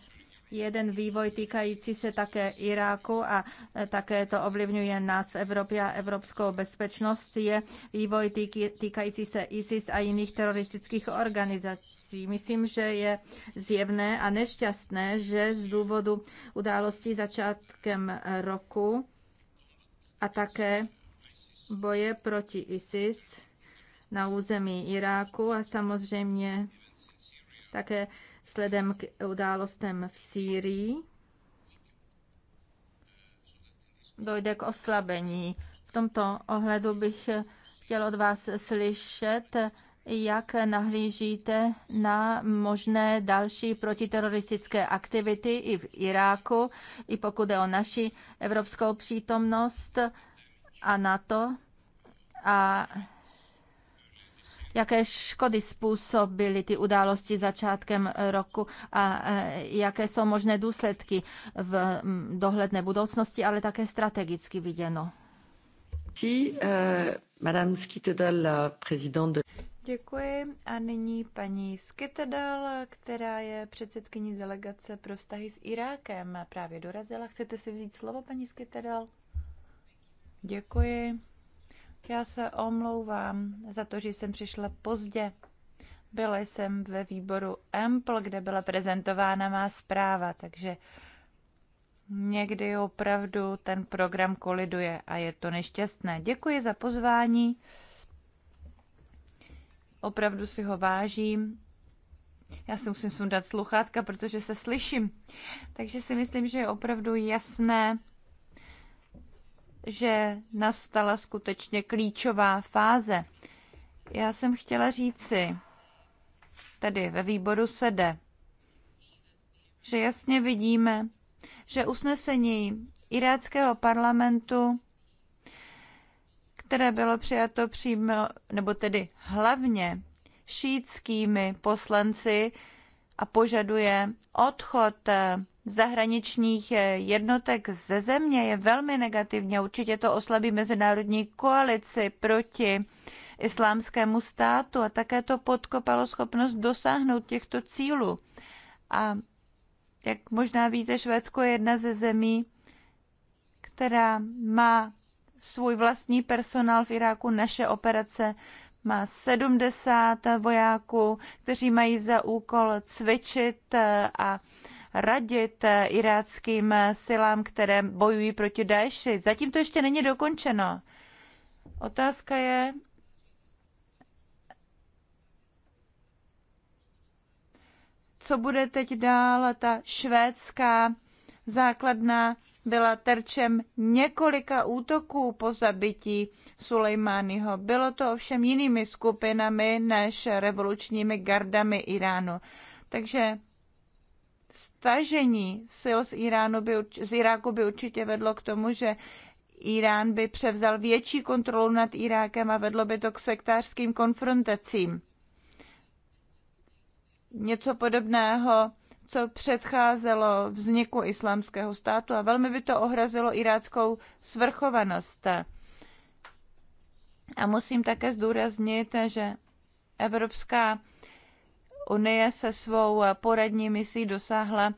jeden vývoj týkající se také Iráku a e, také to ovlivňuje nás v Evropě a evropskou bezpečnost, je vývoj týkající se ISIS a jiných teroristických organizací. Myslím, že je zjevné a nešťastné, že z důvodu událostí začátkem e, roku a také boje proti ISIS na území Iráku a samozřejmě také sledem k událostem v Sýrii dojde k oslabení. V tomto ohledu bych chtěl od vás slyšet, jak nahlížíte na možné další protiteroristické aktivity i v Iráku, i pokud jde o naši evropskou přítomnost a NATO. A jaké škody způsobily ty události začátkem roku a e, jaké jsou možné důsledky v dohledné budoucnosti, ale také strategicky viděno. E, Děkuji a nyní paní Skytedal, která je předsedkyní delegace pro vztahy s Irákem. Právě dorazila. Chcete si vzít slovo, paní Skytedal? Děkuji. Já se omlouvám za to, že jsem přišla pozdě. Byla jsem ve výboru EMPL, kde byla prezentována má zpráva, takže někdy opravdu ten program koliduje a je to nešťastné. Děkuji za pozvání. Opravdu si ho vážím. Já si musím sundat sluchátka, protože se slyším. Takže si myslím, že je opravdu jasné, že nastala skutečně klíčová fáze. Já jsem chtěla říci, tedy ve výboru sede, že jasně vidíme, že usnesení iráckého parlamentu, které bylo přijato přímo, nebo tedy hlavně šítskými poslanci a požaduje odchod eh, zahraničních eh, jednotek ze země je velmi negativně. Určitě to oslabí mezinárodní koalici proti islámskému státu a také to podkopalo schopnost dosáhnout těchto cílů. A jak možná víte, Švédsko je jedna ze zemí, která má svůj vlastní personál v Iráku. Naše operace má 70 vojáků, kteří mají za úkol cvičit eh, a radit eh, iráckým eh, silám, které bojují proti Daeši. Zatím to ještě není dokončeno. Otázka je, co bude teď dál. Ta švédská základna byla terčem několika útoků po zabití Sulejmányho. Bylo to ovšem jinými skupinami než revolučními gardami Iránu. Takže stažení sil z, Iránu by, z Iráku by určitě vedlo k tomu, že Irán by převzal větší kontrolu nad Irákem a vedlo by to k sektářským konfrontacím. Něco podobného, co předcházelo vzniku islámského státu a velmi by to ohrazilo iráckou svrchovanost. A musím také zdůraznit, že Evropská unie se svou poradní misí dosáhla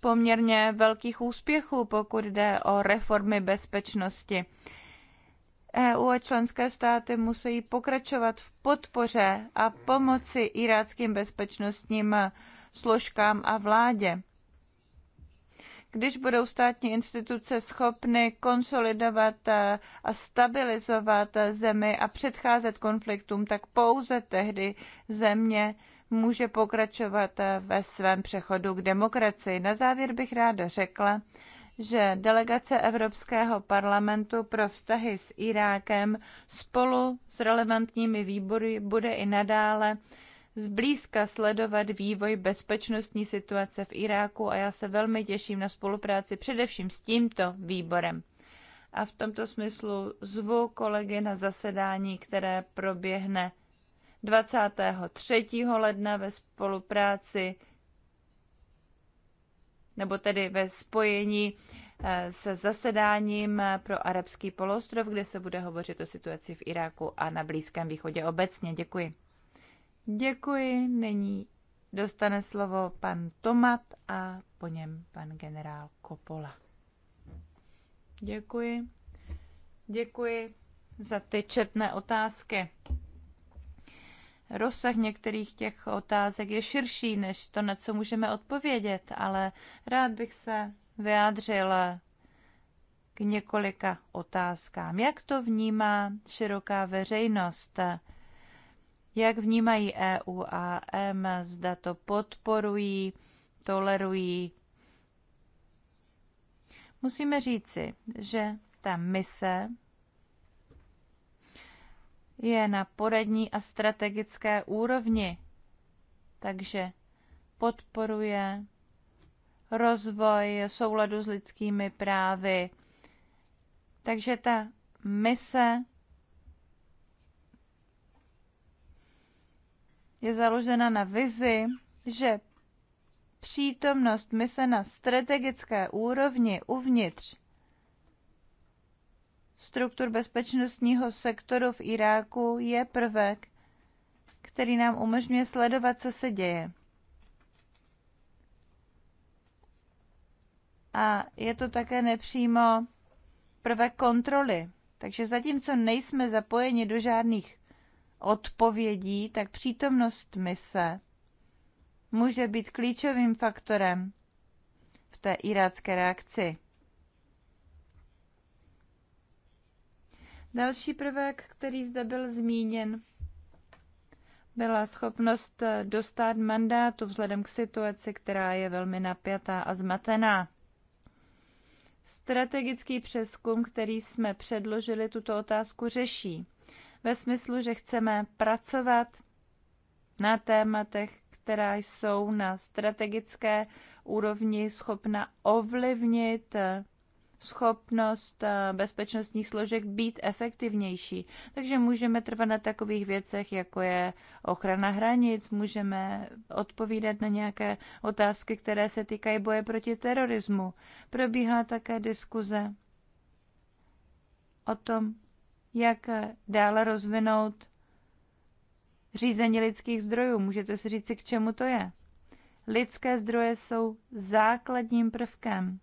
poměrně velkých úspěchů, pokud jde o reformy bezpečnosti. EU a členské státy musí pokračovat v podpoře a pomoci iráckým bezpečnostním složkám a vládě když budou státní instituce schopny konsolidovat eh, a stabilizovat eh, zemi a předcházet konfliktům, tak pouze tehdy země může pokračovat eh, ve svém přechodu k demokracii. Na závěr bych ráda řekla, že delegace Evropského parlamentu pro vztahy s Irákem spolu s relevantními výbory bude i nadále zblízka sledovat vývoj bezpečnostní situace v Iráku a já se velmi těším na spolupráci především s tímto výborem. A v tomto smyslu zvu kolegy na zasedání, které proběhne 23. ledna ve spolupráci nebo tedy ve spojení eh, se zasedáním pro arabský poloostrov, kde se bude hovořit o situaci v Iráku a na Blízkém východě obecně. Děkuji. Děkuji. Není dostane slovo pan Tomat a po něm pan generál Kopola. Děkuji. Děkuji za ty četné otázky. Rozsah některých těch otázek je širší než to, na co můžeme odpovědět, ale rád bych se vyjádřil k několika otázkám. Jak to vnímá široká veřejnost? jak vnímají EU a M, zda to podporují, tolerují. Musíme říci, že ta mise je na poradní a strategické úrovni, takže podporuje rozvoj souladu s lidskými právy. Takže ta mise je založena na vizi, že přítomnost mise na strategické úrovni uvnitř struktur bezpečnostního sektoru v Iráku je prvek, který nám umožňuje sledovat, co se děje. A je to také nepřímo prvek kontroly. Takže zatímco nejsme zapojeni do žádných odpovědí, tak přítomnost mise může být klíčovým faktorem v té irácké reakci. Další prvek, který zde byl zmíněn, byla schopnost dostat mandátu vzhledem k situaci, která je velmi napjatá a zmatená. Strategický přeskum, který jsme předložili, tuto otázku řeší ve smyslu, že chceme pracovat na tématech, která jsou na strategické úrovni schopna ovlivnit schopnost bezpečnostních složek být efektivnější. Takže můžeme trvat na takových věcech, jako je ochrana hranic, můžeme odpovídat na nějaké otázky, které se týkají boje proti terorismu. Probíhá také diskuze o tom, jak dále rozvinout řízení lidských zdrojů. Můžete si říct, k čemu to je. Lidské zdroje jsou základním prvkem,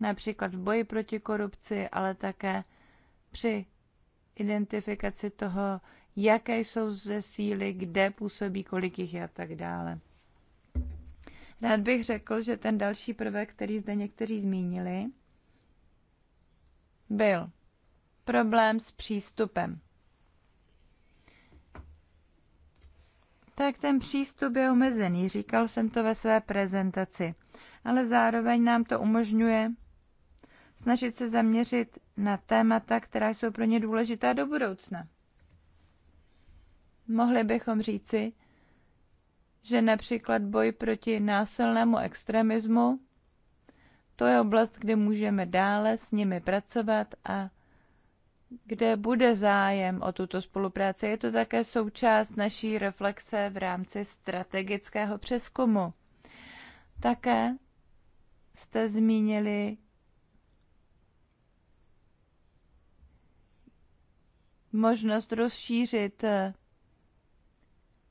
například v boji proti korupci, ale také při identifikaci toho, jaké jsou ze síly, kde působí, kolik jich je a tak dále. Rád bych řekl, že ten další prvek, který zde někteří zmínili, byl problém s přístupem. tak ten přístup je omezený, říkal jsem to ve své prezentaci. Ale zároveň nám to umožňuje snažit se zaměřit na témata, která jsou pro ně důležitá do budoucna. Mohli bychom říci, že například boj proti násilnému extremismu, to je oblast, kde můžeme dále s nimi pracovat a kde bude zájem o tuto spolupráci. Je to také součást naší reflexe v rámci strategického přeskumu. Také jste zmínili možnost rozšířit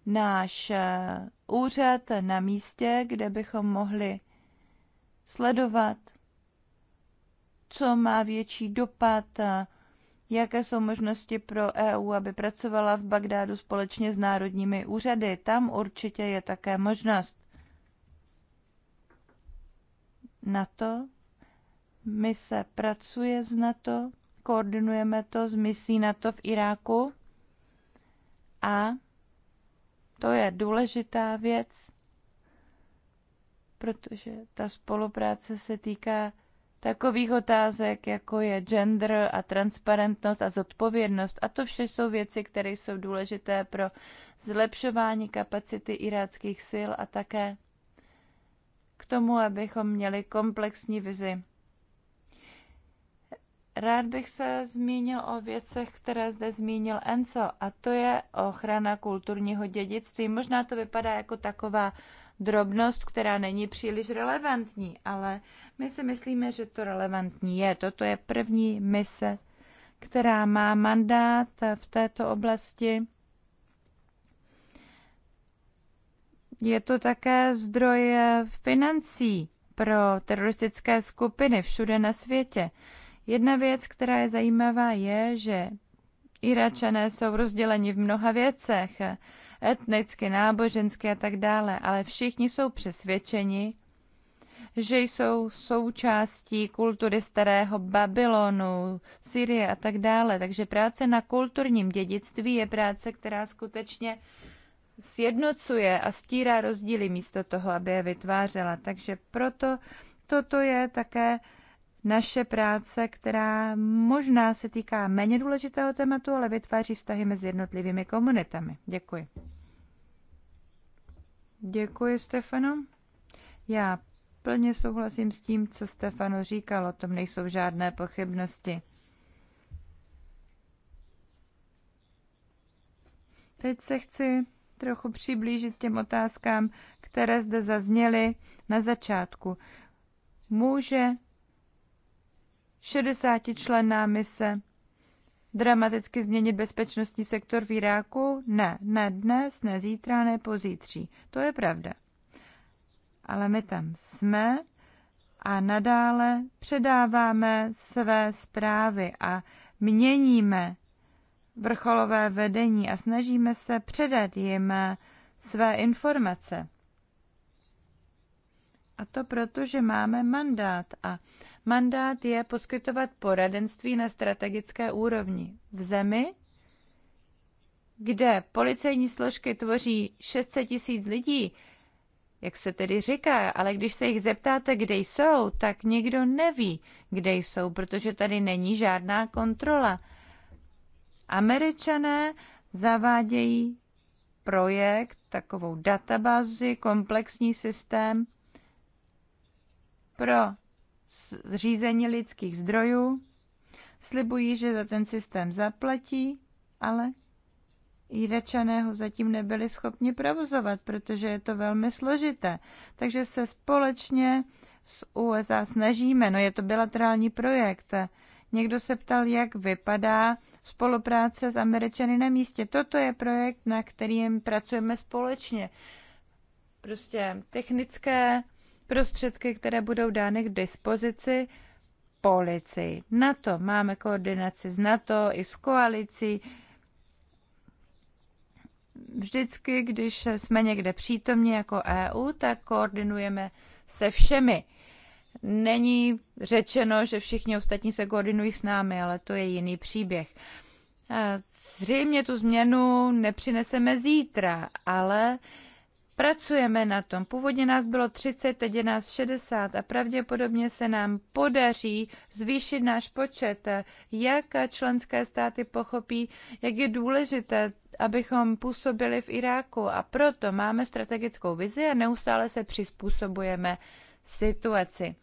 náš úřad na místě, kde bychom mohli sledovat, co má větší dopad Jaké jsou možnosti pro EU, aby pracovala v Bagdádu společně s národními úřady? Tam určitě je také možnost. NATO. Mise pracuje s NATO, koordinujeme to s misí NATO v Iráku. A to je důležitá věc, protože ta spolupráce se týká takových otázek, jako je gender a transparentnost a zodpovědnost. A to vše jsou věci, které jsou důležité pro zlepšování kapacity iráckých sil a také k tomu, abychom měli komplexní vizi. Rád bych se zmínil o věcech, které zde zmínil Enzo, a to je ochrana kulturního dědictví. Možná to vypadá jako taková drobnost, která není příliš relevantní, ale my si myslíme, že to relevantní je. Toto je první mise, která má mandát v této oblasti. Je to také zdroj financí pro teroristické skupiny všude na světě. Jedna věc, která je zajímavá, je, že Iračané jsou rozděleni v mnoha věcech etnicky, nábožensky a tak dále, ale všichni jsou přesvědčeni, že jsou součástí kultury starého Babylonu, Syrie a tak dále. Takže práce na kulturním dědictví je práce, která skutečně sjednocuje a stírá rozdíly místo toho, aby je vytvářela. Takže proto toto je také naše práce, která možná se týká méně důležitého tématu, ale vytváří vztahy mezi jednotlivými komunitami. Děkuji. Děkuji, Stefano. Já plně souhlasím s tím, co Stefano říkal, o tom nejsou žádné pochybnosti. Teď se chci trochu přiblížit těm otázkám, které zde zazněly na začátku. Může 60-členná mise dramaticky změnit bezpečnostní sektor v Iráku? Ne, ne dnes, ne zítra, ne pozítří. To je pravda. Ale my tam jsme a nadále předáváme své zprávy a měníme vrcholové vedení a snažíme se předat jim své informace. A to proto, že máme mandát a Mandát je poskytovat poradenství na strategické úrovni v zemi, kde policejní složky tvoří 600 tisíc lidí, jak se tedy říká, ale když se jich zeptáte, kde jsou, tak nikdo neví, kde jsou, protože tady není žádná kontrola. Američané zavádějí projekt, takovou databázi, komplexní systém pro řízení lidských zdrojů, slibují, že za ten systém zaplatí, ale Jiračané zatím nebyli schopni provozovat, protože je to velmi složité. Takže se společně s USA snažíme, no je to bilaterální projekt. Někdo se ptal, jak vypadá spolupráce s Američany na místě. Toto je projekt, na kterým pracujeme společně. Prostě technické prostředky, které budou dány k dispozici policii. Na to máme koordinaci s NATO i s koalicí. Vždycky, když jsme někde přítomní jako EU, tak koordinujeme se všemi. Není řečeno, že všichni ostatní se koordinují s námi, ale to je jiný příběh. Zřejmě tu změnu nepřineseme zítra, ale uh, Pracujeme na tom. Původně nás bylo 30, teď je nás 60 a pravděpodobně se nám podaří zvýšit náš počet. Jak členské státy pochopí, jak je důležité, abychom působili v Iráku a proto máme strategickou vizi a neustále se přizpůsobujeme situaci.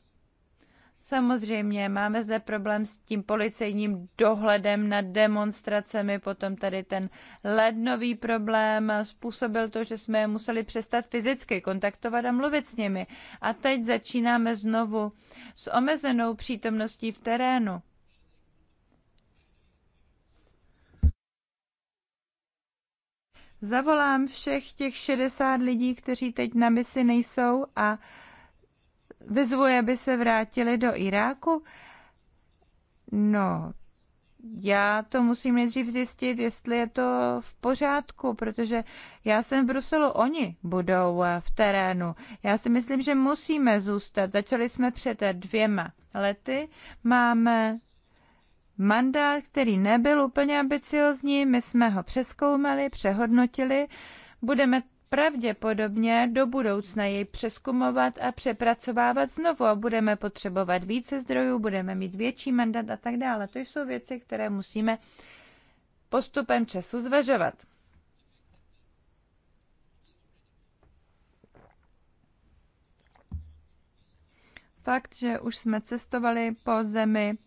Samozřejmě máme zde problém s tím policejním dohledem nad demonstracemi, potom tady ten lednový problém způsobil to, že jsme je museli přestat fyzicky kontaktovat a mluvit s nimi. A teď začínáme znovu s omezenou přítomností v terénu. Zavolám všech těch 60 lidí, kteří teď na misi nejsou a vyzvuje, aby se vrátili do Iráku? No, já to musím nejdřív zjistit, jestli je to v pořádku, protože já jsem v Bruselu, oni budou eh, v terénu. Já si myslím, že musíme zůstat. Začali jsme před eh, dvěma lety. Máme mandát, který nebyl úplně ambiciozní, my jsme ho přeskoumali, přehodnotili. Budeme pravděpodobně do budoucna jej přeskumovat a přepracovávat znovu a budeme potřebovat více zdrojů, budeme mít větší mandat a tak dále. To jsou věci, které musíme postupem času zvažovat. Fakt, že už jsme cestovali po zemi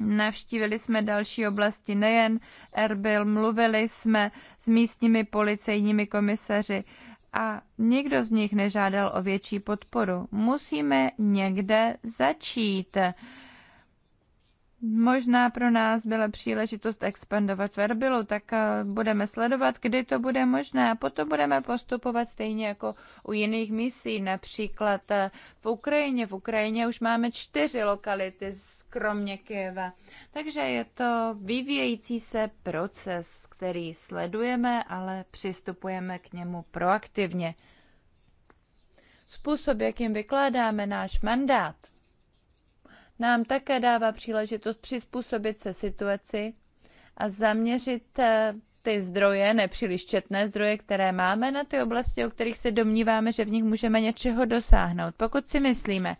Navštívili jsme další oblasti, nejen Erbil, mluvili jsme s místními policejními komisaři a nikdo z nich nežádal o větší podporu. Musíme někde začít možná pro nás byla příležitost expandovat verbilu, tak eh, budeme sledovat, kdy to bude možné a potom budeme postupovat stejně jako u jiných misí, například eh, v Ukrajině. V Ukrajině už máme čtyři lokality kromě Kyjeva. Takže je to vyvíjející se proces, který sledujeme, ale přistupujeme k němu proaktivně. Způsob, jakým vykládáme náš mandát, nám také dává příležitost přizpůsobit se situaci a zaměřit eh, ty zdroje, nepříliš četné zdroje, které máme na ty oblasti, o kterých se domníváme, že v nich můžeme něčeho dosáhnout. Pokud si myslíme,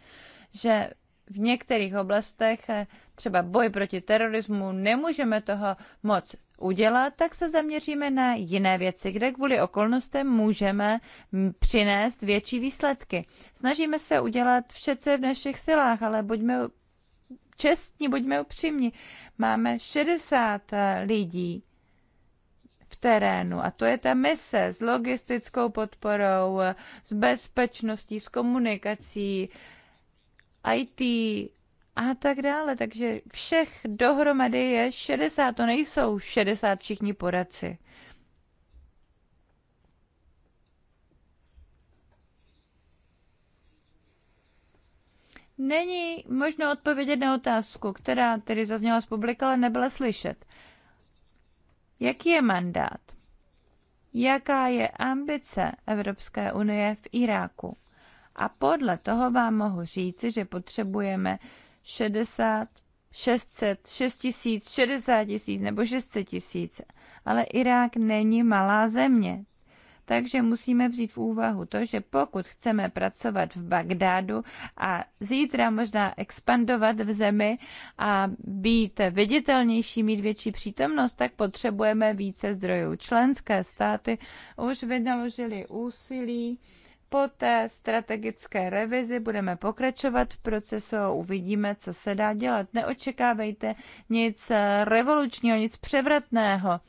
že v některých oblastech, eh, třeba boj proti terorismu, nemůžeme toho moc udělat, tak se zaměříme na jiné věci, kde kvůli okolnostem můžeme přinést větší výsledky. Snažíme se udělat vše, co je v našich silách, ale buďme čestní, buďme upřímní. Máme 60 eh, lidí v terénu a to je ta mise s logistickou podporou, s bezpečností, s komunikací, IT a tak dále. Takže všech dohromady je 60, to nejsou 60 všichni poradci. Není možno odpovědět na otázku, která tedy zazněla z publika, ale nebyla slyšet. Jaký je mandát? Jaká je ambice Evropské unie v Iráku? A podle toho vám mohu říci, že potřebujeme 60, 600, 6 tisíc, 60 tisíc nebo 600 tisíc. Ale Irák není malá země. Takže musíme vzít v úvahu to, že pokud chceme pracovat v Bagdádu a zítra možná expandovat v zemi a být viditelnější, mít větší přítomnost, tak potřebujeme více zdrojů. Členské státy už vynaložili úsilí po té strategické revizi budeme pokračovat v procesu a uvidíme, co se dá dělat. Neočekávejte nic revolučního, nic převratného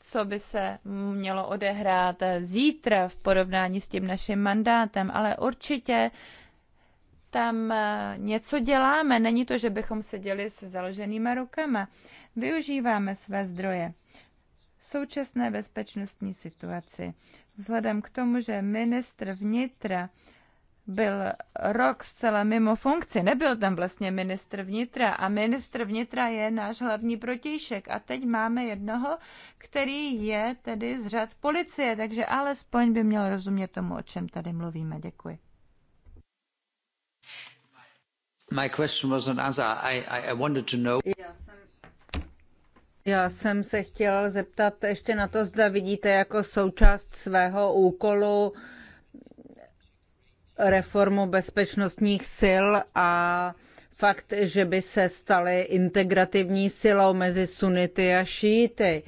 co by se mělo odehrát zítra v porovnání s tím naším mandátem, ale určitě tam eh, něco děláme. Není to, že bychom seděli s založenýma rukama. Využíváme své zdroje. V současné bezpečnostní situaci. Vzhledem k tomu, že ministr vnitra byl rok zcela mimo funkci, nebyl tam vlastně ministr vnitra a ministr vnitra je náš hlavní protějšek a teď máme jednoho, který je tedy z řad policie, takže alespoň by měl rozumět tomu, o čem tady mluvíme. Děkuji. My question was an answer. I, I, I wanted to know... Já jsem, já jsem se chtěla zeptat ještě na to, zda vidíte jako součást svého úkolu uh, reformu bezpečnostních sil a fakt, že by se staly integrativní silou mezi sunity a šíty,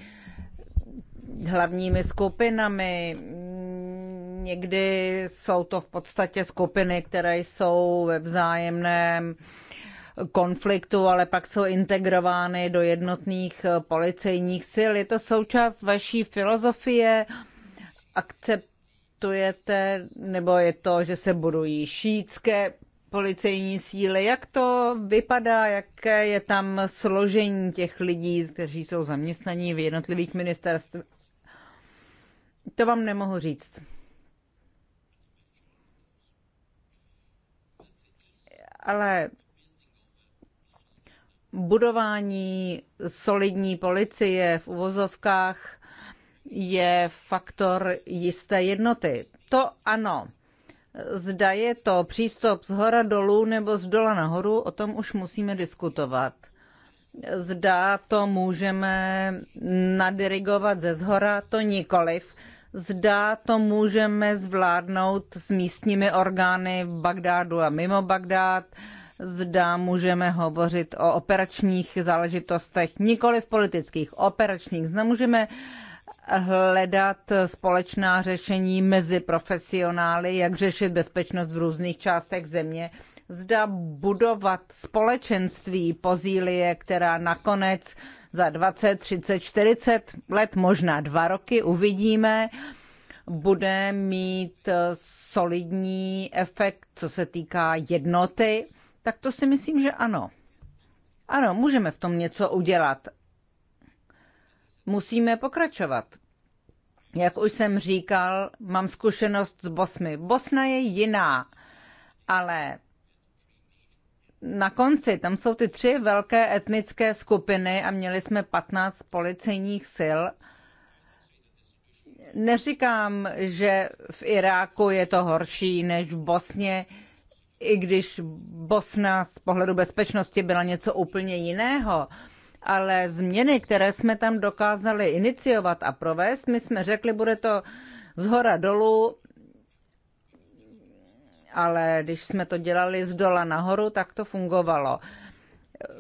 hlavními skupinami. Mm, někdy jsou to v podstatě skupiny, které jsou ve vzájemném konfliktu, ale pak jsou integrovány do jednotných policejních sil. Je to součást vaší filozofie akcept pamatujete, nebo je to, že se budují šítské policejní síly? Jak to vypadá, jaké je tam složení těch lidí, kteří jsou zaměstnaní v jednotlivých ministerstvech? To vám nemohu říct. Ale budování solidní policie v uvozovkách je faktor jisté jednoty. To ano. Zda je to přístup z hora dolů nebo z dola nahoru, o tom už musíme diskutovat. Zda to můžeme nadirigovat ze zhora, to nikoliv. Zda to můžeme zvládnout s místními orgány v Bagdádu a mimo Bagdád, zda můžeme hovořit o operačních záležitostech, nikoli v politických, operačních. Zda můžeme uh, hledat společná řešení mezi profesionály, jak řešit bezpečnost v různých částech země. Zda budovat společenství pozílie, která nakonec za 20, 30, 40 let, možná dva roky, uvidíme, bude mít solidní efekt, co se týká jednoty, tak to si myslím, že ano. Ano, můžeme v tom něco udělat, musíme pokračovat. Jak už jsem říkal, mám zkušenost s Bosmy. Bosna je jiná, ale na konci tam jsou ty tři velké etnické skupiny a měli jsme 15 policejních sil. Neříkám, že v Iráku je to horší než v Bosně, i když Bosna z pohledu bezpečnosti byla něco úplně jiného ale změny, které jsme tam dokázali iniciovat a provést, my jsme řekli, bude to z hora dolů, ale když jsme to dělali z dola nahoru, tak to fungovalo.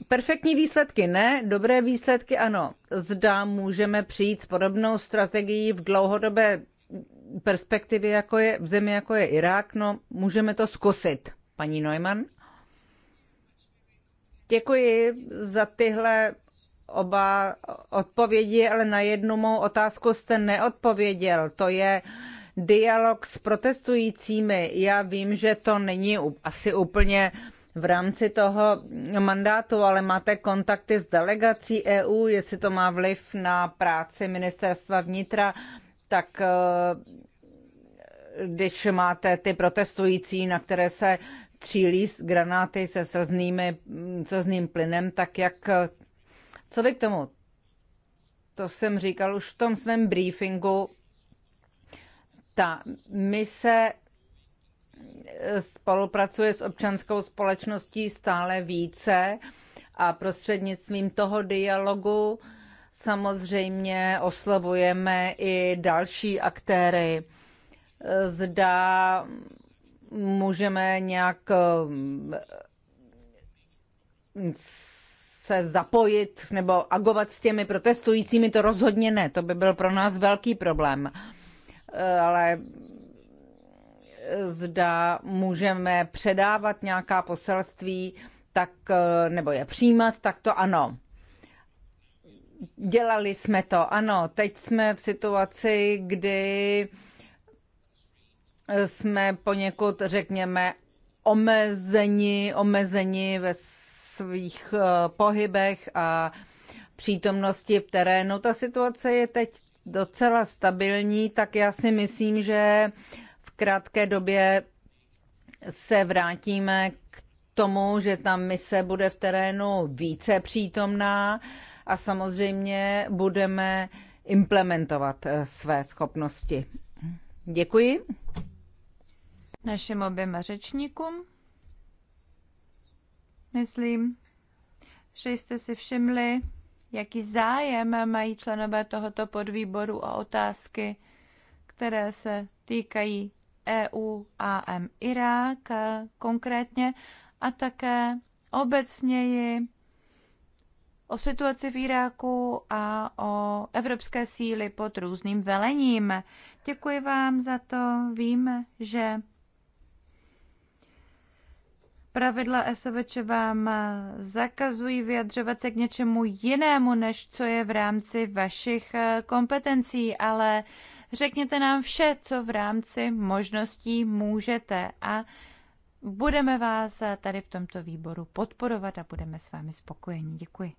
Perfektní výsledky ne, dobré výsledky ano. Zda můžeme přijít s podobnou strategií v dlouhodobé perspektivě jako je, v zemi jako je Irák, no můžeme to zkusit. Paní Neumann? Děkuji za tyhle oba odpovědi, ale na jednu mou otázku jste neodpověděl. To je dialog s protestujícími. Já vím, že to není asi úplně v rámci toho mandátu, ale máte kontakty s delegací EU, jestli to má vliv na práci ministerstva vnitra, tak eh, když máte ty protestující, na které se střílí z granáty se slznými, slzným plynem, tak jak... Co vy k tomu? To jsem říkal už v tom svém briefingu. Ta mise spolupracuje s občanskou společností stále více a prostřednictvím toho dialogu samozřejmě oslovujeme i další aktéry. Zda můžeme nějak eh, se zapojit nebo agovat s těmi protestujícími, to rozhodně ne. To by byl pro nás velký problém. Eh, ale eh, zda můžeme předávat nějaká poselství, tak, nebo je přijímat, tak to ano. Dělali jsme to, ano. Teď jsme v situaci, kdy uh, jsme poněkud, řekněme, omezeni, omezeni ve svých eh, pohybech a přítomnosti v terénu. Ta situace je teď docela stabilní, tak já si myslím, že v krátké době se vrátíme k tomu, že ta mise bude v terénu více přítomná a samozřejmě budeme implementovat eh, své schopnosti. Děkuji našim oběma řečníkům. Myslím, že jste si všimli, jaký zájem mají členové tohoto podvýboru a otázky, které se týkají EU, a M Irák konkrétně a také obecněji o situaci v Iráku a o evropské síly pod různým velením. Děkuji vám za to. Vím, že Pravidla SVČ vám zakazují vyjadřovat se k něčemu jinému, než co je v rámci vašich eh, kompetencí, ale řekněte nám vše, co v rámci možností můžete a budeme vás eh, tady v tomto výboru podporovat a budeme s vámi spokojeni. Děkuji.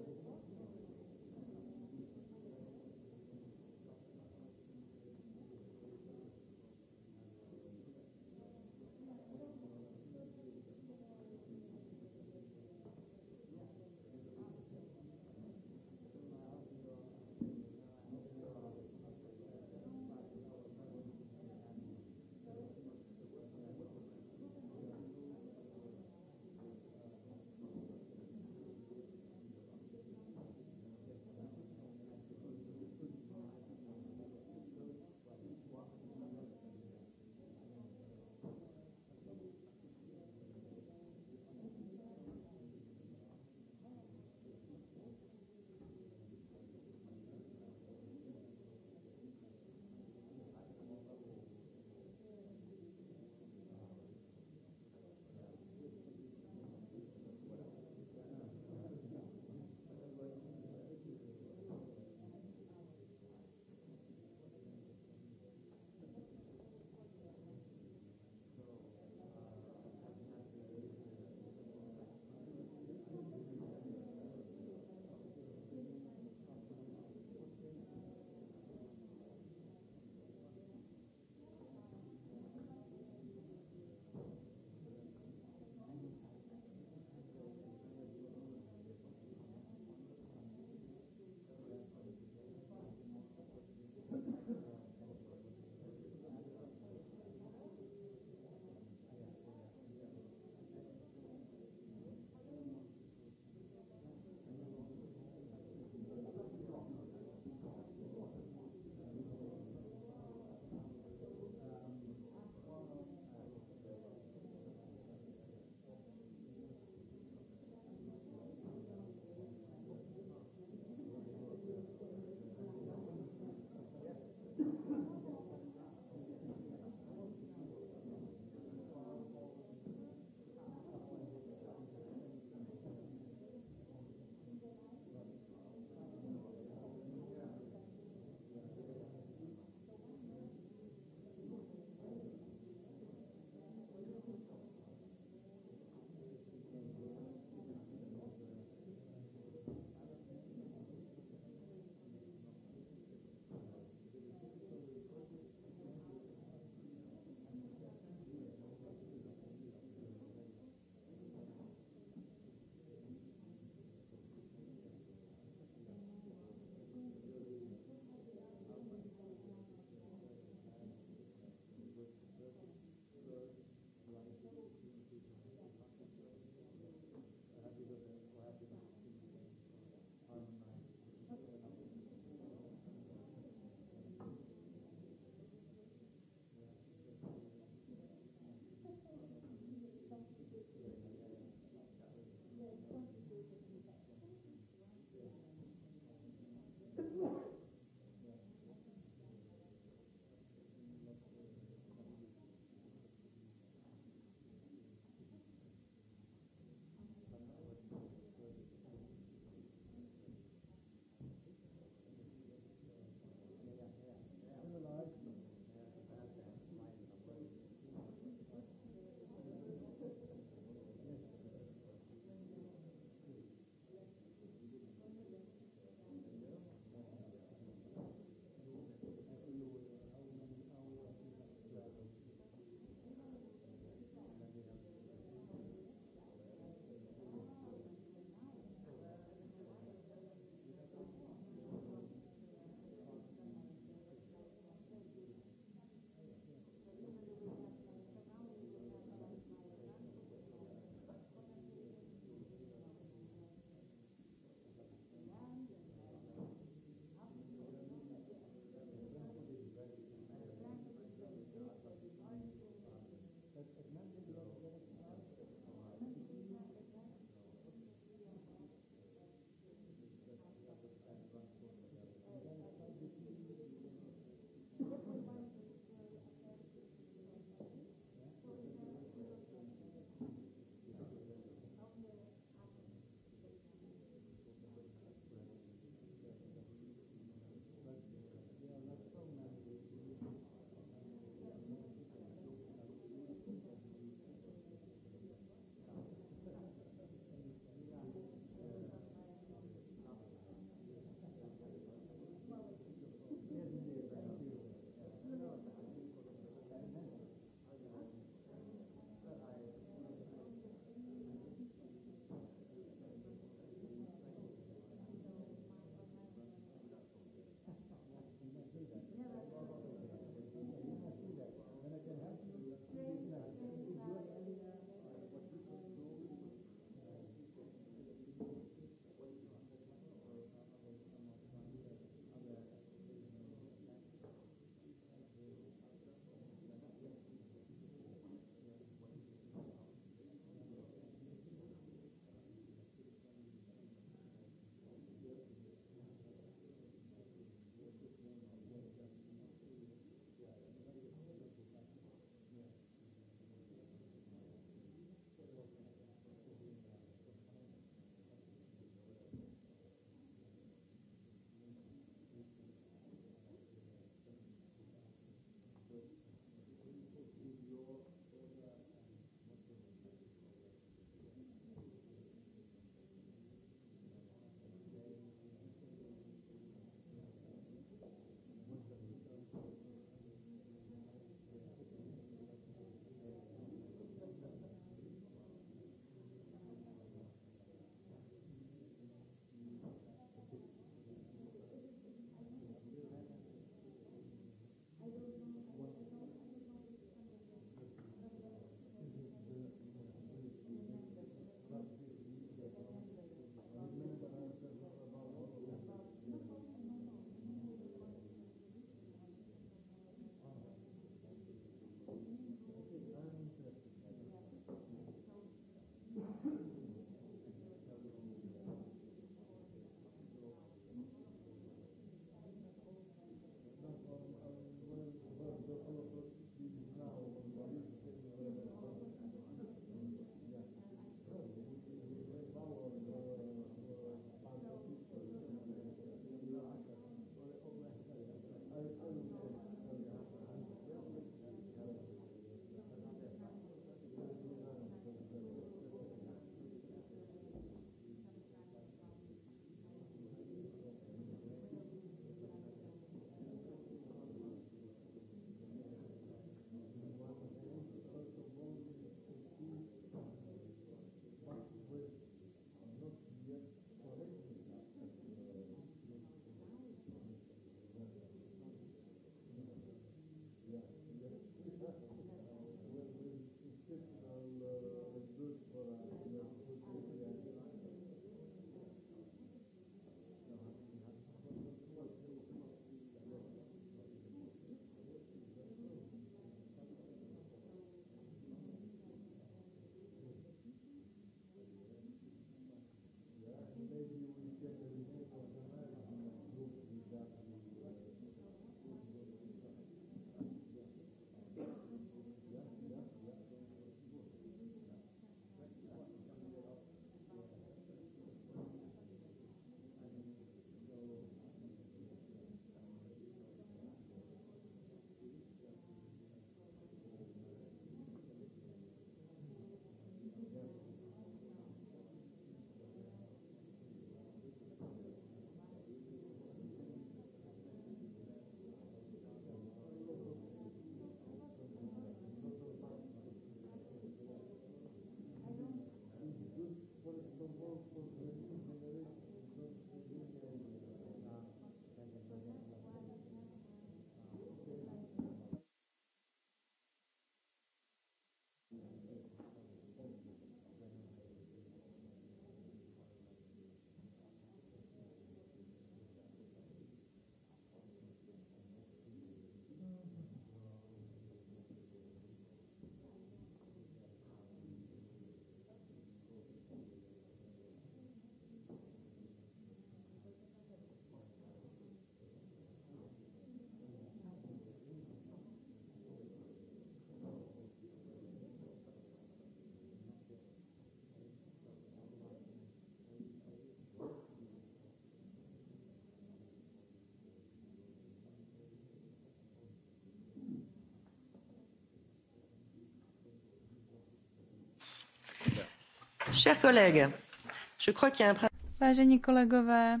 Vážení kolegové,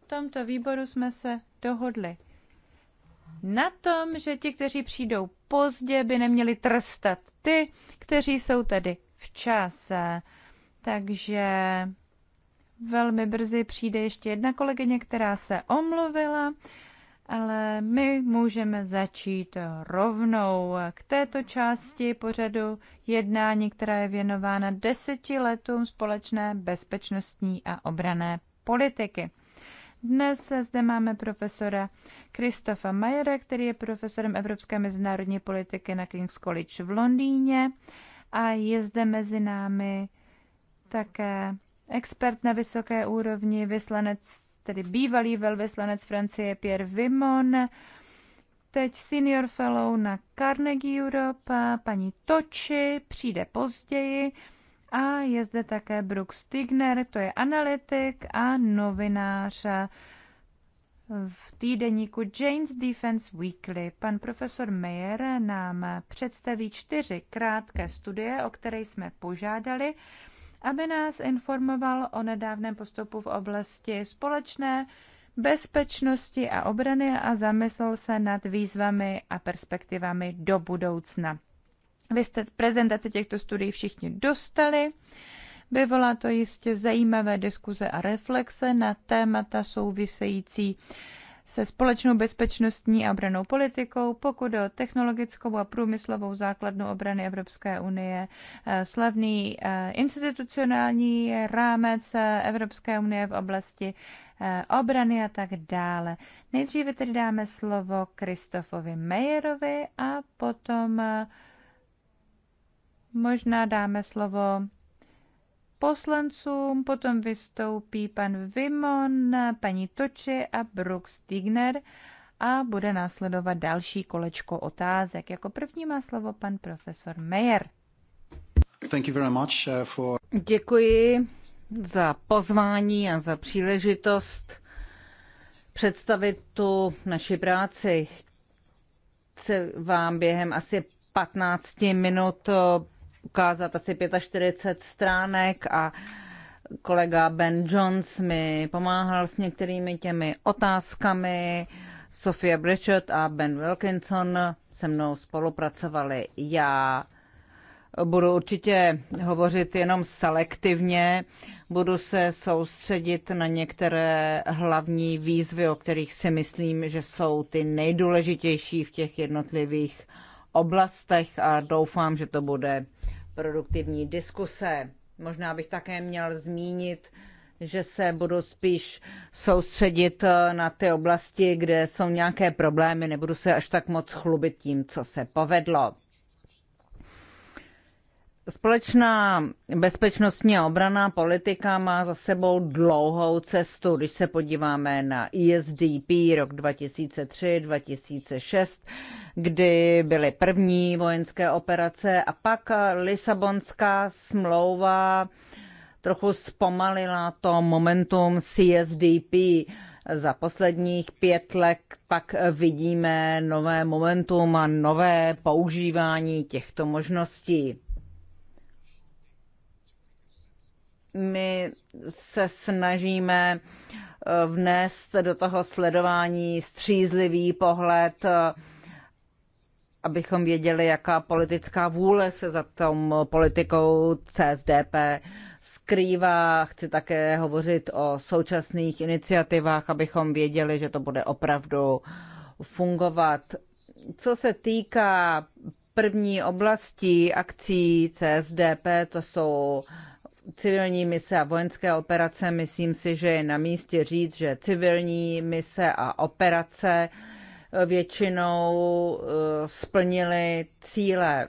v tomto výboru jsme se dohodli na tom, že ti, kteří přijdou pozdě, by neměli trstat ty, kteří jsou tady včas. Takže velmi brzy přijde ještě jedna kolegyně, která se omluvila ale my můžeme začít rovnou k této části pořadu jednání, která je věnována deseti letům společné bezpečnostní a obrané politiky. Dnes zde máme profesora Kristofa Majera, který je profesorem Evropské mezinárodní politiky na King's College v Londýně a je zde mezi námi také expert na vysoké úrovni, vyslanec tedy bývalý velvyslanec Francie Pierre Vimon, teď senior fellow na Carnegie Europe, paní Toči přijde později a je zde také Brooks Stigner, to je analytik a novinář v týdeníku Jane's Defense Weekly. Pan profesor Mayer nám představí čtyři krátké studie, o které jsme požádali aby nás informoval o nedávném postupu v oblasti společné bezpečnosti a obrany a zamyslel se nad výzvami a perspektivami do budoucna. Vy jste prezentaci těchto studií všichni dostali. Vyvolá to jistě zajímavé diskuze a reflexe na témata související se společnou bezpečnostní a obranou politikou, pokud o technologickou a průmyslovou základnu obrany Evropské unie, eh, slavný eh, institucionální rámec eh, Evropské unie v oblasti obrany a tak dále. Nejdříve tedy dáme slovo Kristofovi Mejerovi a potom možná dáme slovo poslancům, potom vystoupí pan Vimon, paní Toči a Brooks Stigner a bude následovat další kolečko otázek. Jako první má slovo pan profesor Mayer. Thank you very much uh, for... Děkuji za pozvání a za příležitost představit tu naši práci. Chci vám během asi 15 minut ukázat asi 45 stránek a kolega Ben Jones mi pomáhal s některými těmi otázkami. Sofia Bridget a Ben Wilkinson se mnou spolupracovali. Já budu určitě hovořit jenom selektivně, budu se soustředit na některé hlavní výzvy, o kterých si myslím, že jsou ty nejdůležitější v těch jednotlivých oblastech a doufám, že to bude produktivní diskuse. Možná bych také měl zmínit, že se budu spíš soustředit eh, na ty oblasti, kde jsou nějaké problémy, nebudu se až tak moc chlubit tím, co se povedlo. Společná bezpečnostní a obraná politika má za sebou dlouhou cestu. Když se podíváme na ISDP e rok 2003-2006, kdy byly první vojenské operace a pak Lisabonská smlouva trochu zpomalila to momentum CSDP. Za posledních pět let pak vidíme nové momentum a nové používání těchto možností. my se snažíme eh, vnést do toho sledování střízlivý pohled, eh, abychom věděli, jaká politická vůle se za tom politikou CSDP skrývá. Chci také hovořit o současných iniciativách, abychom věděli, že to bude opravdu fungovat. Co se týká první oblasti akcí CSDP, to jsou uh, civilní mise a vojenské operace, myslím si, že je na místě říct, že civilní mise a operace většinou eh, splnily cíle.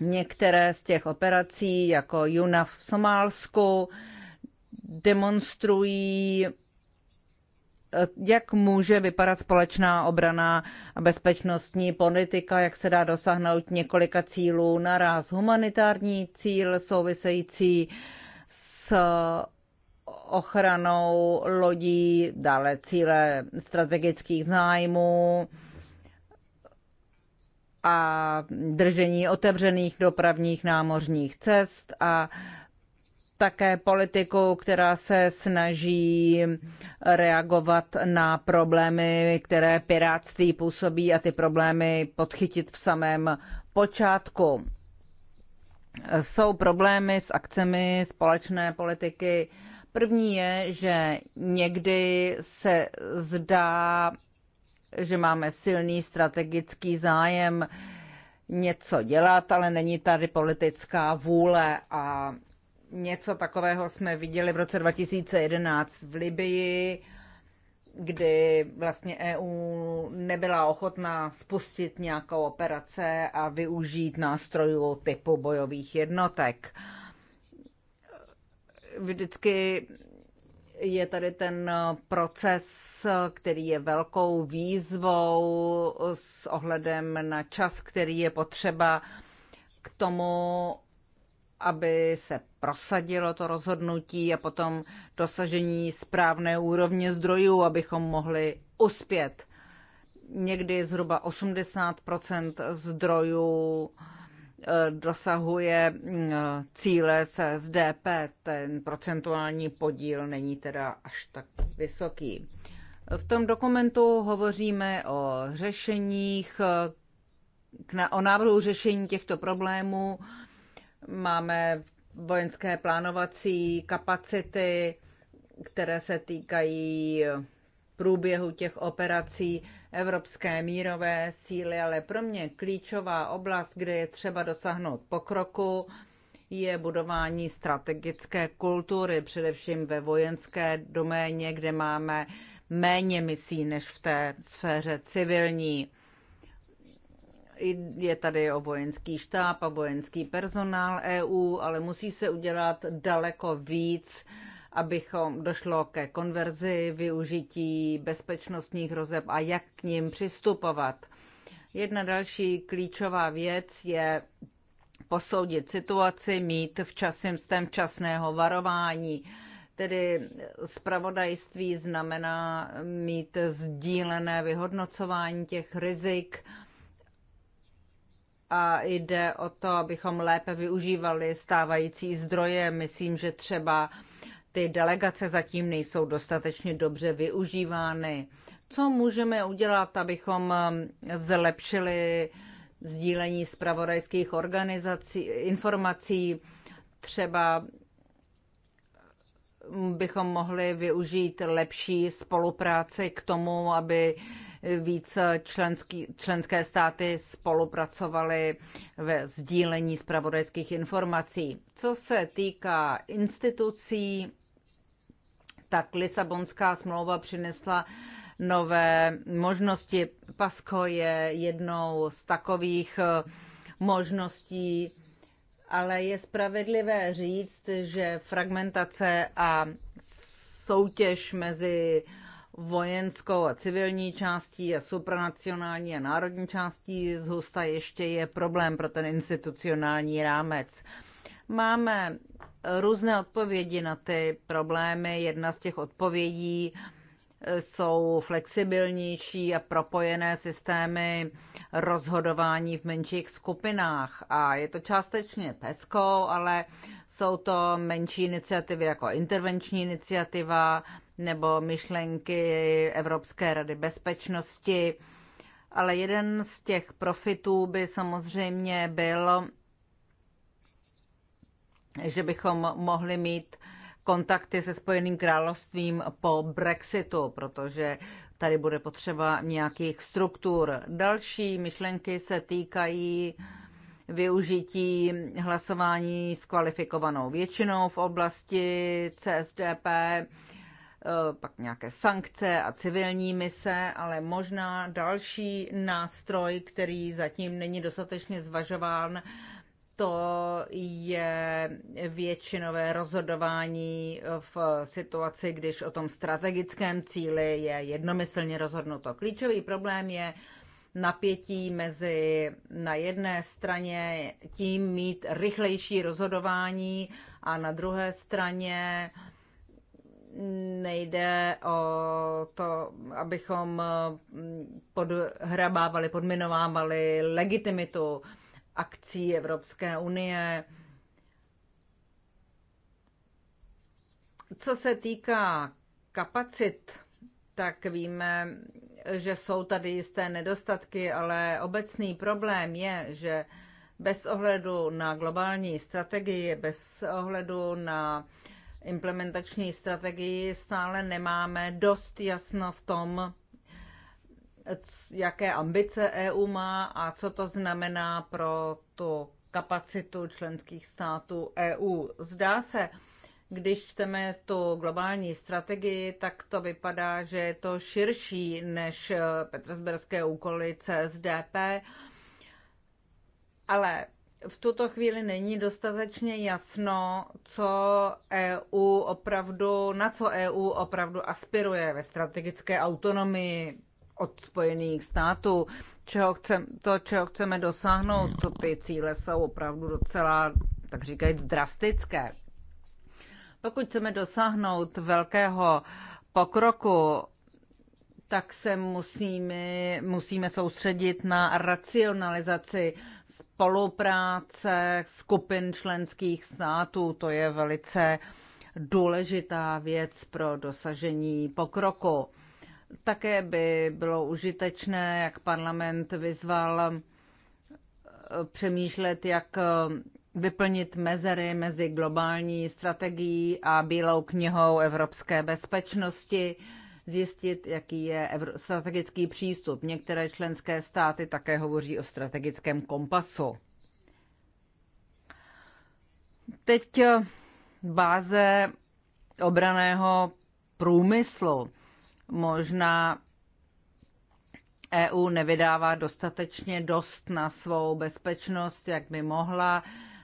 Některé z těch operací, jako UNAF v Somálsku, demonstrují jak může vypadat společná obraná a bezpečnostní politika, jak se dá dosáhnout několika cílů naraz. Humanitární cíl související s ochranou lodí, dále cíle strategických zájmů a držení otevřených dopravních námořních cest a také politiku, která se snaží reagovat na problémy, které piráctví působí a ty problémy podchytit v samém počátku. Jsou problémy s akcemi společné politiky. První je, že někdy se zdá, že máme silný strategický zájem něco dělat, ale není tady politická vůle a Něco takového jsme viděli v roce 2011 v Libii, kdy vlastně EU nebyla ochotná spustit nějakou operace a využít nástrojů typu bojových jednotek. Vždycky je tady ten proces, který je velkou výzvou s ohledem na čas, který je potřeba k tomu, aby se prosadilo to rozhodnutí a potom dosažení správné úrovně zdrojů, abychom mohli uspět. Někdy zhruba 80 zdrojů eh, dosahuje mm, cíle CSDP. Ten procentuální podíl není teda až tak vysoký. V tom dokumentu hovoříme o řešeních, eh, o návrhu řešení těchto problémů Máme vojenské plánovací kapacity, které se týkají průběhu těch operací evropské mírové síly, ale pro mě klíčová oblast, kde je třeba dosáhnout pokroku, je budování strategické kultury, především ve vojenské doméně, kde máme méně misí než v té sféře civilní je tady o vojenský štáb a vojenský personál EU, ale musí se udělat daleko víc, abychom došlo ke konverzi, využití bezpečnostních hrozeb a jak k ním přistupovat. Jedna další klíčová věc je posoudit situaci, mít včasným systém včasného varování. Tedy spravodajství znamená mít sdílené vyhodnocování těch rizik, a jde o to, abychom lépe využívali stávající zdroje. Myslím, že třeba ty delegace zatím nejsou dostatečně dobře využívány. Co můžeme udělat, abychom um, zlepšili sdílení zpravodajských organizací, informací, třeba um, bychom mohli využít lepší spolupráci k tomu, aby víc členský, členské státy spolupracovaly ve sdílení zpravodajských informací. Co se týká institucí, tak Lisabonská smlouva přinesla nové možnosti. PASCO je jednou z takových eh, možností, ale je spravedlivé říct, že fragmentace a soutěž mezi vojenskou a civilní částí a supranacionální a národní částí zhusta ještě je problém pro ten institucionální rámec. Máme různé odpovědi na ty problémy. Jedna z těch odpovědí eh, jsou flexibilnější a propojené systémy rozhodování v menších skupinách. A je to částečně PESCO, ale jsou to menší iniciativy jako intervenční iniciativa, nebo myšlenky Evropské rady bezpečnosti. Ale jeden z těch profitů by samozřejmě byl, že bychom mohli mít kontakty se Spojeným královstvím po Brexitu, protože tady bude potřeba nějakých struktur. Další myšlenky se týkají využití hlasování s kvalifikovanou většinou v oblasti CSDP. Eh, pak nějaké sankce a civilní mise, ale možná další nástroj, který zatím není dostatečně zvažován, to je většinové rozhodování v situaci, když o tom strategickém cíli je jednomyslně rozhodnuto. Klíčový problém je napětí mezi na jedné straně tím mít rychlejší rozhodování a na druhé straně nejde o to, abychom eh, podhrabávali, podminovávali legitimitu akcí Evropské unie. Co se týká kapacit, tak víme, že jsou tady jisté nedostatky, ale obecný problém je, že bez ohledu na globální strategii, bez ohledu na implementační strategii stále nemáme dost jasno v tom, jaké ambice EU má a co to znamená pro tu kapacitu členských států EU. Zdá se, když čteme tu globální strategii, tak to vypadá, že je to širší než eh, petrasberské úkoly CSDP, ale v tuto chvíli není dostatečně jasno, co EU opravdu, na co EU opravdu aspiruje ve strategické autonomii od Spojených států. Čeho chcem, to, čeho chceme dosáhnout, to ty cíle jsou opravdu docela, tak říkajíc, drastické. Pokud chceme dosáhnout velkého pokroku, tak se musíme, musíme soustředit na racionalizaci spolupráce skupin členských států. To je velice důležitá věc pro dosažení pokroku. Také by bylo užitečné, jak parlament vyzval, eh, přemýšlet, jak eh, vyplnit mezery mezi globální strategií a bílou knihou evropské bezpečnosti zjistit, jaký je strategický přístup. Některé členské státy také hovoří o strategickém kompasu. Teď eh, báze obraného průmyslu. Možná EU nevydává dostatečně dost na svou bezpečnost, jak by mohla.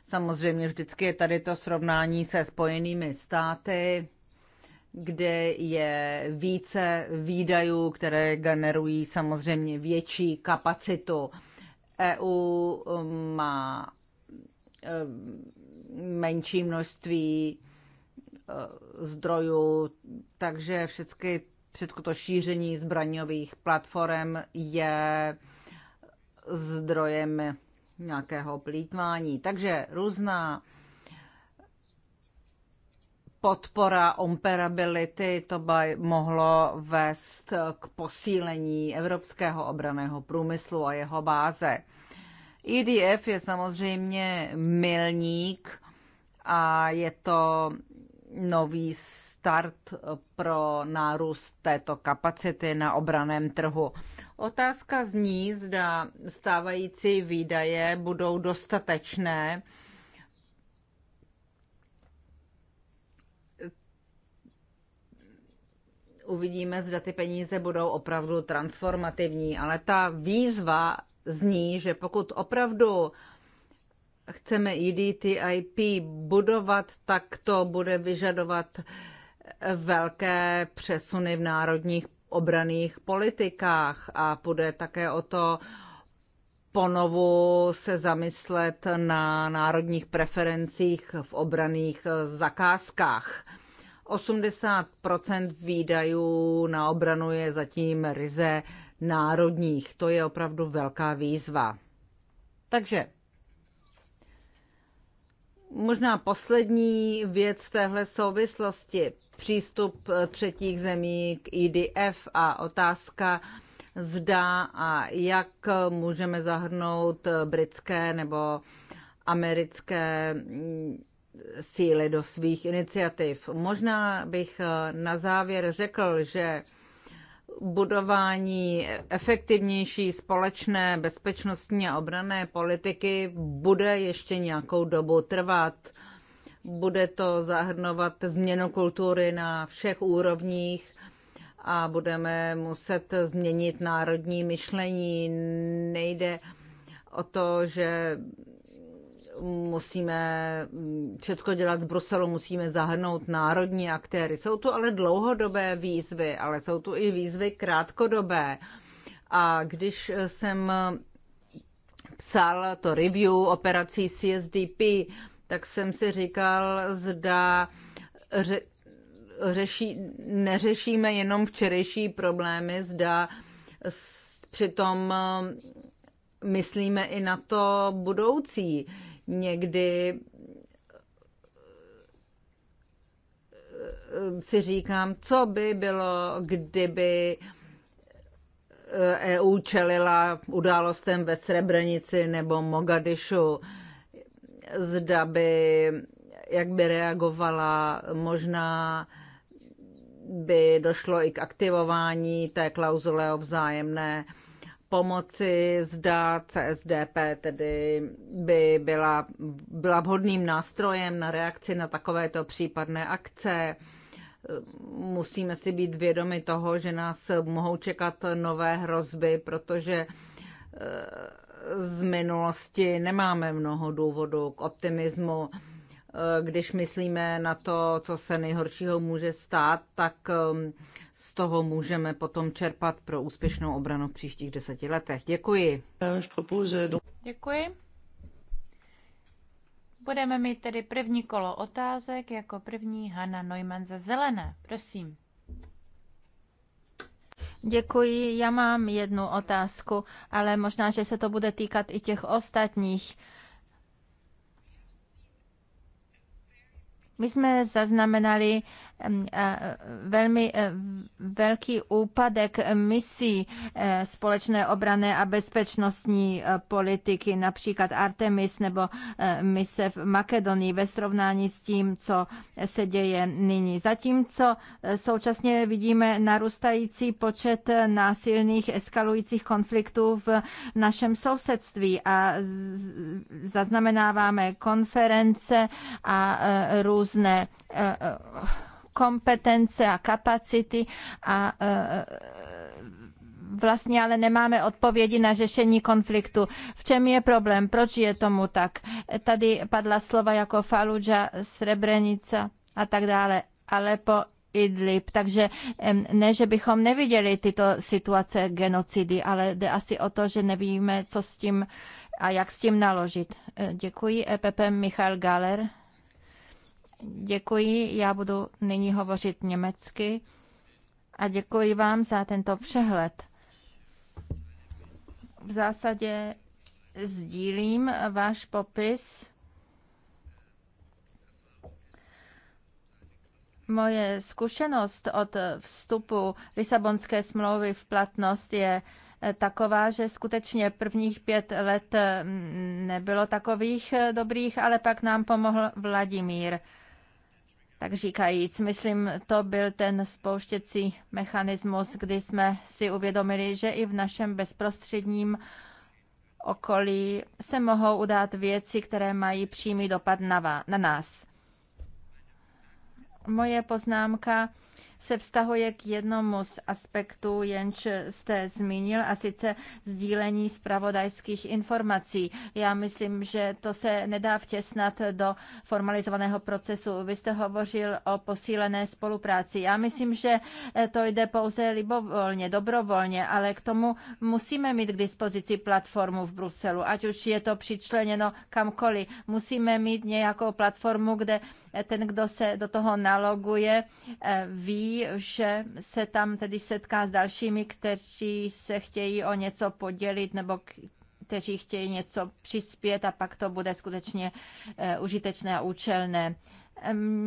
Samozřejmě vždycky je tady to srovnání se spojenými státy kde je více výdajů, které generují samozřejmě větší kapacitu. EU um, má um, menší množství uh, zdrojů, takže všechny, všechno to šíření zbraňových platform je zdrojem nějakého plítvání. Takže různá podpora operability, to by mohlo vést k posílení evropského obraného průmyslu a jeho báze. EDF je samozřejmě milník a je to nový start pro nárůst této kapacity na obraném trhu. Otázka zní, zda stávající výdaje budou dostatečné uvidíme, zda ty peníze budou opravdu transformativní. Ale ta výzva zní, že pokud opravdu chceme EDTIP budovat, tak to bude vyžadovat velké přesuny v národních obraných politikách a bude také o to ponovu se zamyslet na národních preferencích v obraných zakázkách. 80 výdajů na obranu je zatím ryze národních. To je opravdu velká výzva. Takže možná poslední věc v téhle souvislosti. Přístup eh, třetích zemí k IDF e a otázka, zda a jak můžeme zahrnout eh, britské nebo americké mm, síly do svých iniciativ. Možná bych eh, na závěr řekl, že budování efektivnější společné bezpečnostní a obrané politiky bude ještě nějakou dobu trvat. Bude to zahrnovat změnu kultury na všech úrovních a budeme muset změnit národní myšlení. Nejde o to, že musíme všechno dělat z Bruselu, musíme zahrnout národní aktéry. Jsou tu ale dlouhodobé výzvy, ale jsou tu i výzvy krátkodobé. A když jsem psal to review operací CSDP, tak jsem si říkal, zda ře, řeší, neřešíme jenom včerejší problémy, zda přitom eh, myslíme i na to budoucí. Někdy eh, si říkám, co by bylo, kdyby EU eh, e čelila událostem ve Srebrenici nebo Mogadišu, zda by, jak by reagovala, možná by došlo i k aktivování té klauzule o vzájemné pomoci, zda CSDP tedy by byla, byla vhodným nástrojem na reakci na takovéto případné akce. Musíme si být vědomi toho, že nás mohou čekat nové hrozby, protože eh, z minulosti nemáme mnoho důvodů k optimismu. Eh, když myslíme na to, co se nejhoršího může stát, tak ehm, z toho můžeme potom čerpat pro úspěšnou obranu v příštích deseti letech. Děkuji. Děkuji. Budeme mít tedy první kolo otázek, jako první Hanna Neumann za zelené. Prosím. Děkuji. Já mám jednu otázku, ale možná, že se to bude týkat i těch ostatních My jsme zaznamenali velmi e, velký úpadek misí e, společné obrané a bezpečnostní e, politiky, například Artemis nebo mise v Makedonii ve srovnání s tím, co se děje nyní. Zatímco současně vidíme narůstající počet násilných eskalujících konfliktů v našem sousedství a zaznamenáváme konference a různé kompetence a kapacity a e, vlastně ale nemáme odpovědi na řešení konfliktu. V čem je problém? Proč je tomu tak? Tady padla slova jako Faluja, Srebrenica a tak dále. Alepo Idlib. Takže ne, že bychom neviděli tyto situace genocidy, ale jde asi o to, že nevíme, co s tím a jak s tím naložit. E, děkuji. EPP Michal Galer. Děkuji, já budu nyní hovořit německy a děkuji vám za tento přehled. V zásadě sdílím váš popis. Moje zkušenost od vstupu Lisabonské smlouvy v platnost je eh, taková, že skutečně prvních pět let mm, nebylo takových eh, dobrých, ale pak nám pomohl Vladimír tak říkajíc. Myslím, to byl ten spouštěcí mechanismus, kdy jsme si uvědomili, že i v našem bezprostředním okolí se mohou udát věci, které mají přímý dopad na, vás, na nás. Moje poznámka se vztahuje k jednomu z aspektů, jenž jste zmínil, a sice sdílení zpravodajských informací. Já myslím, že to se nedá vtěsnat do formalizovaného procesu. Vy jste hovořil o posílené spolupráci. Já myslím, že to jde pouze libovolně, dobrovolně, ale k tomu musíme mít k dispozici platformu v Bruselu, ať už je to přičleněno kamkoliv. Musíme mít nějakou platformu, kde ten, kdo se do toho naloguje, eh, ví, že se tam tedy setká s dalšími, kteří se chtějí o něco podělit nebo kteří chtějí něco přispět a pak to bude skutečně e, užitečné a účelné.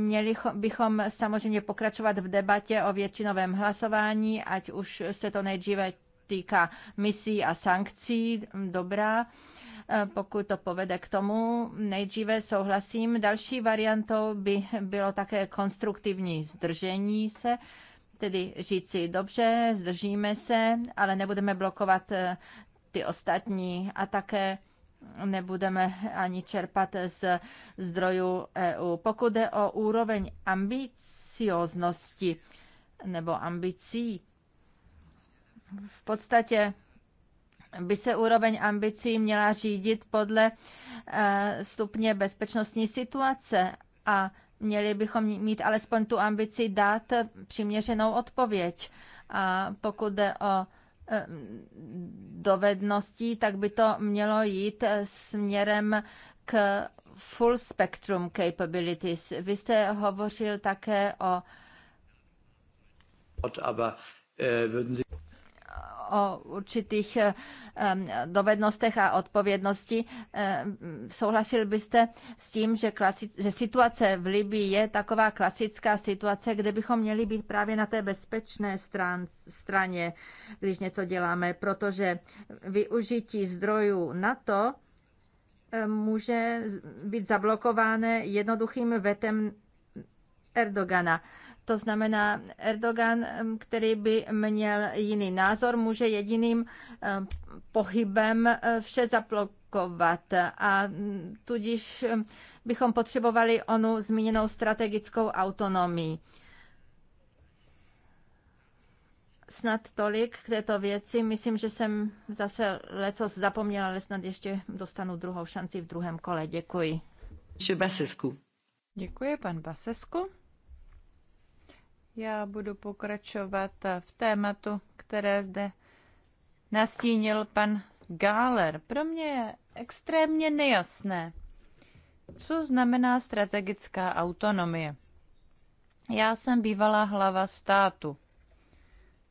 Měli bychom samozřejmě pokračovat v debatě o většinovém hlasování, ať už se to nejdříve týká misí a sankcí, dobrá. Eh, pokud to povede k tomu, nejdříve souhlasím. Další variantou by bylo také konstruktivní zdržení se, tedy říci, dobře, zdržíme se, ale nebudeme blokovat eh, ty ostatní a také nebudeme ani čerpat z zdrojů EU. Pokud jde o úroveň ambicioznosti nebo ambicí, v podstatě by se úroveň ambicí měla řídit podle eh, stupně bezpečnostní situace a měli bychom mít alespoň tu ambici dát přiměřenou odpověď. A pokud jde o eh, dovedností, tak by to mělo jít eh, směrem k full spectrum capabilities. Vy jste hovořil také o o určitých eh, dovednostech a odpovědnosti. Eh, souhlasil byste s tím, že, klasic, že situace v Libii je taková klasická situace, kde bychom měli být právě na té bezpečné strán, straně, když něco děláme, protože využití zdrojů na to eh, může být zablokováno jednoduchým vetem Erdogana. To znamená, Erdogan, který by měl jiný názor, může jediným pohybem eh, vše zaplokovat. A tudíž bychom potřebovali onu zmíněnou strategickou autonomii. Snad tolik k této věci. Myslím, že jsem zase leco zapomněla, ale snad ještě dostanu druhou šanci v druhém kole. Děkuji. Děkuji, pan Basesku. Já budu pokračovat v tématu, které zde nastínil pan Gáler. Pro mě je extrémně nejasné, co znamená strategická autonomie. Já jsem bývalá hlava státu.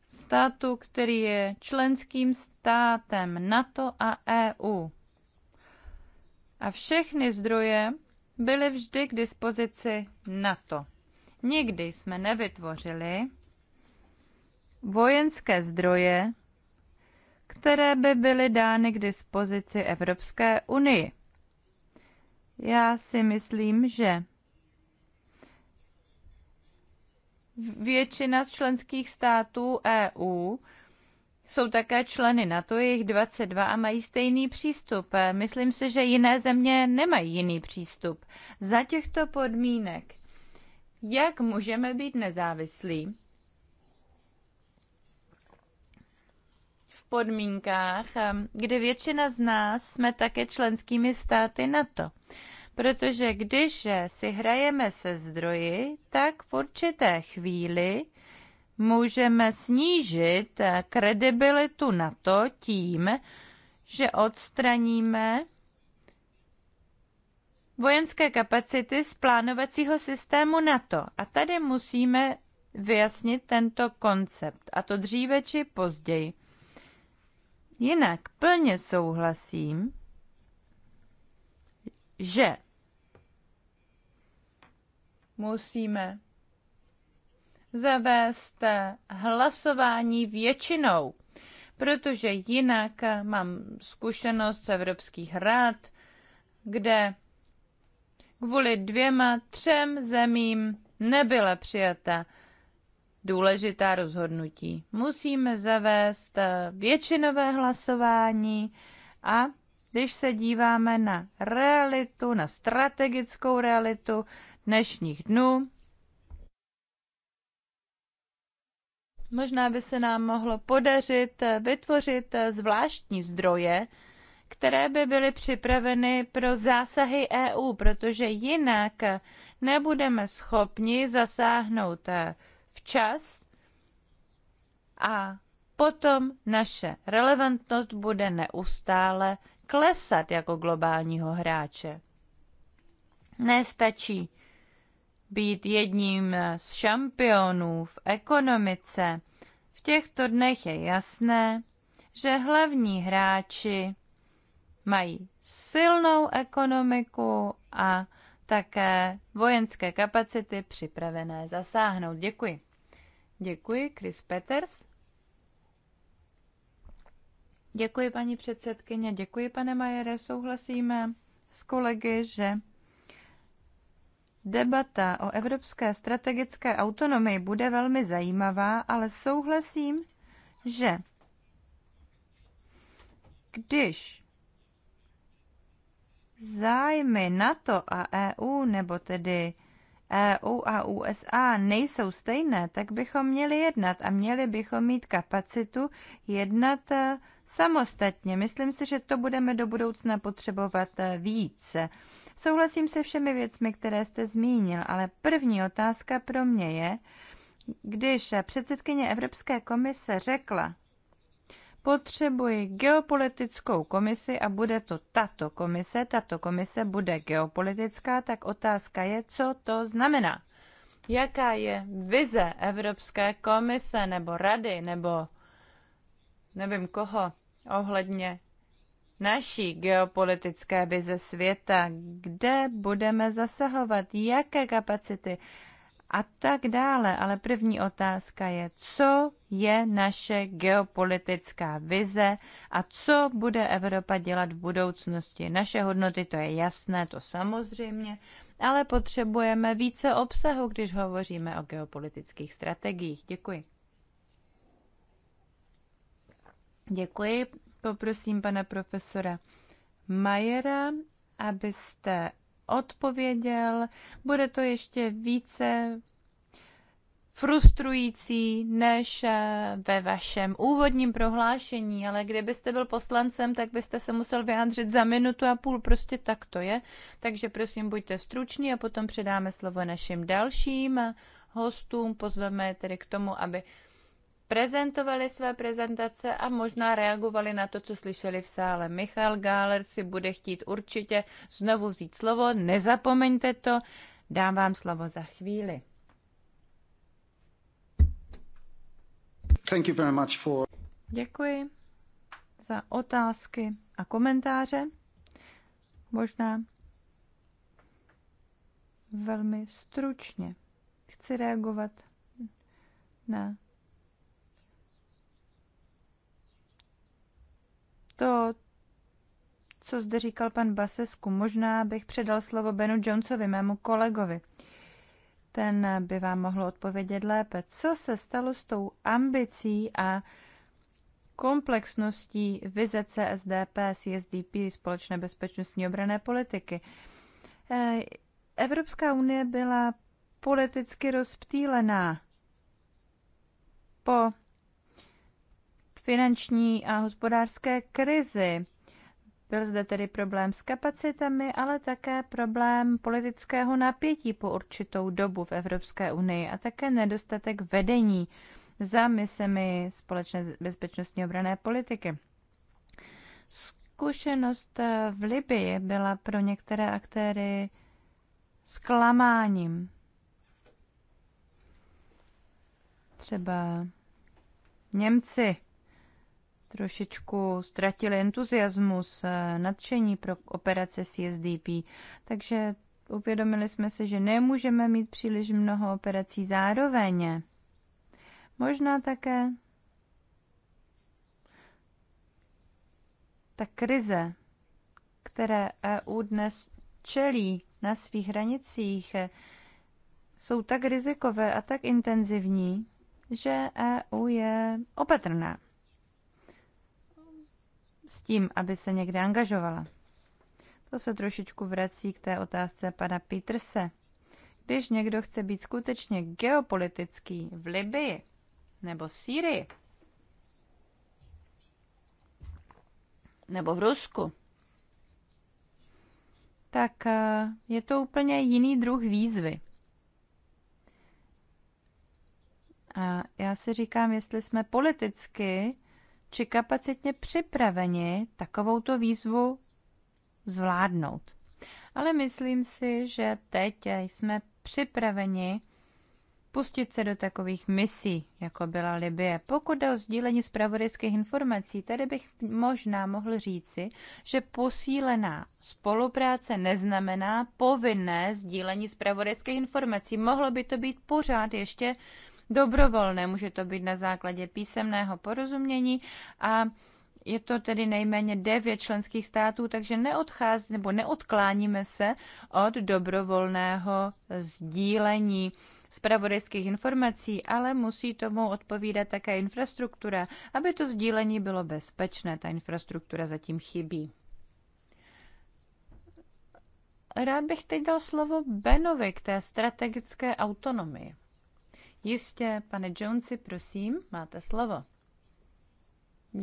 Státu, který je členským státem NATO a EU. A všechny zdroje byly vždy k dispozici NATO. Nikdy jsme nevytvořili vojenské zdroje, které by byly dány k dispozici Evropské unii. Já si myslím, že většina z členských států EU jsou také členy NATO, je jich 22 a mají stejný přístup. Myslím si, že jiné země nemají jiný přístup. Za těchto podmínek jak můžeme být nezávislí v podmínkách, kdy většina z nás jsme také členskými státy NATO? Protože když si hrajeme se zdroji, tak v určité chvíli můžeme snížit kredibilitu NATO tím, že odstraníme vojenské kapacity z plánovacího systému NATO. A tady musíme vyjasnit tento koncept, a to dříve či později. Jinak plně souhlasím, že musíme zavést hlasování většinou, protože jinak mám zkušenost z evropských rad, kde kvůli dvěma, třem zemím nebyla přijata důležitá rozhodnutí. Musíme zavést eh, většinové hlasování a když se díváme na realitu, na strategickou realitu dnešních dnů, možná by se nám mohlo podařit eh, vytvořit eh, zvláštní zdroje, které by byly připraveny pro zásahy EU, protože jinak nebudeme schopni zasáhnout eh, včas a potom naše relevantnost bude neustále klesat jako globálního hráče. Nestačí být jedním z šampionů v ekonomice. V těchto dnech je jasné, že hlavní hráči mají silnou ekonomiku a také vojenské kapacity připravené zasáhnout. Děkuji. Děkuji, Chris Peters. Děkuji, paní předsedkyně, děkuji, pane Majere. Souhlasíme s kolegy, že debata o evropské strategické autonomii bude velmi zajímavá, ale souhlasím, že když zájmy NATO a EU, nebo tedy EU a USA nejsou stejné, tak bychom měli jednat a měli bychom mít kapacitu jednat eh, samostatně. Myslím si, že to budeme do budoucna potřebovat eh, více. Souhlasím se všemi věcmi, které jste zmínil, ale první otázka pro mě je, když předsedkyně Evropské komise řekla, potřebuji geopolitickou komisi a bude to tato komise. Tato komise bude geopolitická, tak otázka je, co to znamená. Jaká je vize Evropské komise nebo rady nebo nevím koho ohledně naší geopolitické vize světa, kde budeme zasahovat, jaké kapacity, a tak dále. Ale první otázka je, co je naše geopolitická vize a co bude Evropa dělat v budoucnosti. Naše hodnoty, to je jasné, to samozřejmě, ale potřebujeme více obsahu, když hovoříme o geopolitických strategiích. Děkuji. Děkuji. Poprosím pana profesora Majera, abyste odpověděl. Bude to ještě více frustrující než eh, ve vašem úvodním prohlášení, ale kdybyste byl poslancem, tak byste se musel vyjádřit za minutu a půl, prostě tak to je. Takže prosím, buďte struční a potom předáme slovo našim dalším hostům, pozveme je tedy k tomu, aby prezentovali své prezentace a možná reagovali na to, co slyšeli v sále. Michal Gáler si bude chtít určitě znovu vzít slovo, nezapomeňte to, dám vám slovo za chvíli. Thank you very much for... Děkuji za otázky a komentáře. Možná velmi stručně chci reagovat na to, co zde říkal pan Basesku. Možná bych předal slovo Benu Jonesovi, mému kolegovi. Ten by vám mohl odpovědět lépe. Co se stalo s tou ambicí a komplexností vize CSDP, CSDP, společné bezpečnostní obrané politiky? Eh, Evropská unie byla politicky rozptýlená po finanční a hospodářské krizi. Byl zde tedy problém s kapacitami, ale také problém politického napětí po určitou dobu v Evropské unii a také nedostatek vedení za misemi společné bezpečnostní obrané politiky. Zkušenost eh, v Libii byla pro některé aktéry zklamáním. Třeba Němci trošičku ztratili entuziasmus, eh, nadšení pro operace CSDP, takže uvědomili jsme se, že nemůžeme mít příliš mnoho operací zároveň. Možná také ta krize, které EU dnes čelí na svých hranicích, jsou tak rizikové a tak intenzivní, že EU je opatrná s tím, aby se někde angažovala. To se trošičku vrací k té otázce pana Petrse. Když někdo chce být skutečně geopolitický v Libii nebo v Sýrii nebo v Rusku, tak eh, je to úplně jiný druh výzvy. A já si říkám, jestli jsme politicky či kapacitně připraveni takovouto výzvu zvládnout. Ale myslím si, že teď jsme připraveni pustit se do takových misí, jako byla Libie. Pokud jde o sdílení zpravodajských informací, tady bych možná mohl říci, že posílená spolupráce neznamená povinné sdílení zpravodajských informací. Mohlo by to být pořád ještě dobrovolné, může to být na základě písemného porozumění a je to tedy nejméně devět členských států, takže neodchází, nebo neodkláníme se od dobrovolného sdílení zpravodajských informací, ale musí tomu odpovídat také infrastruktura, aby to sdílení bylo bezpečné. Ta infrastruktura zatím chybí. Rád bych teď dal slovo Benovi k té strategické autonomii. Jistě, pane Jonesi, prosím, máte slovo.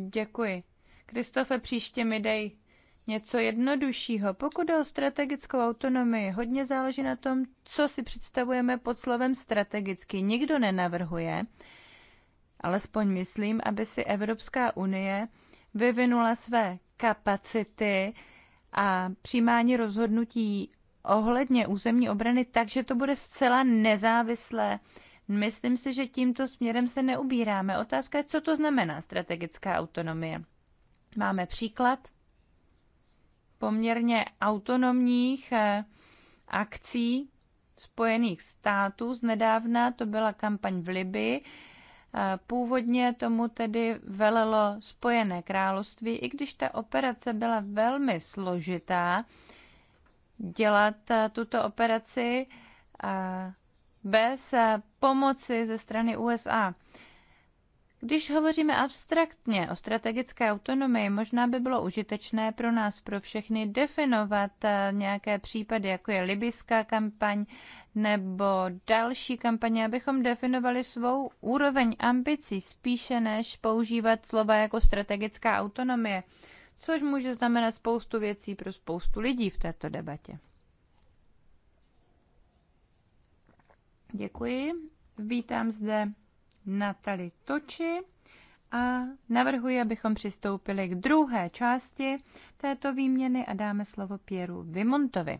Děkuji. Kristofe, příště mi dej něco jednoduššího. Pokud jde o strategickou autonomii, hodně záleží na tom, co si představujeme pod slovem strategicky. Nikdo nenavrhuje, alespoň myslím, aby si Evropská unie vyvinula své kapacity a přijímání rozhodnutí ohledně územní obrany tak, že to bude zcela nezávislé Myslím si, že tímto směrem se neubíráme. Otázka je, co to znamená strategická autonomie. Máme příklad poměrně autonomních eh, akcí Spojených států. z nedávna. to byla kampaň v Libii. Eh, původně tomu tedy velelo Spojené království, i když ta operace byla velmi složitá. Dělat eh, tuto operaci bez pomoci ze strany USA. Když hovoříme abstraktně o strategické autonomii, možná by bylo užitečné pro nás, pro všechny, definovat eh, nějaké případy, jako je libyská kampaň nebo další kampaně, abychom definovali svou úroveň ambicí, spíše než používat slova jako strategická autonomie, což může znamenat spoustu věcí pro spoustu lidí v této debatě. Děkuji. Vítám zde Natali Toči a navrhuji, abychom přistoupili k druhé části této výměny a dáme slovo Pěru Vimontovi.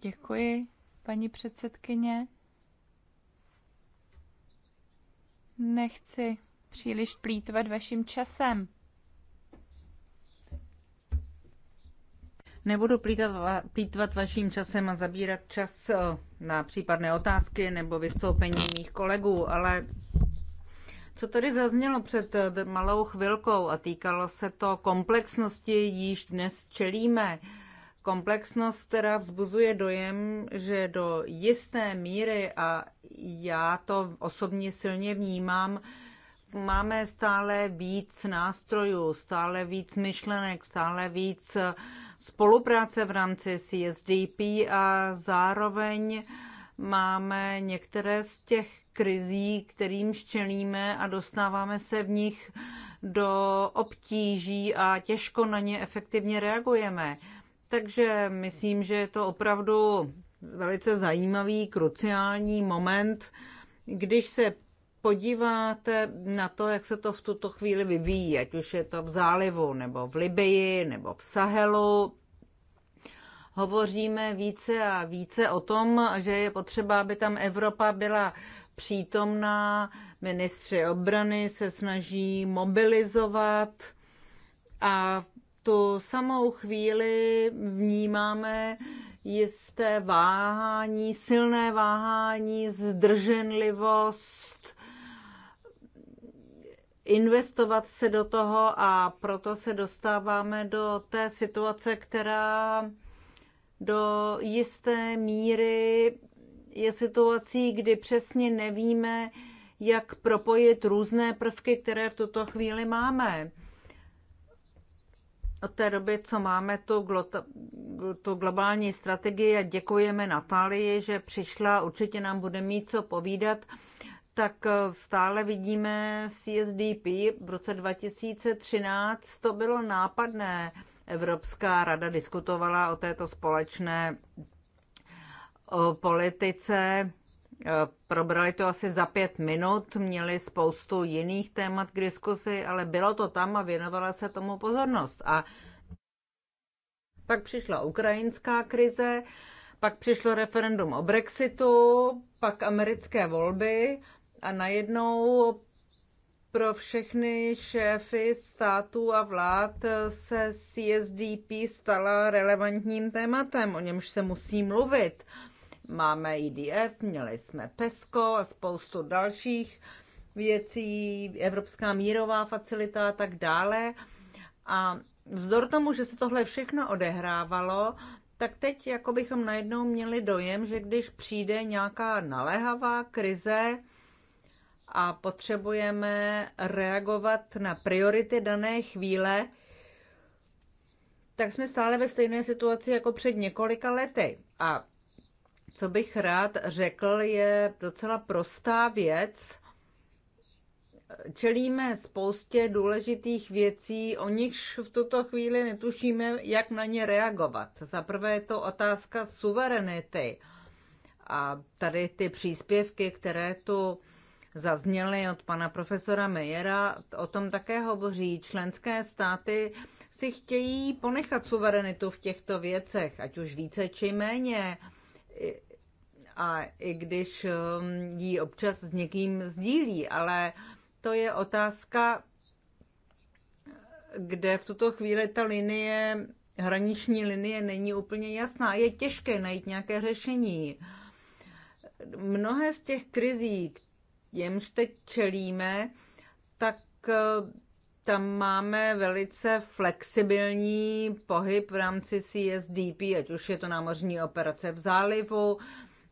Děkuji, paní předsedkyně. Nechci příliš plítvat vaším časem. Nebudu plítvat, plítvat vaším časem a zabírat čas eh, na případné otázky nebo vystoupení mých kolegů, ale co tady zaznělo před eh, malou chvilkou a týkalo se to komplexnosti, již dnes čelíme. Komplexnost, která vzbuzuje dojem, že do jisté míry, a já to osobně silně vnímám, máme stále víc nástrojů, stále víc myšlenek, stále víc spolupráce v rámci CSDP a zároveň máme některé z těch krizí, kterým čelíme a dostáváme se v nich do obtíží a těžko na ně efektivně reagujeme. Takže myslím, že je to opravdu velice zajímavý, kruciální moment, když se podíváte na to, jak se to v tuto chvíli vyvíjí, ať už je to v zálivu, nebo v Libii, nebo v Sahelu, hovoříme více a více o tom, že je potřeba, aby tam Evropa byla přítomná. Ministři obrany se snaží mobilizovat a tu samou chvíli vnímáme jisté váhání, silné váhání, zdrženlivost, investovat se do toho a proto se dostáváme do té situace, která do jisté míry je situací, kdy přesně nevíme, jak propojit různé prvky, které v tuto chvíli máme. Od té doby, co máme tu, glota, tu globální strategii a děkujeme Natálii, že přišla, určitě nám bude mít co povídat, tak eh, stále vidíme CSDP. V roce 2013 to bylo nápadné. Evropská rada diskutovala o této společné politice. Eh, probrali to asi za pět minut, měli spoustu jiných témat k diskusi, ale bylo to tam a věnovala se tomu pozornost. A pak přišla ukrajinská krize, pak přišlo referendum o Brexitu, pak americké volby, a najednou pro všechny šéfy států a vlád se CSDP stala relevantním tématem, o němž se musí mluvit. Máme IDF, e měli jsme PESCO a spoustu dalších věcí, Evropská mírová facilita a tak dále. A vzdor tomu, že se tohle všechno odehrávalo, tak teď jako bychom najednou měli dojem, že když přijde nějaká naléhavá krize, a potřebujeme reagovat na priority dané chvíle, tak jsme stále ve stejné situaci jako před několika lety. A co bych rád řekl, je docela prostá věc. Čelíme spoustě důležitých věcí, o nichž v tuto chvíli netušíme, jak na ně reagovat. Za prvé je to otázka suverenity. A tady ty příspěvky, které tu zazněly od pana profesora Mejera, o tom také hovoří. Členské státy si chtějí ponechat suverenitu v těchto věcech, ať už více či méně. A i když um, ji občas s někým sdílí, ale to je otázka, kde v tuto chvíli ta linie, hraniční linie není úplně jasná. Je těžké najít nějaké řešení. Mnohé z těch krizí, jemž teď čelíme, tak eh, tam máme velice flexibilní pohyb v rámci CSDP, ať už je to námořní operace v zálivu,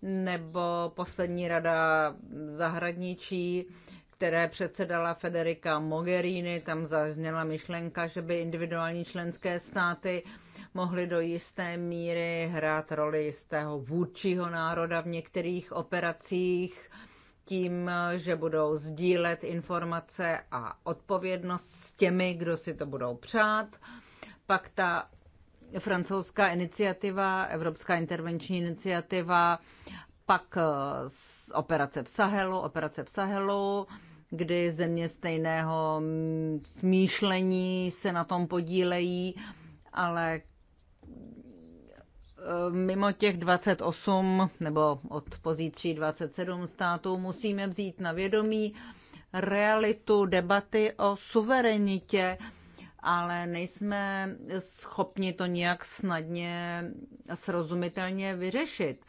nebo poslední rada zahradničí, které předsedala Federica Mogherini. Tam zazněla myšlenka, že by individuální členské státy mohly do jisté míry hrát roli jistého vůdčího národa v některých operacích tím, že budou sdílet informace a odpovědnost s těmi, kdo si to budou přát. Pak ta francouzská iniciativa, Evropská intervenční iniciativa, pak eh, operace v Sahelu, operace v Sahelu, kdy země stejného mm, smýšlení se na tom podílejí, ale mimo těch 28 nebo od pozítří 27 států musíme vzít na vědomí realitu debaty o suverenitě, ale nejsme schopni to nějak snadně a srozumitelně vyřešit.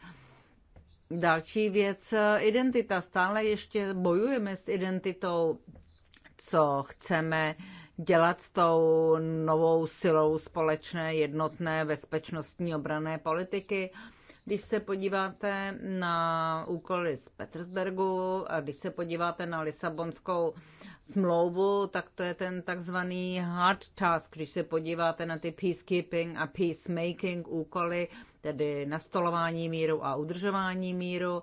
Další věc, identita. Stále ještě bojujeme s identitou, co chceme dělat s tou novou silou společné jednotné bezpečnostní obrané politiky. Když se podíváte na úkoly z Petersbergu a když se podíváte na Lisabonskou smlouvu, tak to je ten takzvaný hard task. Když se podíváte na ty peacekeeping a peacemaking úkoly, tedy nastolování míru a udržování míru,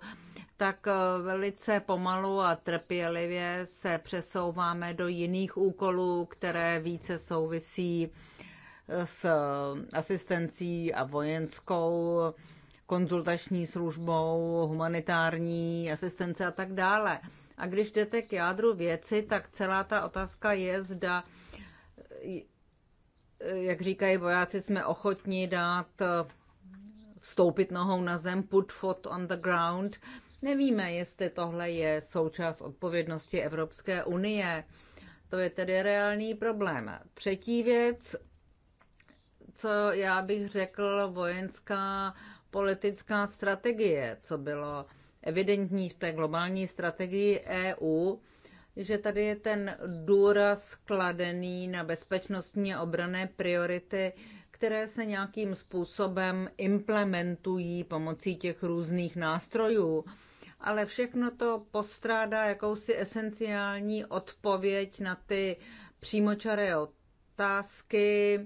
tak eh, velice pomalu a trpělivě se přesouváme do jiných úkolů, které více souvisí eh, s eh, asistencí a vojenskou konzultační službou, humanitární asistence a tak dále. A když jdete k jádru věci, tak celá ta otázka je, zda, jak říkají vojáci, jsme ochotni dát vstoupit nohou na zem, put foot on the ground, Nevíme, jestli tohle je součást odpovědnosti Evropské unie. To je tedy reálný problém. Třetí věc, co já bych řekl, vojenská politická strategie, co bylo evidentní v té globální strategii EU, že tady je ten důraz kladený na bezpečnostní a obrané priority, které se nějakým způsobem implementují pomocí těch různých nástrojů ale všechno to postrádá jakousi esenciální odpověď na ty přímočaré otázky,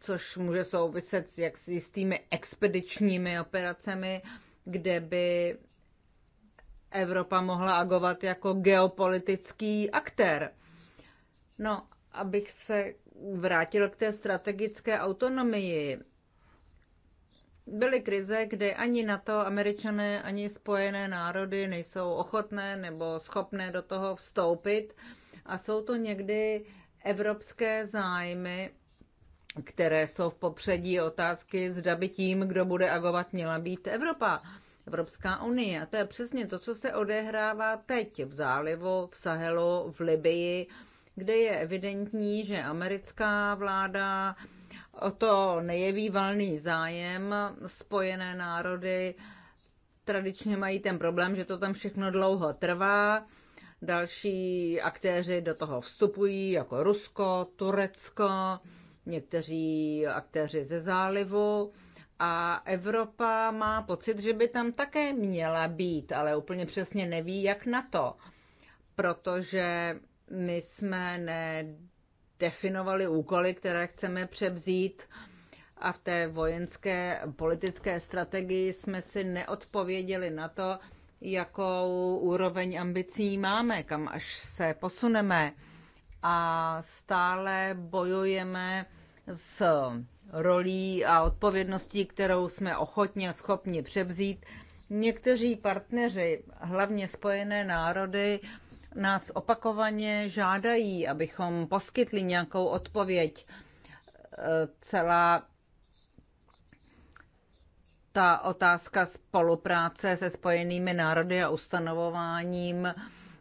což může souviset s, jak, s tými expedičními operacemi, kde by Evropa mohla agovat jako geopolitický aktér. No, abych se vrátil k té strategické autonomii byly krize, kdy ani na to američané, ani spojené národy nejsou ochotné nebo schopné do toho vstoupit. A jsou to někdy evropské zájmy, které jsou v popředí otázky, zda by tím, kdo bude agovat, měla být Evropa, Evropská unie. A to je přesně to, co se odehrává teď v zálivu, v Sahelu, v Libii, kde je evidentní, že americká vláda o to nejeví valný zájem. Spojené národy tradičně mají ten problém, že to tam všechno dlouho trvá. Další aktéři do toho vstupují, jako Rusko, Turecko, někteří aktéři ze zálivu. A Evropa má pocit, že by tam také měla být, ale úplně přesně neví, jak na to. Protože my jsme ne definovali úkoly, které chceme převzít a v té vojenské politické strategii jsme si neodpověděli na to, jakou úroveň ambicí máme, kam až se posuneme. A stále bojujeme s rolí a odpovědností, kterou jsme ochotně a schopni převzít. Někteří partneři, hlavně Spojené národy, nás opakovaně žádají, abychom poskytli nějakou odpověď. E, celá ta otázka spolupráce se spojenými národy a ustanovováním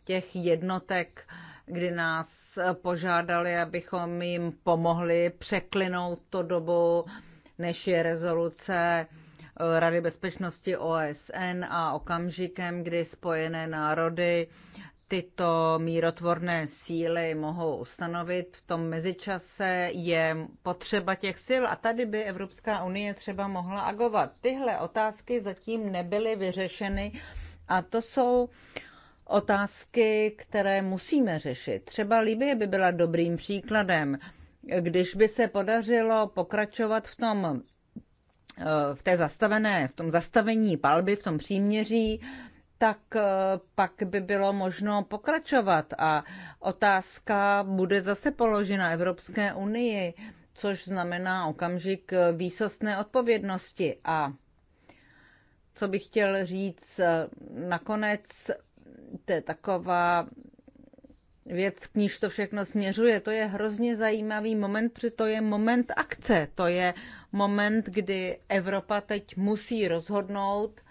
těch jednotek, kdy nás požádali, abychom jim pomohli překlinout to dobu, než je rezoluce Rady bezpečnosti OSN a okamžikem, kdy Spojené národy tyto mírotvorné síly mohou ustanovit. V tom mezičase je potřeba těch sil a tady by Evropská unie třeba mohla agovat. Tyhle otázky zatím nebyly vyřešeny a to jsou otázky, které musíme řešit. Třeba Libie by byla dobrým příkladem. Když by se podařilo pokračovat v tom eh, v té zastavené, v tom zastavení palby, v tom příměří, tak eh, pak by bylo možno pokračovat. A otázka bude zase položena Evropské unii, což znamená okamžik eh, výsostné odpovědnosti. A co bych chtěl říct eh, nakonec, to je taková věc, k níž to všechno směřuje. To je hrozně zajímavý moment, protože to je moment akce. To je moment, kdy Evropa teď musí rozhodnout,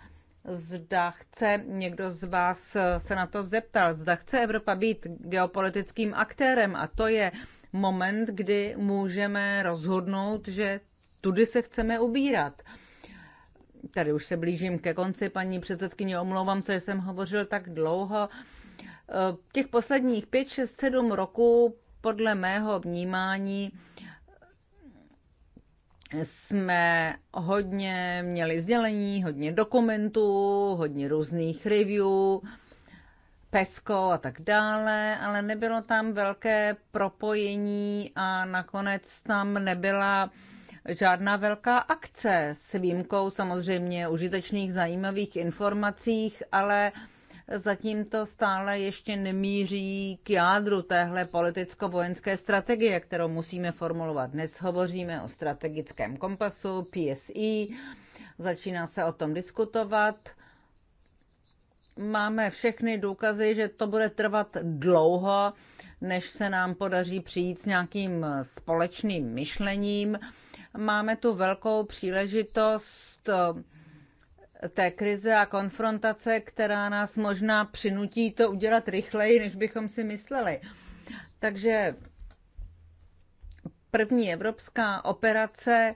zda chce někdo z vás se na to zeptal, zda chce Evropa být geopolitickým aktérem a to je moment, kdy můžeme rozhodnout, že tudy se chceme ubírat. Tady už se blížím ke konci, paní předsedkyně, omlouvám se, že jsem hovořil tak dlouho. Těch posledních 5, 6, 7 roků podle mého vnímání jsme hodně měli sdělení, hodně dokumentů, hodně různých review, pesko a tak dále, ale nebylo tam velké propojení a nakonec tam nebyla žádná velká akce s výjimkou samozřejmě užitečných zajímavých informacích, ale uh, zatím to stále ještě nemíří k jádru téhle politicko-vojenské strategie, kterou musíme formulovat. Dnes hovoříme o strategickém kompasu, PSI, e. začíná se o tom diskutovat. Máme všechny důkazy, že to bude trvat dlouho, než se nám podaří přijít s nějakým společným myšlením. Máme tu velkou příležitost té krize a konfrontace, která nás možná přinutí to udělat rychleji, než bychom si mysleli. Takže první evropská operace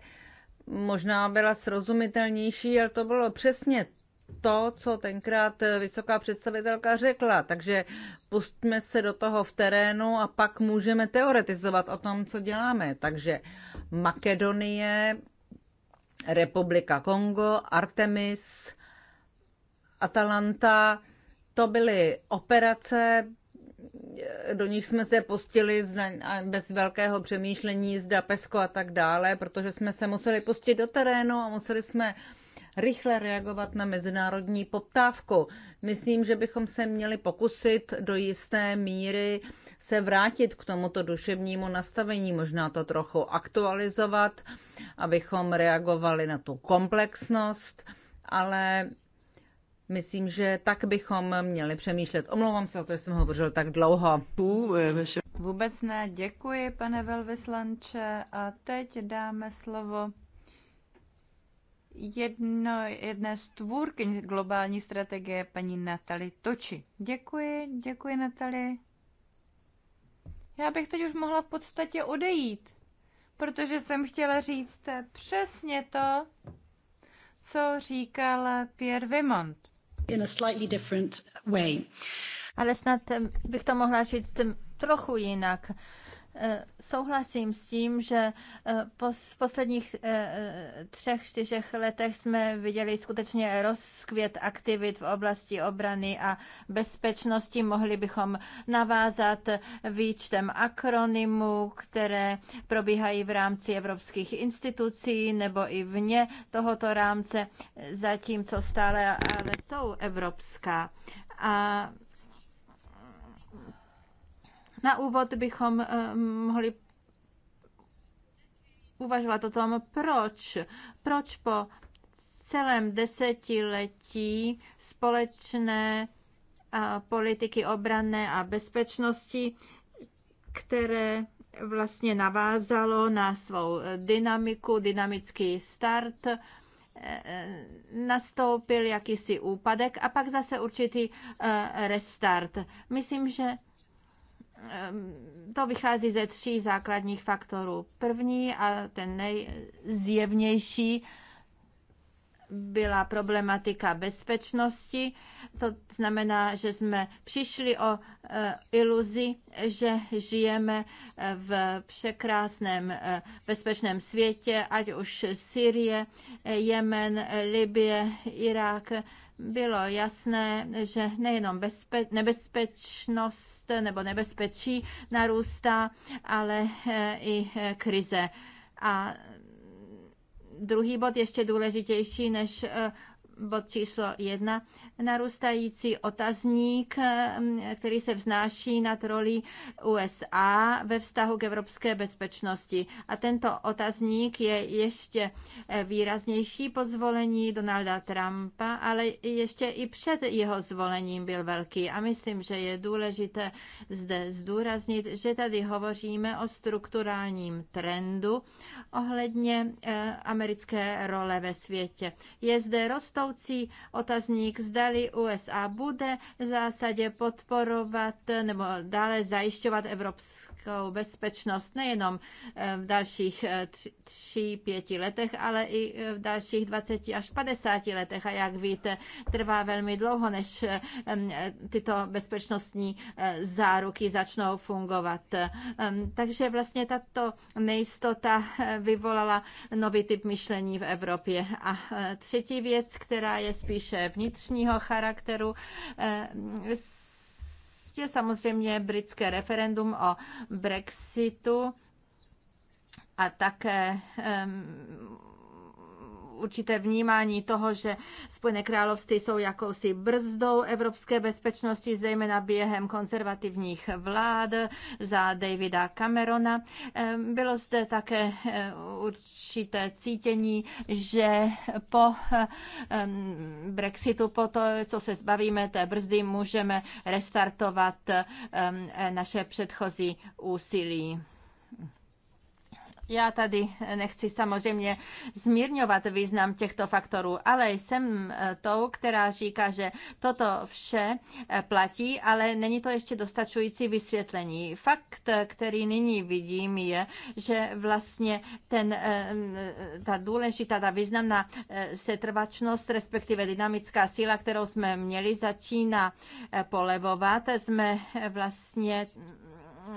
možná byla srozumitelnější, ale to bylo přesně to, co tenkrát vysoká představitelka řekla. Takže pustme se do toho v terénu a pak můžeme teoretizovat o tom, co děláme. Takže Makedonie Republika Kongo, Artemis, Atalanta. To byly operace, do nich jsme se pustili bez velkého přemýšlení, zda pesko a tak dále, protože jsme se museli pustit do terénu a museli jsme rychle reagovat na mezinárodní poptávku. Myslím, že bychom se měli pokusit do jisté míry se vrátit k tomuto duševnímu nastavení, možná to trochu aktualizovat, abychom reagovali na tu komplexnost, ale myslím, že tak bychom měli přemýšlet. Omlouvám se za to, že jsem hovořil tak dlouho. Vůbec ne, děkuji, pane velvyslanče. A teď dáme slovo jedno, jedné z tvůrky globální strategie, paní Natali Toči. Děkuji, děkuji Natali. Já bych teď už mohla v podstatě odejít, protože jsem chtěla říct přesně to, co říkal Pierre Vimont. In a slightly different way. Ale snad bych to mohla říct trochu jinak. Souhlasím s tím, že eh, v posledních eh, třech, čtyřech letech jsme viděli skutečně rozkvět aktivit v oblasti obrany a bezpečnosti. Mohli bychom navázat výčtem akronymů, které probíhají v rámci evropských institucí nebo i vně tohoto rámce, zatímco stále ale jsou evropská. A na úvod bychom eh, mohli uvažovat o tom, proč, proč po celém desetiletí společné eh, politiky obranné a bezpečnosti, které vlastně navázalo na svou eh, dynamiku, dynamický start, nastoupil jakýsi úpadek a pak zase určitý restart. Myslím, že Ehm, to vychází ze tří základních faktorů. První a ten nejzjevnější byla problematika bezpečnosti. To znamená, že jsme přišli o eh, iluzi, že žijeme eh, v překrásném eh, bezpečném světě, ať už Syrie, Jemen, Libie, Irák, bylo jasné, že nejenom bezpe- nebezpečnost nebo nebezpečí narůstá, ale eh, i eh, krize. A druhý bod ještě důležitější než eh, bod číslo jedna, narůstající otazník, mm, který se vznáší nad roli USA ve vztahu k evropské bezpečnosti. A tento otazník je ještě eh, výraznější po zvolení Donalda Trumpa, ale ještě i před jeho zvolením byl velký. A myslím, že je důležité zde zdůraznit, že tady hovoříme o strukturálním trendu ohledně eh, americké role ve světě. Je zde rostou plovoucí otazník, zdali USA bude v zásadě podporovat nebo dále zajišťovat evropské energetickou bezpečnost nejenom eh, v dalších 3-5 eh, letech, ale i eh, v dalších 20 až 50 letech. A jak víte, trvá velmi dlouho, než tyto bezpečnostní záruky začnou fungovat. Takže vlastně tato nejistota vyvolala nový typ myšlení v Evropě. A třetí věc, která je spíše vnitřního charakteru, ještě samozřejmě britské referendum o Brexitu a také um, určité vnímání toho, že Spojené království jsou jakousi brzdou evropské bezpečnosti, zejména během konzervativních vlád za Davida Camerona. Bylo zde také eh, určité cítění, že po Brexitu, po to, co se zbavíme té brzdy, můžeme restartovat naše předchozí úsilí. Já tady nechci samozřejmě zmírňovat význam těchto faktorů, ale jsem eh, tou, která říká, že toto vše eh, platí, ale není to ještě dostačující vysvětlení. Fakt, eh, který nyní vidím, je, že vlastně ten, ta důležitá, ta významná setrvačnost, respektive dynamická síla, kterou jsme měli, začíná polevovat. Jsme vlastně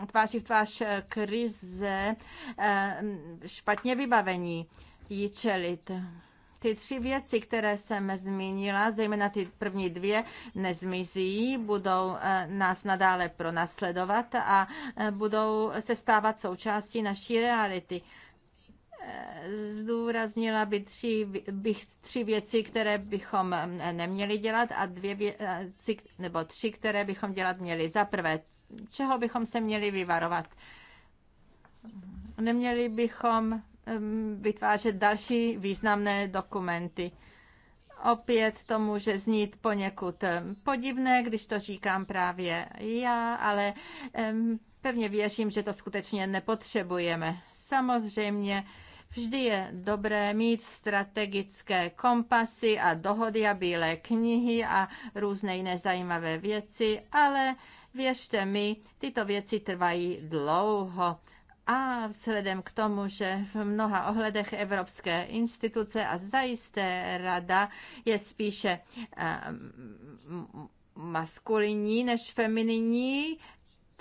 tváří v tvář eh, krize eh, špatně vybavení jí čelit. Ty tři věci, které jsem zmínila, zejména ty první dvě, nezmizí, budou eh, nás nadále pronásledovat a budou se stávat součástí naší reality zdůraznila by tři, bych tři věci, které bychom eh, neměli dělat a dvě věci, eh, nebo tři, které bychom dělat měli. Za prvé, čeho bychom se měli vyvarovat? Neměli bychom ehm, vytvářet další významné dokumenty. Opět to může znít poněkud ehm, podivné, když to říkám právě já, ale ehm, pevně věřím, že to skutečně nepotřebujeme. Samozřejmě Vždy je dobré mít strategické kompasy a dohody a bílé knihy a různé jiné zajímavé věci, ale věřte mi, tyto věci trvají dlouho. A vzhledem k tomu, že v mnoha ohledech evropské instituce a zajisté rada je spíše um, maskulinní než femininní,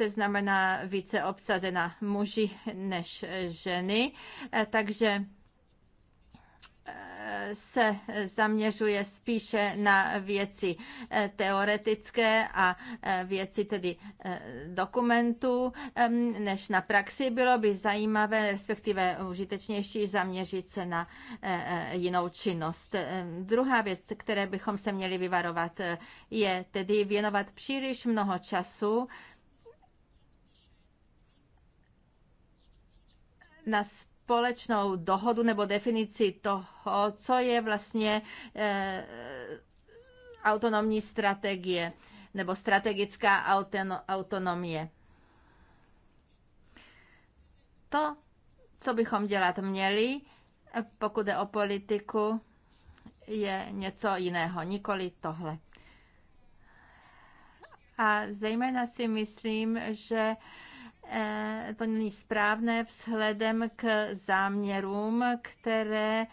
znamená více obsazena muži než ženy, eh, takže eh, se zaměřuje spíše na věci eh, teoretické a věci tedy dokumentů než na praxi. Bylo by zajímavé, respektive užitečnější zaměřit se na jinou činnost. Druhá věc, které bychom se měli vyvarovat, je tedy věnovat příliš mnoho času na společnou dohodu nebo definici toho, co je vlastně eh, autonomní strategie nebo strategická autonomie. To, co bychom dělat měli, pokud je o politiku, je něco jiného, nikoli tohle. A zejména si myslím, že to eh, není správné vzhledem k záměrům, které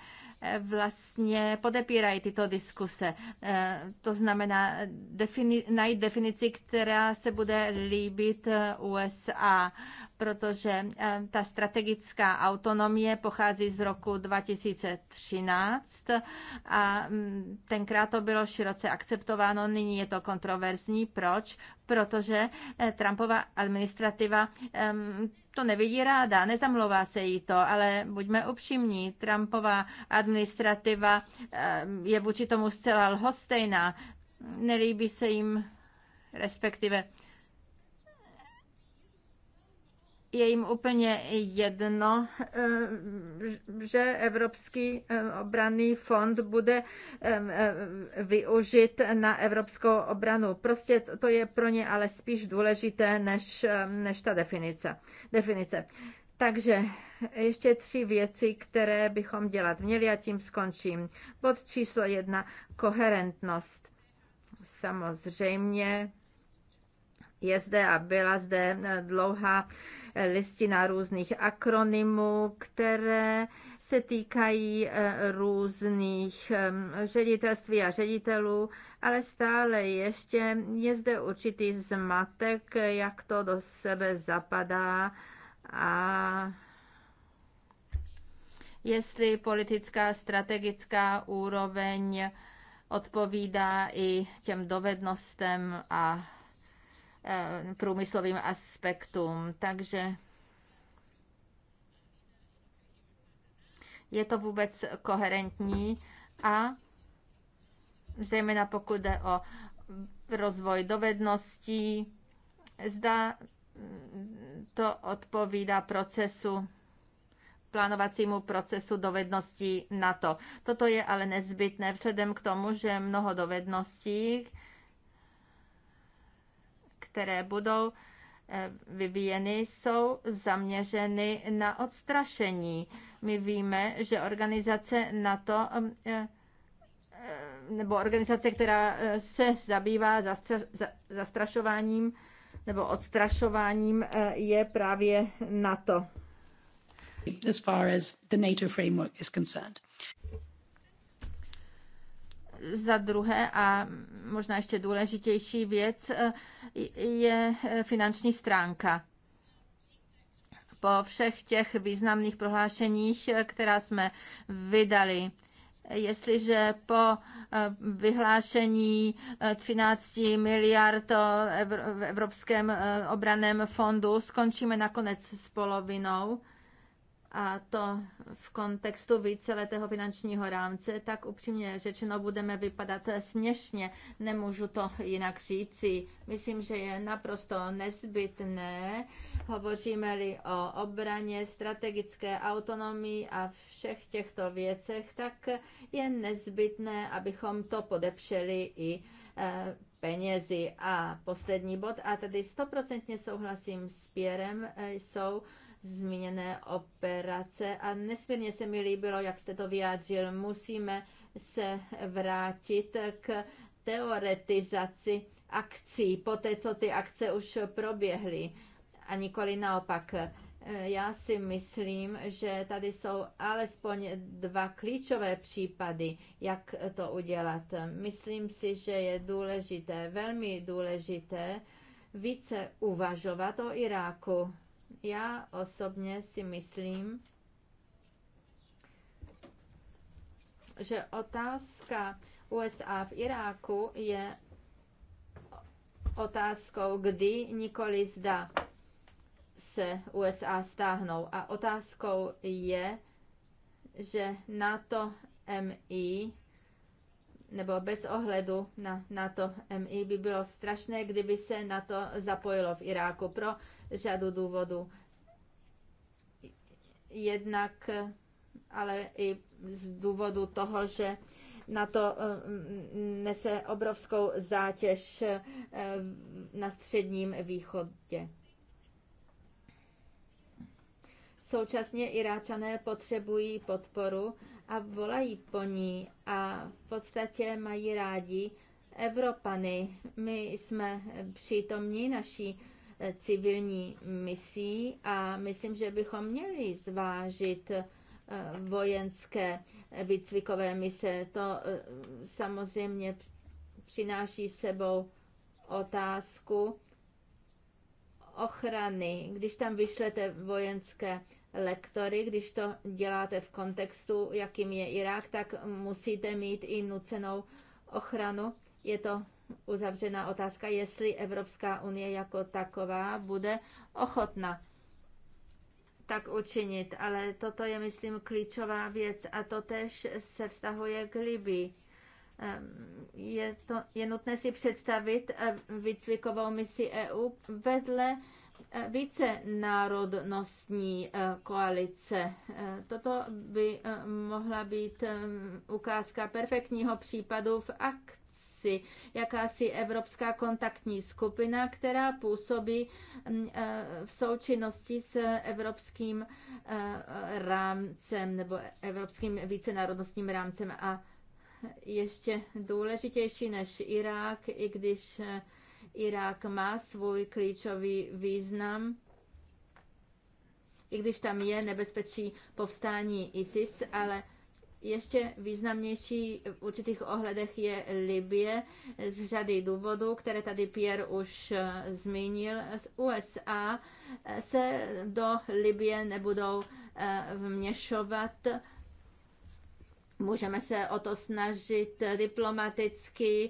vlastně podepírají tyto diskuse. Eh, to znamená defini- najít definici, která se bude líbit eh, USA, protože eh, ta strategická autonomie pochází z roku 2013 a mm, tenkrát to bylo široce akceptováno, nyní je to kontroverzní. Proč? Protože Trumpova administrativa to nevidí ráda, nezamlouvá se jí to, ale buďme upřímní, Trumpová administrativa eh, je vůči tomu zcela lhostejná, nelíbí se jim respektive je jim úplně jedno, eh, že Evropský eh, obranný fond bude eh, využit na evropskou obranu. Prostě to je pro ně ale spíš důležité než, než ta definice. definice. Takže ještě tři věci, které bychom dělat měli a tím skončím. Bod číslo jedna, koherentnost. Samozřejmě je zde a byla zde dlouhá listina různých akronymů, které se týkají eh, různých ředitelství a ředitelů, ale stále ještě je zde určitý zmatek, jak to do sebe zapadá a jestli politická strategická úroveň odpovídá i těm dovednostem a Eh, průmyslovým aspektům. Takže je to vůbec koherentní a zejména pokud jde o rozvoj dovedností, zda to odpovídá procesu plánovacímu procesu dovedností To Toto je ale nezbytné vzhledem k tomu, že mnoho dovedností, které budou eh, vyvíjeny, jsou zaměřeny na odstrašení. My víme, že organizace NATO eh, eh, nebo organizace, která se zabývá zastrašováním nebo odstrašováním, je právě NATO. As far as the NATO framework is concerned. Za druhé a možná ještě důležitější věc eh, je eh, finanční stránka. Po všech těch významných prohlášeních, eh, která jsme vydali, jestliže po vyhlášení 13 miliard v Evropském obraném fondu skončíme nakonec s polovinou, a to v kontextu víceletého finančního rámce, tak upřímně řečeno budeme vypadat směšně, nemůžu to jinak říci. Myslím, že je naprosto nezbytné, hovoříme-li o obraně, strategické autonomii a všech těchto věcech, tak je nezbytné, abychom to podepřeli i eh, penězi. A poslední bod, a tady stoprocentně souhlasím s Pěrem, eh, jsou zmíněné operace a nesmírně se mi líbilo, jak jste to vyjádřil. Musíme se vrátit k teoretizaci akcí, po té, co ty akce už proběhly a nikoli naopak. Já si myslím, že tady jsou alespoň dva klíčové případy, jak to udělat. Myslím si, že je důležité, velmi důležité, více uvažovat o Iráku já osobně si myslím, že otázka USA v Iráku je otázkou, kdy, nikoli zda se USA stáhnou. A otázkou je, že NATO MI nebo bez ohledu na NATO MI by bylo strašné, kdyby se NATO zapojilo v Iráku. Pro řadu důvodů. Jednak ale i z důvodu toho, že na to eh, nese obrovskou zátěž eh, na středním východě. Současně Iráčané potřebují podporu a volají po ní a v podstatě mají rádi Evropany. My jsme přítomní naší Eh, civilní misí a myslím, že bychom měli zvážit eh, vojenské výcvikové mise. To eh, samozřejmě přináší sebou otázku ochrany. Když tam vyšlete vojenské lektory, když to děláte v kontextu, jakým je Irák, tak musíte mít i nucenou ochranu. Je to uzavřená otázka, jestli Evropská unie jako taková bude ochotna tak učinit. Ale toto je, myslím, klíčová věc a to tež se vztahuje k Libii. Ehm, je, to, je nutné si představit eh, výcvikovou misi EU vedle eh, více národnostní eh, koalice. Toto by mohla být ehm, ukázka perfektního případu v aktu jaksi, jakási evropská kontaktní skupina, která působí mm, eh, v součinnosti s evropským eh, rámcem nebo evropským vícenárodnostním rámcem. A ještě důležitější než Irák, i když eh, Irák má svůj klíčový význam, i když tam je nebezpečí povstání ISIS, ale ještě významnější v určitých ohledech je Libie z řady důvodů, které tady Pierre už eh, zmínil. Z USA eh, se do Libie nebudou eh, vměšovat. Můžeme se o to snažit diplomaticky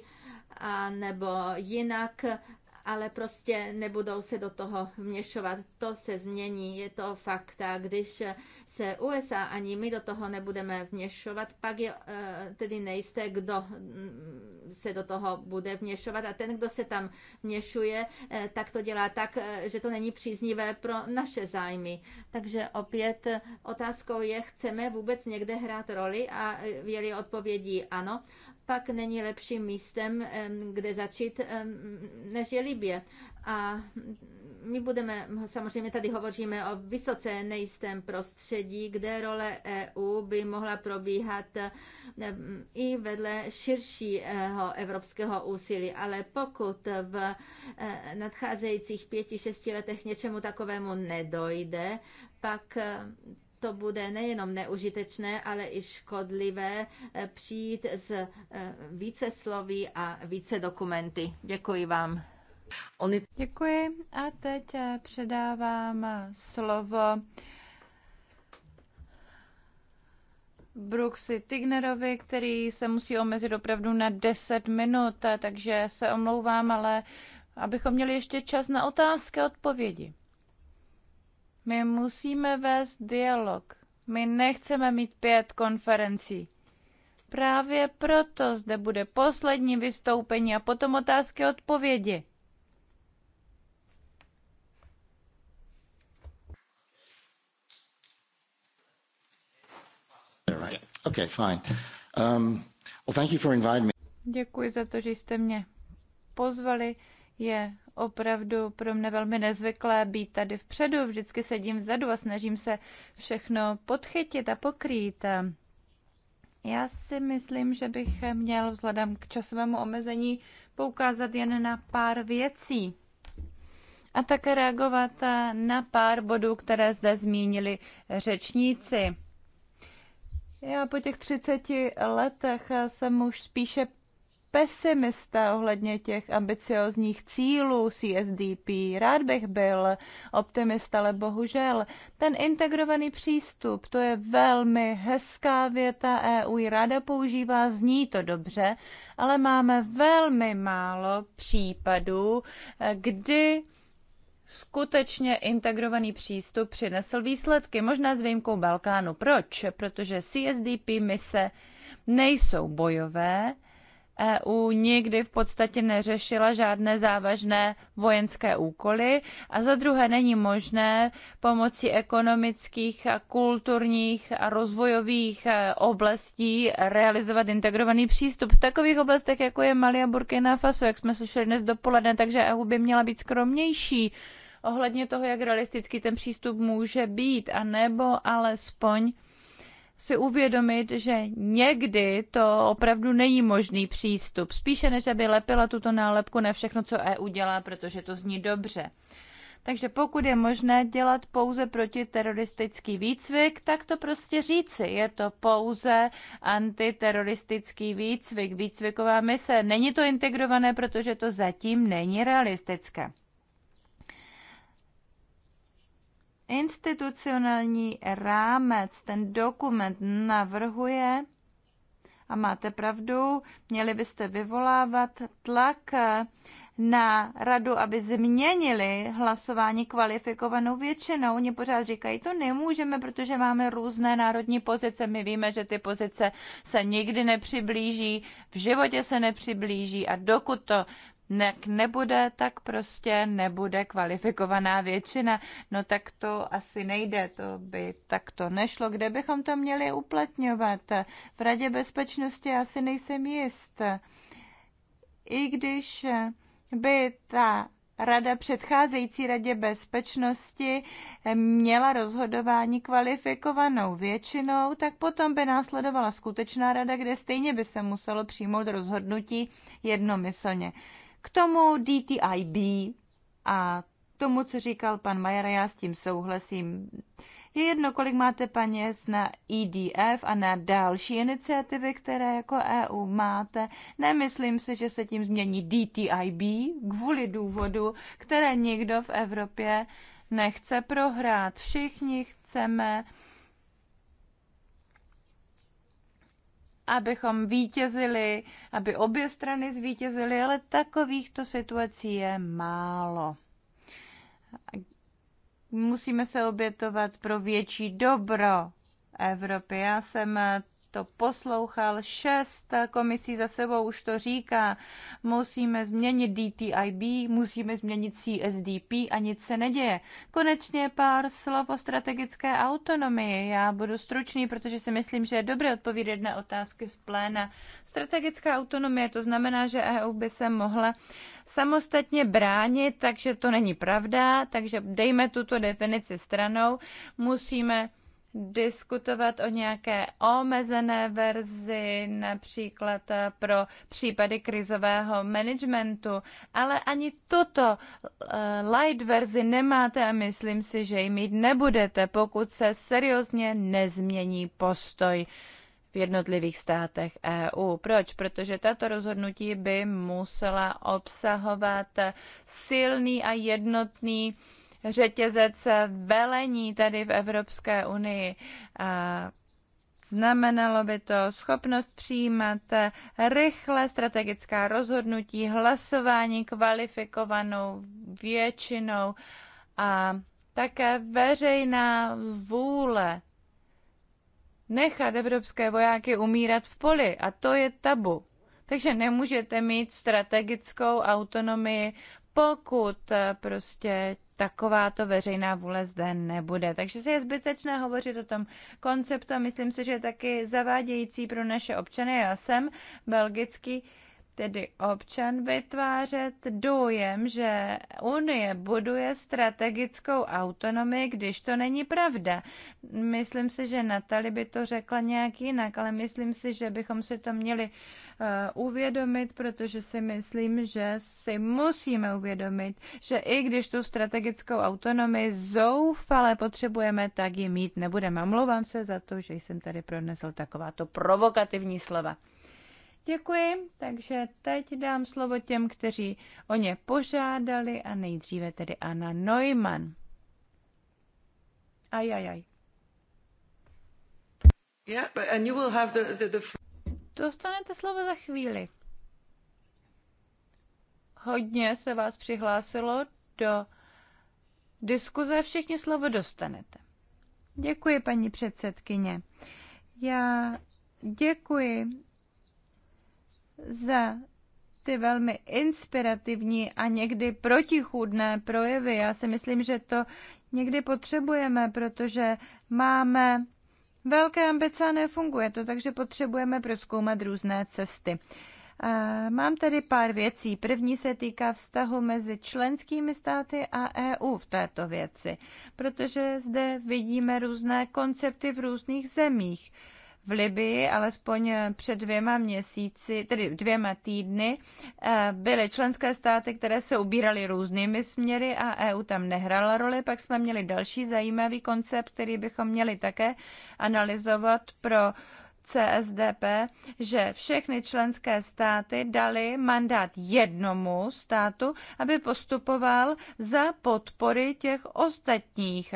a nebo jinak ale prostě nebudou se do toho vměšovat. To se změní, je to fakt, a Když se USA ani my do toho nebudeme vměšovat, pak je eh, tedy nejisté, kdo mm, se do toho bude vměšovat a ten, kdo se tam vměšuje, eh, tak to dělá tak, eh, že to není příznivé pro naše zájmy. Takže opět otázkou je, chceme vůbec někde hrát roli a věli odpovědí ano, pak není lepším místem, kde začít, než je Libie. A my budeme, samozřejmě tady hovoříme o vysoce nejistém prostředí, kde role EU by mohla probíhat i vedle širšího evropského úsilí. Ale pokud v e, nadcházejících pěti, šesti letech něčemu takovému nedojde, pak to bude nejenom neužitečné, ale i škodlivé eh, přijít s eh, více sloví a více dokumenty. Děkuji vám. Oni... Děkuji a teď eh, předávám slovo Bruxy Tignerovi, který se musí omezit opravdu na 10 minut, takže se omlouvám, ale abychom měli ještě čas na otázky a odpovědi. My musíme vést dialog. My nechceme mít pět konferencí. Právě proto zde bude poslední vystoupení a potom otázky a odpovědi. Um, Děkuji za to, že jste mě pozvali. Je opravdu pro mne velmi nezvyklé být tady vpředu, vždycky sedím vzadu a snažím se všechno podchytit a pokrýt. Já si myslím, že bych měl vzhledem k časovému omezení poukázat jen na pár věcí a také reagovat na pár bodů, které zde zmínili řečníci. Já po těch 30 letech jsem už spíše pesimista ohledně těch ambiciozních cílů CSDP. Rád bych byl optimista, ale bohužel ten integrovaný přístup, to je velmi hezká věta EU, ji ráda používá, zní to dobře, ale máme velmi málo případů, kdy skutečně integrovaný přístup přinesl výsledky, možná s výjimkou Balkánu. Proč? Protože CSDP mise nejsou bojové, EU nikdy v podstatě neřešila žádné závažné vojenské úkoly a za druhé není možné pomocí ekonomických a kulturních a rozvojových e, oblastí realizovat integrovaný přístup v takových oblastech, jako je Mali a Burkina Faso, jak jsme slyšeli dnes dopoledne, takže EU by měla být skromnější ohledně toho, jak realistický ten přístup může být, anebo alespoň si uvědomit, že někdy to opravdu není možný přístup. Spíše než aby lepila tuto nálepku na všechno, co EU dělá, protože to zní dobře. Takže pokud je možné dělat pouze protiteroristický výcvik, tak to prostě říci. Je to pouze antiteroristický výcvik, výcviková mise. Není to integrované, protože to zatím není realistické. institucionální rámec, ten dokument navrhuje, a máte pravdu, měli byste vyvolávat tlak na radu, aby změnili hlasování kvalifikovanou většinou. Oni pořád říkají, to nemůžeme, protože máme různé národní pozice. My víme, že ty pozice se nikdy nepřiblíží, v životě se nepřiblíží a dokud to Nek nebude, tak prostě nebude kvalifikovaná většina. No tak to asi nejde, to by tak to nešlo. Kde bychom to měli uplatňovat? V Radě bezpečnosti asi nejsem jist. I když by ta rada předcházející radě bezpečnosti měla rozhodování kvalifikovanou většinou, tak potom by následovala skutečná rada, kde stejně by se muselo přijmout rozhodnutí jednomyslně. K tomu DTIB a tomu, co říkal pan Majer, já s tím souhlasím. Je jedno, kolik máte peněz na EDF a na další iniciativy, které jako EU máte. Nemyslím si, že se tím změní DTIB kvůli důvodu, které nikdo v Evropě nechce prohrát. Všichni chceme abychom vítězili, aby obě strany zvítězily, ale takovýchto situací je málo. Musíme se obětovat pro větší dobro Evropy. Já jsem to poslouchal. Šest komisí za sebou už to říká. Musíme změnit DTIB, musíme změnit CSDP a nic se neděje. Konečně pár slov o strategické autonomii. Já budu stručný, protože si myslím, že je dobré odpovídat na otázky z pléna. Strategická autonomie, to znamená, že EU by se mohla samostatně bránit, takže to není pravda, takže dejme tuto definici stranou. Musíme diskutovat o nějaké omezené verzi, například pro případy krizového managementu, ale ani tuto eh, light verzi nemáte a myslím si, že ji mít nebudete, pokud se seriózně nezmění postoj v jednotlivých státech EU. Proč? Protože tato rozhodnutí by musela obsahovat silný a jednotný řetězec velení tady v Evropské unii. A Znamenalo by to schopnost přijímat rychle strategická rozhodnutí, hlasování kvalifikovanou většinou a také veřejná vůle nechat evropské vojáky umírat v poli a to je tabu. Takže nemůžete mít strategickou autonomii, pokud prostě takováto veřejná vůle zde nebude. Takže se je zbytečné hovořit o tom konceptu a myslím si, že je taky zavádějící pro naše občany. Já jsem belgický tedy občan vytvářet dojem, že Unie buduje strategickou autonomii, když to není pravda. Myslím si, že Natali by to řekla nějak jinak, ale myslím si, že bychom si to měli uh, Eh, uvědomit, protože si myslím, že si musíme uvědomit, že i když tu strategickou autonomii zoufale potřebujeme, tak ji mít nebudeme. Mluvám se za to, že jsem tady pronesl takováto provokativní slova. Děkuji, takže teď dám slovo těm, kteří o ně požádali a nejdříve tedy Anna Neumann. Ajajaj. Yeah, and you will have the, the, the... Dostanete slovo za chvíli. Hodně se vás přihlásilo do diskuze, všichni slovo dostanete. Děkuji, paní předsedkyně. Já děkuji za ty velmi inspirativní a někdy protichůdné projevy. Já si myslím, že to někdy potřebujeme, protože máme velké ambice a nefunguje to, takže potřebujeme proskoumat různé cesty. Eh, mám tedy pár věcí. První se týká vztahu mezi členskými státy a EU v této věci, protože zde vidíme různé koncepty v různých zemích v Libii, alespoň před dvěma měsíci, tedy dvěma týdny, eh, byly členské státy, které se ubíraly různými směry a EU tam nehrála roli. Pak jsme měli další zajímavý koncept, který bychom měli také analyzovat pro CSDP, že všechny členské státy dali mandát jednomu státu, aby postupoval za podpory těch ostatních.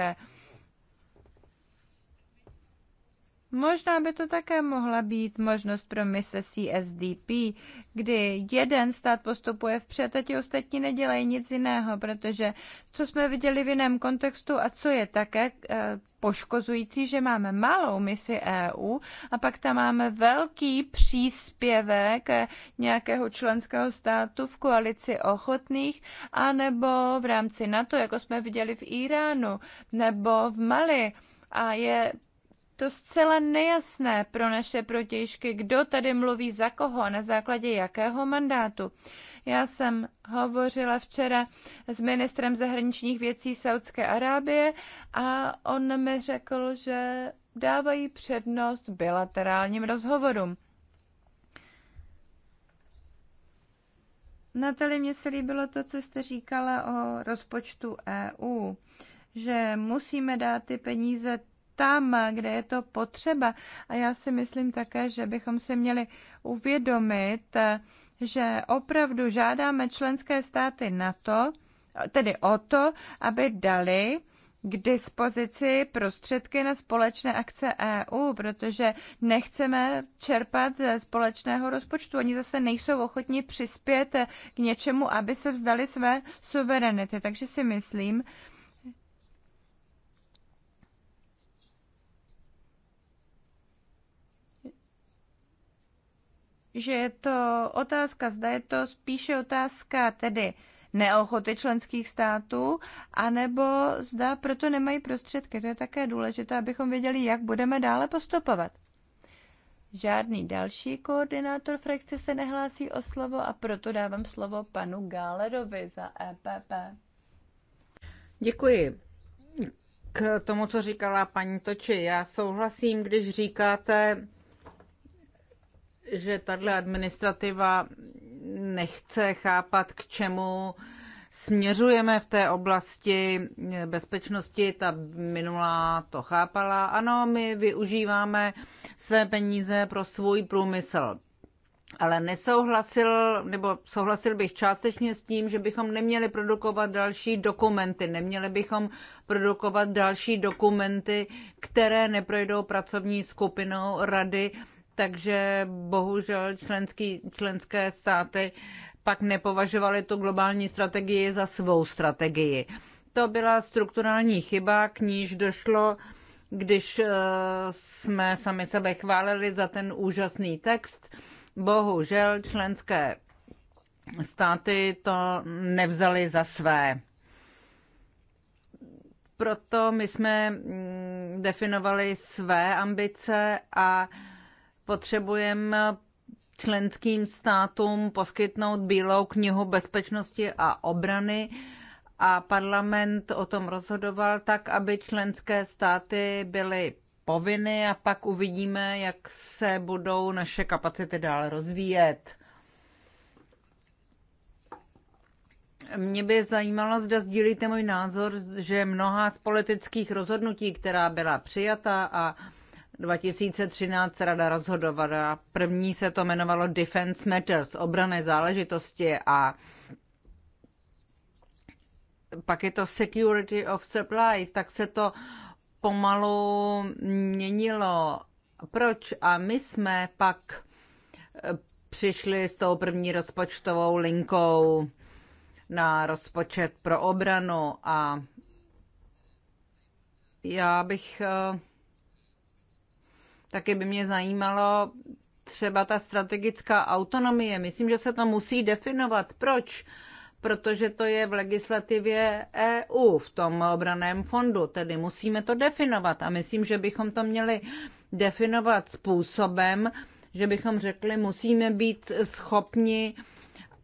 Možná by to také mohla být možnost pro mise CSDP, kdy jeden stát postupuje vpřed a ti ostatní nedělají nic jiného, protože co jsme viděli v jiném kontextu a co je také eh, poškozující, že máme malou misi EU a pak tam máme velký příspěvek nějakého členského státu v koalici ochotných, a nebo v rámci NATO, jako jsme viděli v Iránu, nebo v Mali. A je to zcela nejasné pro naše protějšky, kdo tady mluví za koho a na základě jakého mandátu. Já jsem hovořila včera s ministrem zahraničních věcí Saudské Arábie a on mi řekl, že dávají přednost bilaterálním rozhovorům. Natali, mně se líbilo to, co jste říkala o rozpočtu EU, že musíme dát ty peníze tam, kde je to potřeba. A já si myslím také, že bychom si měli uvědomit, že opravdu žádáme členské státy na to, tedy o to, aby dali k dispozici prostředky na společné akce EU, protože nechceme čerpat ze společného rozpočtu. Oni zase nejsou ochotní přispět k něčemu, aby se vzdali své suverenity. Takže si myslím, že je to otázka, zda je to spíše otázka tedy neochoty členských států, anebo zda proto nemají prostředky. To je také důležité, abychom věděli, jak budeme dále postupovat. Žádný další koordinátor frakce se nehlásí o slovo a proto dávám slovo panu Gálerovi za EPP. Děkuji. K tomu, co říkala paní Toči, já souhlasím, když říkáte, že tahle administrativa nechce chápat, k čemu směřujeme v té oblasti bezpečnosti. Ta minulá to chápala. Ano, my využíváme své peníze pro svůj průmysl. Ale nesouhlasil, nebo souhlasil bych částečně s tím, že bychom neměli produkovat další dokumenty, neměli bychom produkovat další dokumenty, které neprojdou pracovní skupinou rady takže bohužel členský, členské státy pak nepovažovaly tu globální strategii za svou strategii. To byla strukturální chyba, k níž došlo, když eh, jsme sami sebe chválili za ten úžasný text. Bohužel členské státy to nevzali za své. Proto my jsme mm, definovali své ambice a potřebujeme členským státům poskytnout Bílou knihu bezpečnosti a obrany a parlament o tom rozhodoval tak, aby členské státy byly povinny a pak uvidíme, jak se budou naše kapacity dál rozvíjet. Mě by zajímalo, zda sdílíte můj názor, že mnoha z politických rozhodnutí, která byla přijata a 2013 rada rozhodovala. První se to jmenovalo Defense Matters, obrané záležitosti a pak je to Security of Supply, tak se to pomalu měnilo. Proč? A my jsme pak eh, přišli s tou první rozpočtovou linkou na rozpočet pro obranu a já bych eh, Taky by mě zajímalo třeba ta strategická autonomie. Myslím, že se to musí definovat. Proč? Protože to je v legislativě EU, v tom obraném fondu, tedy musíme to definovat. A myslím, že bychom to měli definovat způsobem, že bychom řekli, musíme být schopni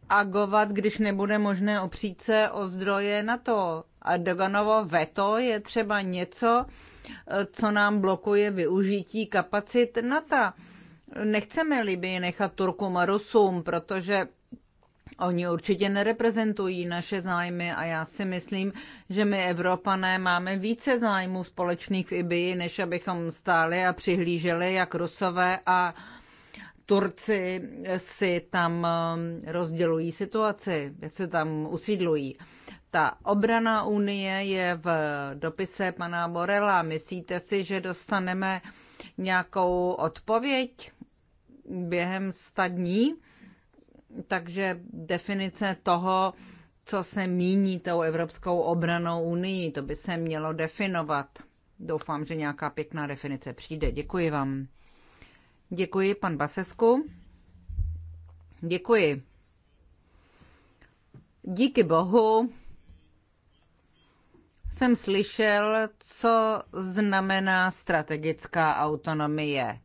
agovat, když nebude možné opřít se o zdroje na to. Erdoganovo veto je třeba něco, co nám blokuje využití kapacit NATO. Nechceme Libii nechat Turkům a Rusům, protože Oni určitě nereprezentují naše zájmy a já si myslím, že my Evropané máme více zájmů společných v Ibii, než abychom stáli a přihlíželi, jak Rusové a Turci si tam um, rozdělují situaci, jak se tam usídlují. Ta obrana Unie je v dopise pana Borela. Myslíte si, že dostaneme nějakou odpověď během sta dní? Takže definice toho, co se míní tou Evropskou obranou unii, to by se mělo definovat. Doufám, že nějaká pěkná definice přijde. Děkuji vám. Děkuji, pan Basesku. Děkuji. Díky bohu jsem slyšel, co znamená strategická autonomie.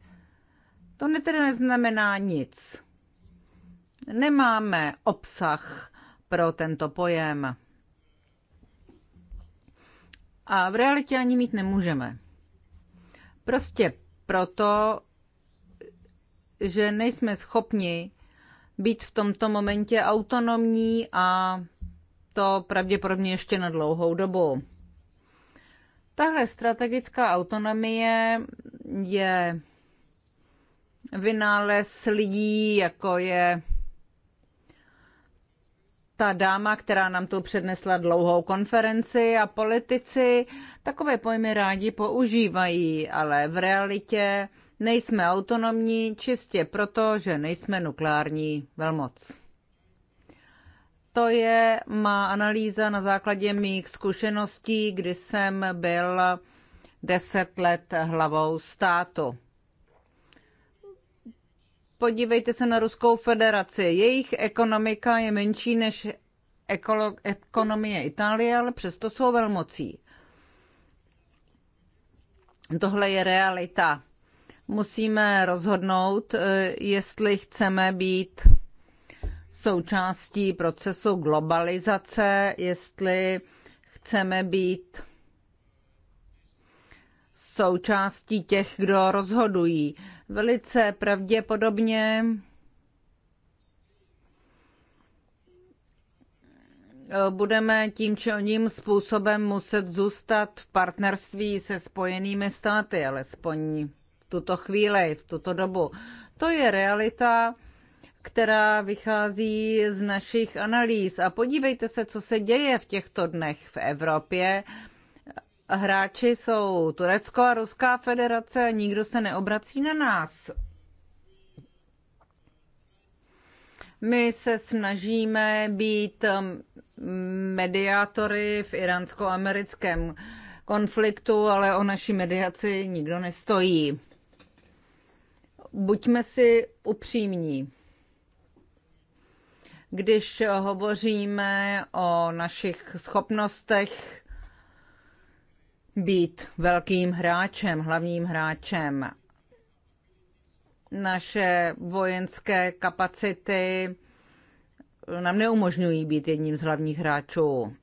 To tedy neznamená nic. Nemáme obsah pro tento pojem. A v realitě ani mít nemůžeme. Prostě proto, že nejsme schopni být v tomto momentě autonomní a to pravděpodobně ještě na dlouhou dobu. Tahle strategická autonomie je vynález lidí, jako je ta dáma, která nám tu přednesla dlouhou konferenci a politici takové pojmy rádi používají, ale v realitě nejsme autonomní čistě proto, že nejsme nukleární velmoc. To je má analýza na základě mých zkušeností, kdy jsem byl deset let hlavou státu. Podívejte se na Ruskou federaci. Jejich ekonomika je menší než ekonomie Itálie, ale přesto jsou velmocí. Tohle je realita. Musíme rozhodnout, eh, jestli chceme být součástí procesu globalizace, jestli chceme být součástí těch, kdo rozhodují. Velice pravděpodobně budeme tím či oním způsobem muset zůstat v partnerství se spojenými státy, alespoň v tuto chvíli, v tuto dobu. To je realita, která vychází z našich analýz. A podívejte se, co se děje v těchto dnech v Evropě. Hráči jsou Turecko a Ruská federace a nikdo se neobrací na nás. My se snažíme být um, mediátory v iránsko-americkém konfliktu, ale o naší mediaci nikdo nestojí. Buďme si upřímní když hovoříme o našich schopnostech být velkým hráčem, hlavním hráčem. Naše vojenské kapacity nám neumožňují být jedním z hlavních hráčů.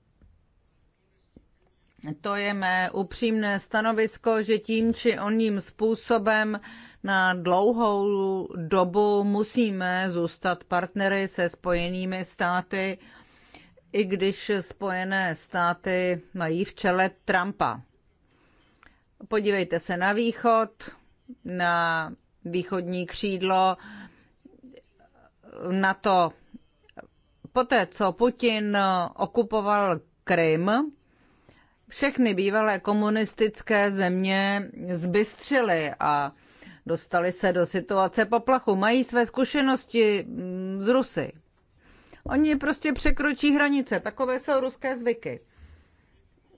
To je mé upřímné stanovisko, že tím či oním způsobem na dlouhou dobu musíme zůstat partnery se spojenými státy, i když spojené státy mají v čele Trumpa. Podívejte se na východ, na východní křídlo, na to, poté co Putin okupoval Krym, všechny bývalé komunistické země zbystřily a Dostali se do situace poplachu, mají své zkušenosti mm, z Rusy. Oni prostě překročí hranice, takové jsou ruské zvyky.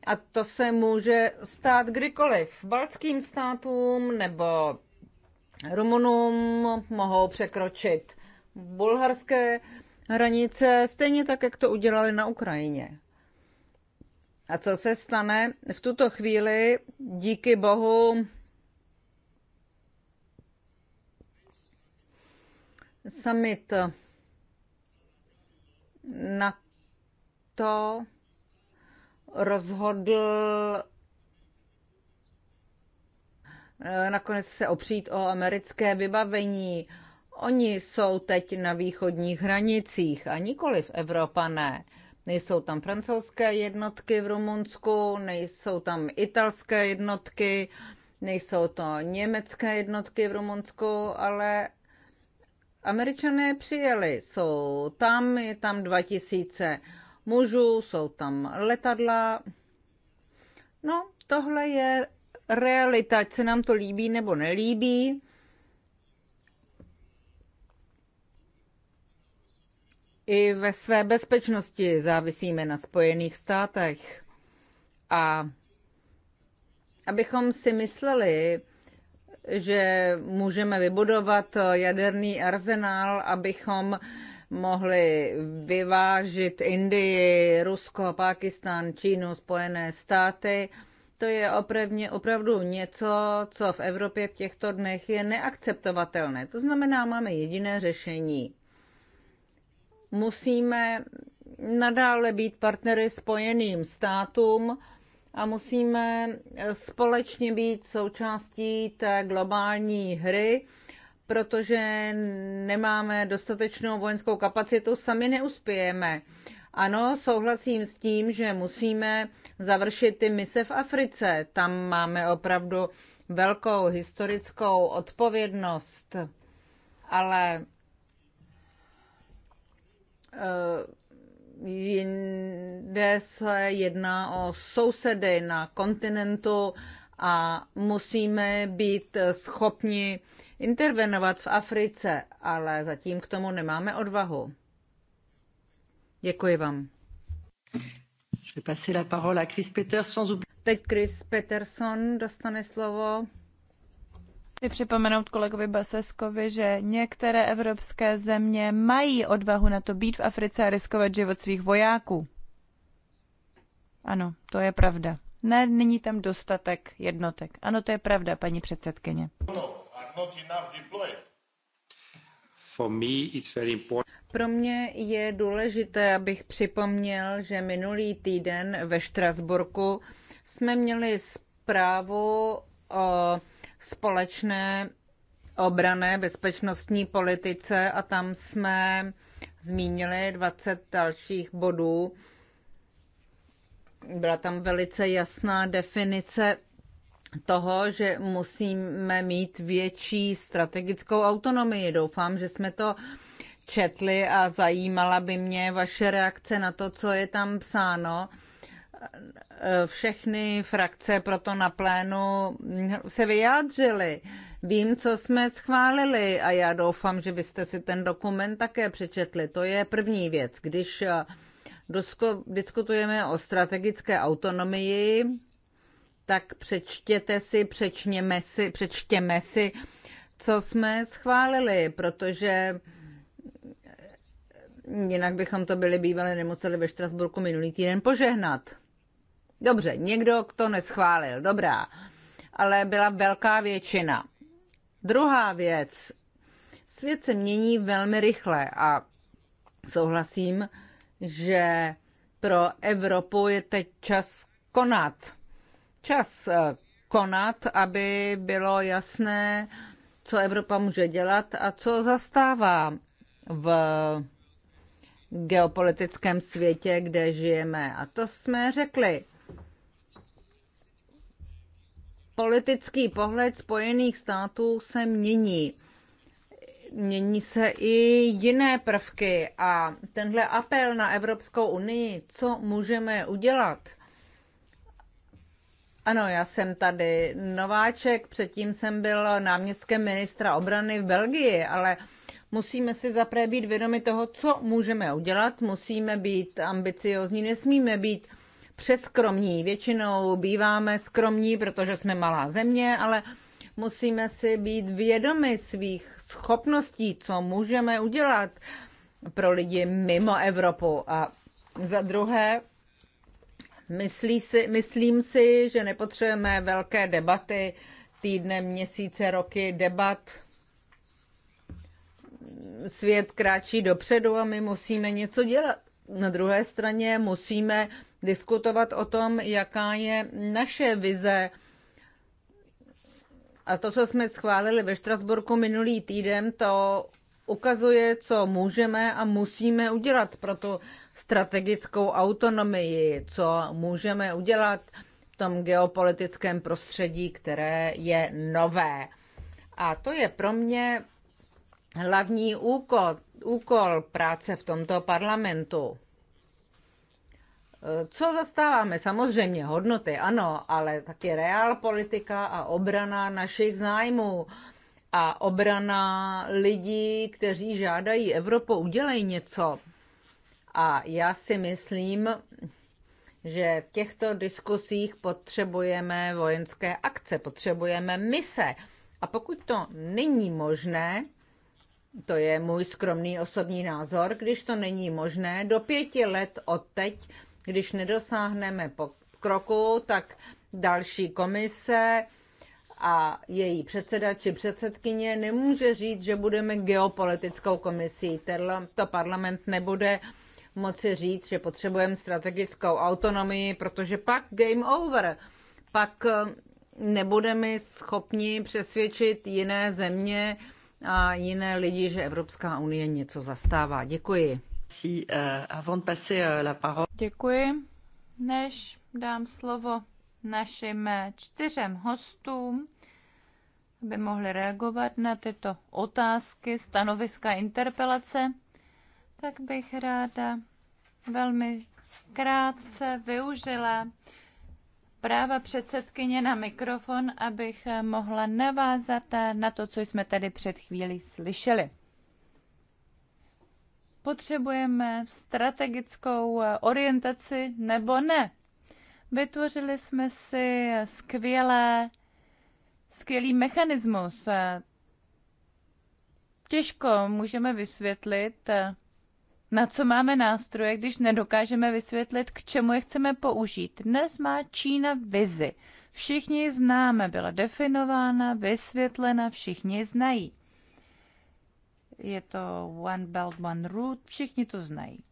A to se může stát kdykoliv. Baltským státům nebo Rumunům mohou překročit bulharské hranice, stejně tak, jak to udělali na Ukrajině. A co se stane? V tuto chvíli, díky bohu, Summit na to rozhodl eh, nakonec se opřít o americké vybavení. Oni jsou teď na východních hranicích a nikoli v ne? Nejsou tam francouzské jednotky v Rumunsku, nejsou tam italské jednotky, nejsou to německé jednotky v Rumunsku, ale Američané přijeli, jsou tam, je tam 2000 mužů, jsou tam letadla. No, tohle je realita, ať se nám to líbí nebo nelíbí. I ve své bezpečnosti závisíme na Spojených státech. A abychom si mysleli, že můžeme vybudovat jaderný arzenál, abychom mohli vyvážit Indii, Rusko, Pákistán, Čínu, Spojené státy. To je opravdu, opravdu něco, co v Evropě v těchto dnech je neakceptovatelné. To znamená, máme jediné řešení. Musíme nadále být partnery spojeným státům, a musíme společně být součástí té globální hry, protože nemáme dostatečnou vojenskou kapacitu, sami neuspějeme. Ano, souhlasím s tím, že musíme završit ty mise v Africe. Tam máme opravdu velkou historickou odpovědnost, ale eh, jinde se jedná o sousedy na kontinentu a musíme být schopni intervenovat v Africe, ale zatím k tomu nemáme odvahu. Děkuji vám. Teď Chris Peterson dostane slovo. Chci připomenout kolegovi Baseskovi, že některé evropské země mají odvahu na to být v Africe a riskovat život svých vojáků. Ano, to je pravda. Ne, není tam dostatek jednotek. Ano, to je pravda, paní předsedkyně. Pro mě je důležité, abych připomněl, že minulý týden ve Štrasburku jsme měli zprávu o společné obrané bezpečnostní politice a tam jsme zmínili 20 dalších bodů. Byla tam velice jasná definice toho, že musíme mít větší strategickou autonomii. Doufám, že jsme to četli a zajímala by mě vaše reakce na to, co je tam psáno všechny frakce proto na plénu se vyjádřily. Vím, co jsme schválili a já doufám, že vy jste si ten dokument také přečetli. To je první věc. Když eh, diskutujeme o strategické autonomii, tak přečtěte si, přečněme si, přečtěme si, co jsme schválili, protože eh, jinak bychom to byli bývali nemuseli ve Štrasburku minulý týden požehnat. Dobře, někdo to neschválil, dobrá, ale byla velká většina. Druhá věc. Svět se mění velmi rychle a souhlasím, že pro Evropu je teď čas konat. Čas eh, konat, aby bylo jasné, co Evropa může dělat a co zastává v geopolitickém světě, kde žijeme. A to jsme řekli politický pohled Spojených států se mění. Mění se i jiné prvky a tenhle apel na Evropskou unii, co můžeme udělat? Ano, já jsem tady nováček, předtím jsem byl náměstkem ministra obrany v Belgii, ale musíme si zaprvé být vědomi toho, co můžeme udělat, musíme být ambiciozní, nesmíme být přeskromní. Většinou býváme skromní, protože jsme malá země, ale musíme si být vědomi svých schopností, co můžeme udělat pro lidi mimo Evropu. A za druhé, myslí si, myslím si, že nepotřebujeme velké debaty, týdne, měsíce, roky debat. Svět kráčí dopředu a my musíme něco dělat na druhé straně musíme diskutovat o tom, jaká je naše vize. A to, co jsme schválili ve Štrasburku minulý týden, to ukazuje, co můžeme a musíme udělat pro tu strategickou autonomii, co můžeme udělat v tom geopolitickém prostředí, které je nové. A to je pro mě hlavní úkol, úkol práce v tomto parlamentu. Co zastáváme? Samozřejmě hodnoty, ano, ale taky reál politika a obrana našich zájmů a obrana lidí, kteří žádají Evropu, udělej něco. A já si myslím, že v těchto diskusích potřebujeme vojenské akce, potřebujeme mise. A pokud to není možné, to je můj skromný osobní názor, když to není možné, do pěti let od teď když nedosáhneme pokroku, tak další komise a její předseda či předsedkyně nemůže říct, že budeme geopolitickou komisí. To parlament nebude moci říct, že potřebujeme strategickou autonomii, protože pak game over. Pak eh, nebudeme schopni přesvědčit jiné země a jiné lidi, že Evropská unie něco zastává. Děkuji. Eh, eh, Děkuji. Než dám slovo našim eh, čtyřem hostům, aby mohli reagovat na tyto otázky, stanoviska, interpelace, tak bych ráda velmi krátce využila práva předsedkyně na mikrofon, abych mohla navázat na to, co jsme tady před chvílí slyšeli potřebujeme strategickou eh, orientaci nebo ne. Vytvořili jsme si skvělé, skvělý mechanismus. Eh, Těžko můžeme vysvětlit, eh, na co máme nástroje, když nedokážeme vysvětlit, k čemu je chceme použít. Dnes má Čína vizi. Všichni ji známe, byla definována, vysvětlena, všichni ji znají je to One Belt, One Route, všichni to znají.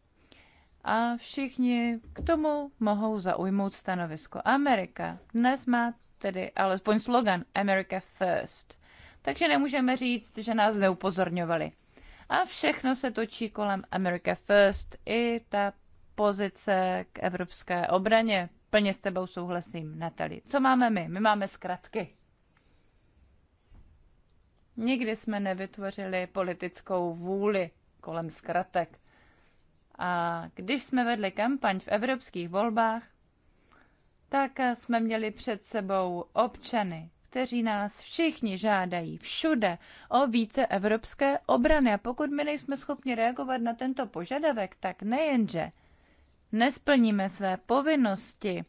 A všichni k tomu mohou zaujmout stanovisko. Amerika dnes má tedy alespoň slogan America First. Takže nemůžeme říct, že nás neupozorňovali. A všechno se točí kolem America First, i ta pozice k evropské obraně. Plně s tebou souhlasím, Natali. Co máme my? My máme zkratky. Nikdy jsme nevytvořili politickou vůli kolem zkratek. A když jsme vedli kampaň v evropských volbách, tak jsme měli před sebou občany, kteří nás všichni žádají všude o více evropské obrany. A pokud my nejsme schopni reagovat na tento požadavek, tak nejenže nesplníme své povinnosti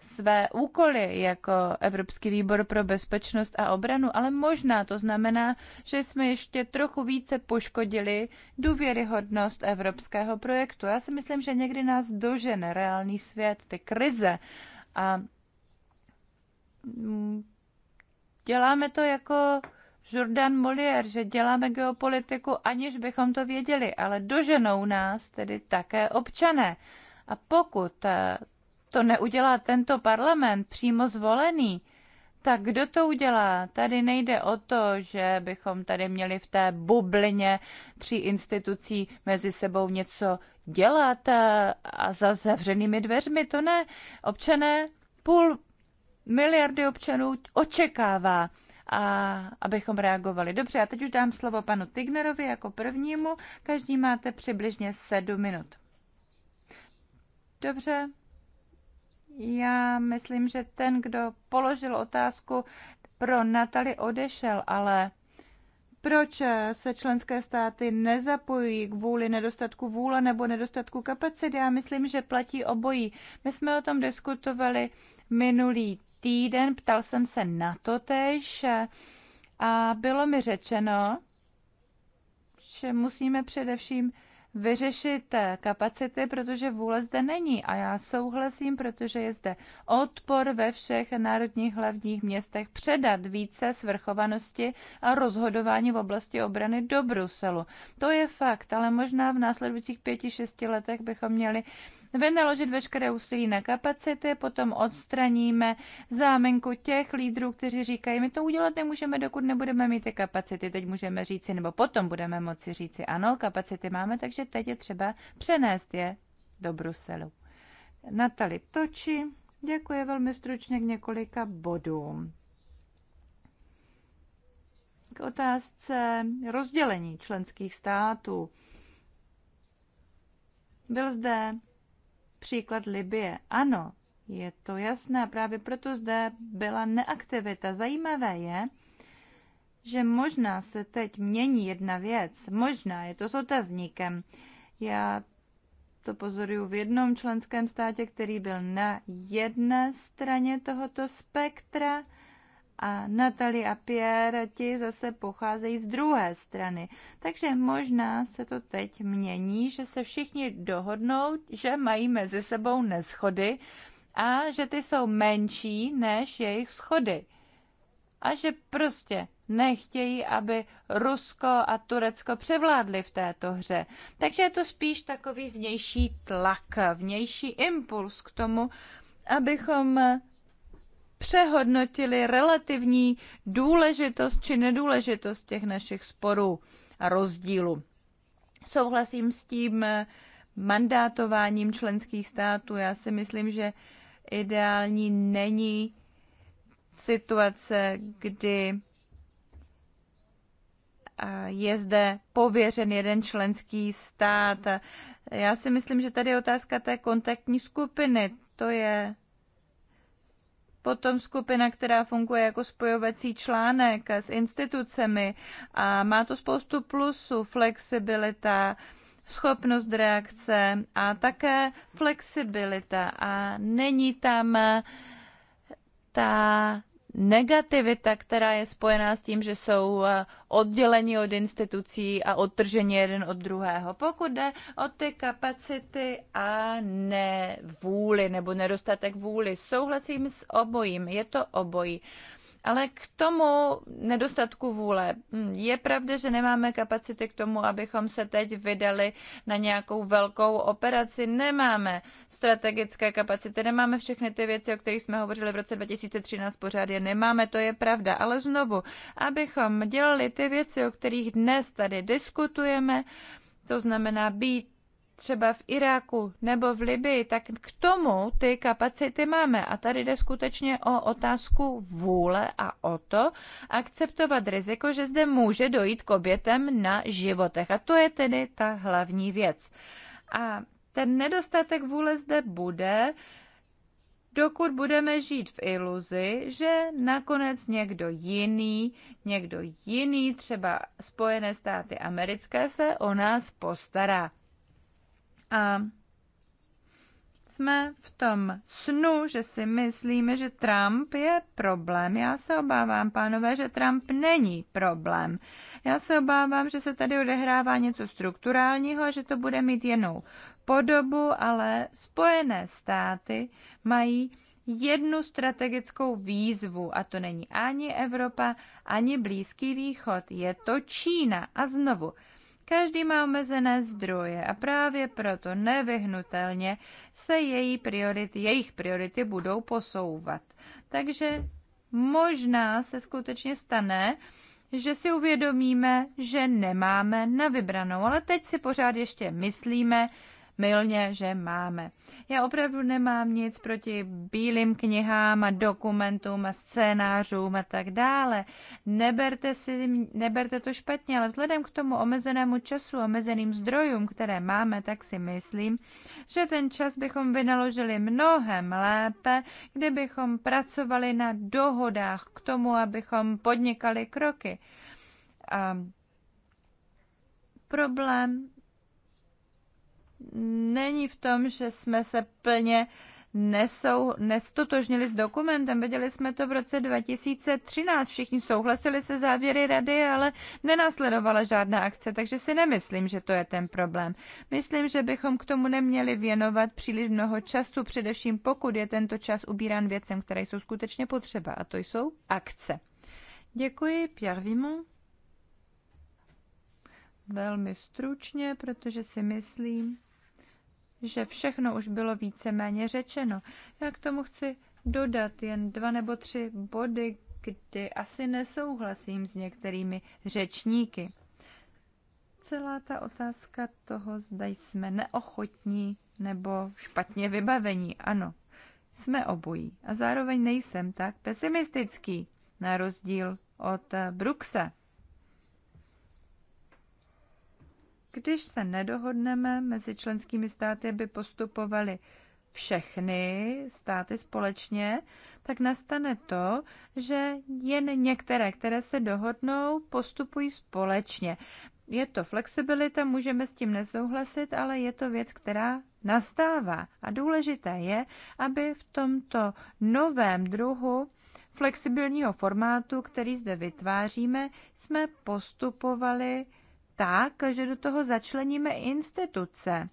své úkoly jako Evropský výbor pro bezpečnost a obranu, ale možná to znamená, že jsme ještě trochu více poškodili důvěryhodnost evropského projektu. Já si myslím, že někdy nás dožene reálný svět, ty krize a mm, děláme to jako Jordan Molière, že děláme geopolitiku, aniž bychom to věděli, ale doženou nás tedy také občané. A pokud eh, to neudělá tento parlament přímo zvolený, tak kdo to udělá? Tady nejde o to, že bychom tady měli v té bublině tří institucí mezi sebou něco dělat a za zavřenými dveřmi. To ne. Občané, půl miliardy občanů očekává, a abychom reagovali. Dobře, já teď už dám slovo panu Tignerovi jako prvnímu. Každý máte přibližně sedm minut. Dobře, já myslím, že ten, kdo položil otázku pro Natali, odešel, ale proč se členské státy nezapojují vůli nedostatku vůle nebo nedostatku kapacity? Já myslím, že platí obojí. My jsme o tom diskutovali minulý týden, ptal jsem se na to tež a bylo mi řečeno, že musíme především vyřešit eh, kapacity, protože vůle zde není. A já souhlasím, protože je zde odpor ve všech národních hlavních městech předat více svrchovanosti a rozhodování v oblasti obrany do Bruselu. To je fakt, ale možná v následujících pěti, šesti letech bychom měli vynaložit veškeré úsilí na kapacity, potom odstraníme záminku těch lídrů, kteří říkají, my to udělat nemůžeme, dokud nebudeme mít ty kapacity. Teď můžeme říci, nebo potom budeme moci říci, ano, kapacity máme, takže teď je třeba přenést je do Bruselu. Natali Toči, děkuji velmi stručně k několika bodům. K otázce rozdělení členských států. Byl zde Příklad Libie. Ano, je to jasné, právě proto zde byla neaktivita. Zajímavé je, že možná se teď mění jedna věc. Možná, je to s otazníkem. Já to pozoruju v jednom členském státě, který byl na jedné straně tohoto spektra a Natalie a Pierre ti zase pocházejí z druhé strany. Takže možná se to teď mění, že se všichni dohodnou, že mají mezi sebou neschody a že ty jsou menší než jejich schody. A že prostě nechtějí, aby Rusko a Turecko převládli v této hře. Takže je to spíš takový vnější tlak, vnější impuls k tomu, abychom přehodnotili relativní důležitost či nedůležitost těch našich sporů a rozdílů. Souhlasím s tím mandátováním členských států. Já si myslím, že ideální není situace, kdy je zde pověřen jeden členský stát. Já si myslím, že tady je otázka té kontaktní skupiny. To je potom skupina, která funguje jako spojovací článek s institucemi a má to spoustu plusů, flexibilita, schopnost reakce a také flexibilita a není tam ta negativita, která je spojená s tím, že jsou eh, odděleni od institucí a odtrženi jeden od druhého. Pokud jde o ty kapacity a nevůli nebo nedostatek vůli, souhlasím s obojím, je to obojí. Ale k tomu nedostatku vůle. Hm, je pravda, že nemáme kapacity k tomu, abychom se teď vydali na nějakou velkou operaci. Nemáme strategické kapacity, nemáme všechny ty věci, o kterých jsme hovořili v roce 2013 pořád je nemáme, to je pravda. Ale znovu, abychom dělali ty věci, o kterých dnes tady diskutujeme, to znamená být třeba v Iráku nebo v Libii, tak k tomu ty kapacity máme. A tady jde skutečně o otázku vůle a o to akceptovat riziko, že zde může dojít k obětem na životech. A to je tedy ta hlavní věc. A ten nedostatek vůle zde bude, dokud budeme žít v iluzi, že nakonec někdo jiný, někdo jiný, třeba Spojené státy americké, se o nás postará. A jsme v tom snu, že si myslíme, že Trump je problém. Já se obávám, pánové, že Trump není problém. Já se obávám, že se tady odehrává něco strukturálního a že to bude mít jenou podobu, ale Spojené státy mají jednu strategickou výzvu a to není ani Evropa, ani Blízký východ, je to Čína. A znovu, Každý má omezené zdroje a právě proto nevyhnutelně se její priority, jejich priority budou posouvat. Takže možná se skutečně stane, že si uvědomíme, že nemáme na vybranou, ale teď si pořád ještě myslíme, milně, že máme. Já opravdu nemám nic proti bílým knihám a dokumentům a scénářům a tak dále. Neberte, si, neberte to špatně, ale vzhledem k tomu omezenému času, omezeným zdrojům, které máme, tak si myslím, že ten čas bychom vynaložili mnohem lépe, kdybychom pracovali na dohodách k tomu, abychom podnikali kroky. A problém není v tom, že jsme se plně nesou, nestotožnili s dokumentem. Viděli jsme to v roce 2013. Všichni souhlasili se závěry rady, ale nenásledovala žádná akce, takže si nemyslím, že to je ten problém. Myslím, že bychom k tomu neměli věnovat příliš mnoho času, především pokud je tento čas ubírán věcem, které jsou skutečně potřeba, a to jsou akce. Děkuji, Pierre Vimon. Velmi stručně, protože si myslím, že všechno už bylo víceméně řečeno. Já k tomu chci dodat jen dva nebo tři body, kdy asi nesouhlasím s některými řečníky. Celá ta otázka toho, zda jsme neochotní nebo špatně vybavení. Ano, jsme obojí. A zároveň nejsem tak pesimistický, na rozdíl od Bruxe. Když se nedohodneme mezi členskými státy, aby postupovali všechny státy společně, tak nastane to, že jen některé, které se dohodnou, postupují společně. Je to flexibilita, můžeme s tím nesouhlasit, ale je to věc, která nastává. A důležité je, aby v tomto novém druhu flexibilního formátu, který zde vytváříme, jsme postupovali tak, že do toho začleníme instituce.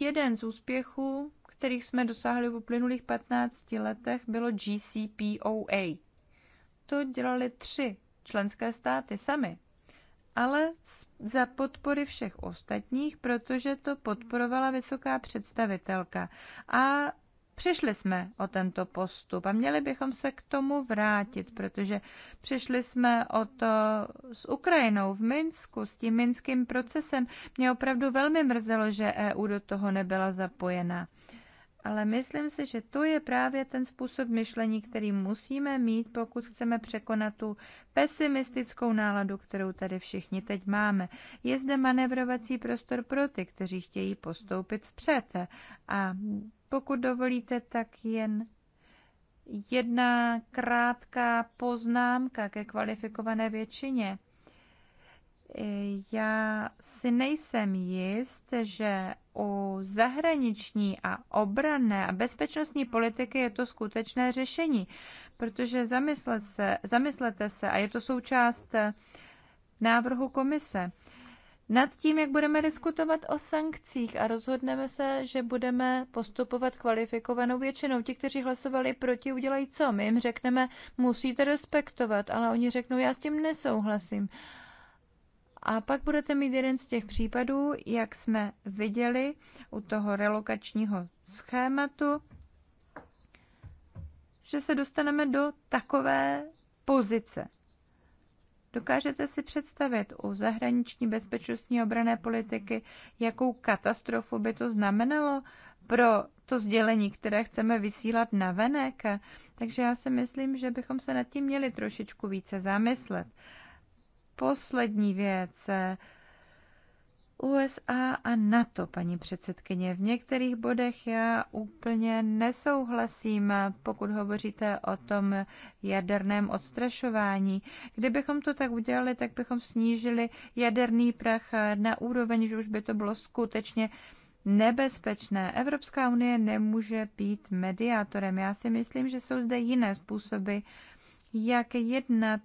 Jeden z úspěchů, kterých jsme dosáhli v uplynulých 15 letech, bylo GCPOA. To dělali tři členské státy sami, ale za podpory všech ostatních, protože to podporovala vysoká představitelka. A Přišli jsme o tento postup a měli bychom se k tomu vrátit, protože přišli jsme o to s Ukrajinou v Minsku, s tím minským procesem. Mě opravdu velmi mrzelo, že EU do toho nebyla zapojena. Ale myslím si, že to je právě ten způsob myšlení, který musíme mít, pokud chceme překonat tu pesimistickou náladu, kterou tady všichni teď máme. Je zde manevrovací prostor pro ty, kteří chtějí postoupit vpřed. A pokud dovolíte, tak jen jedna krátká poznámka ke kvalifikované většině já si nejsem jist, že u zahraniční a obranné a bezpečnostní politiky je to skutečné řešení, protože zamyslet se, zamyslete se, a je to součást eh, návrhu komise, nad tím, jak budeme diskutovat o sankcích a rozhodneme se, že budeme postupovat kvalifikovanou většinou. Ti, kteří hlasovali proti, udělají co? My jim řekneme, musíte respektovat, ale oni řeknou, já s tím nesouhlasím. A pak budete mít jeden z těch případů, jak jsme viděli u toho relokačního schématu, že se dostaneme do takové pozice. Dokážete si představit u zahraniční bezpečnostní obrané politiky, jakou katastrofu by to znamenalo pro to sdělení, které chceme vysílat na venek. Takže já si myslím, že bychom se nad tím měli trošičku více zamyslet poslední věc. USA a NATO, paní předsedkyně. V některých bodech já úplně nesouhlasím, pokud hovoříte o tom jaderném odstrašování. Kdybychom to tak udělali, tak bychom snížili jaderný prach na úroveň, že už by to bylo skutečně nebezpečné. Evropská unie nemůže být mediátorem. Já si myslím, že jsou zde jiné způsoby, jak jednat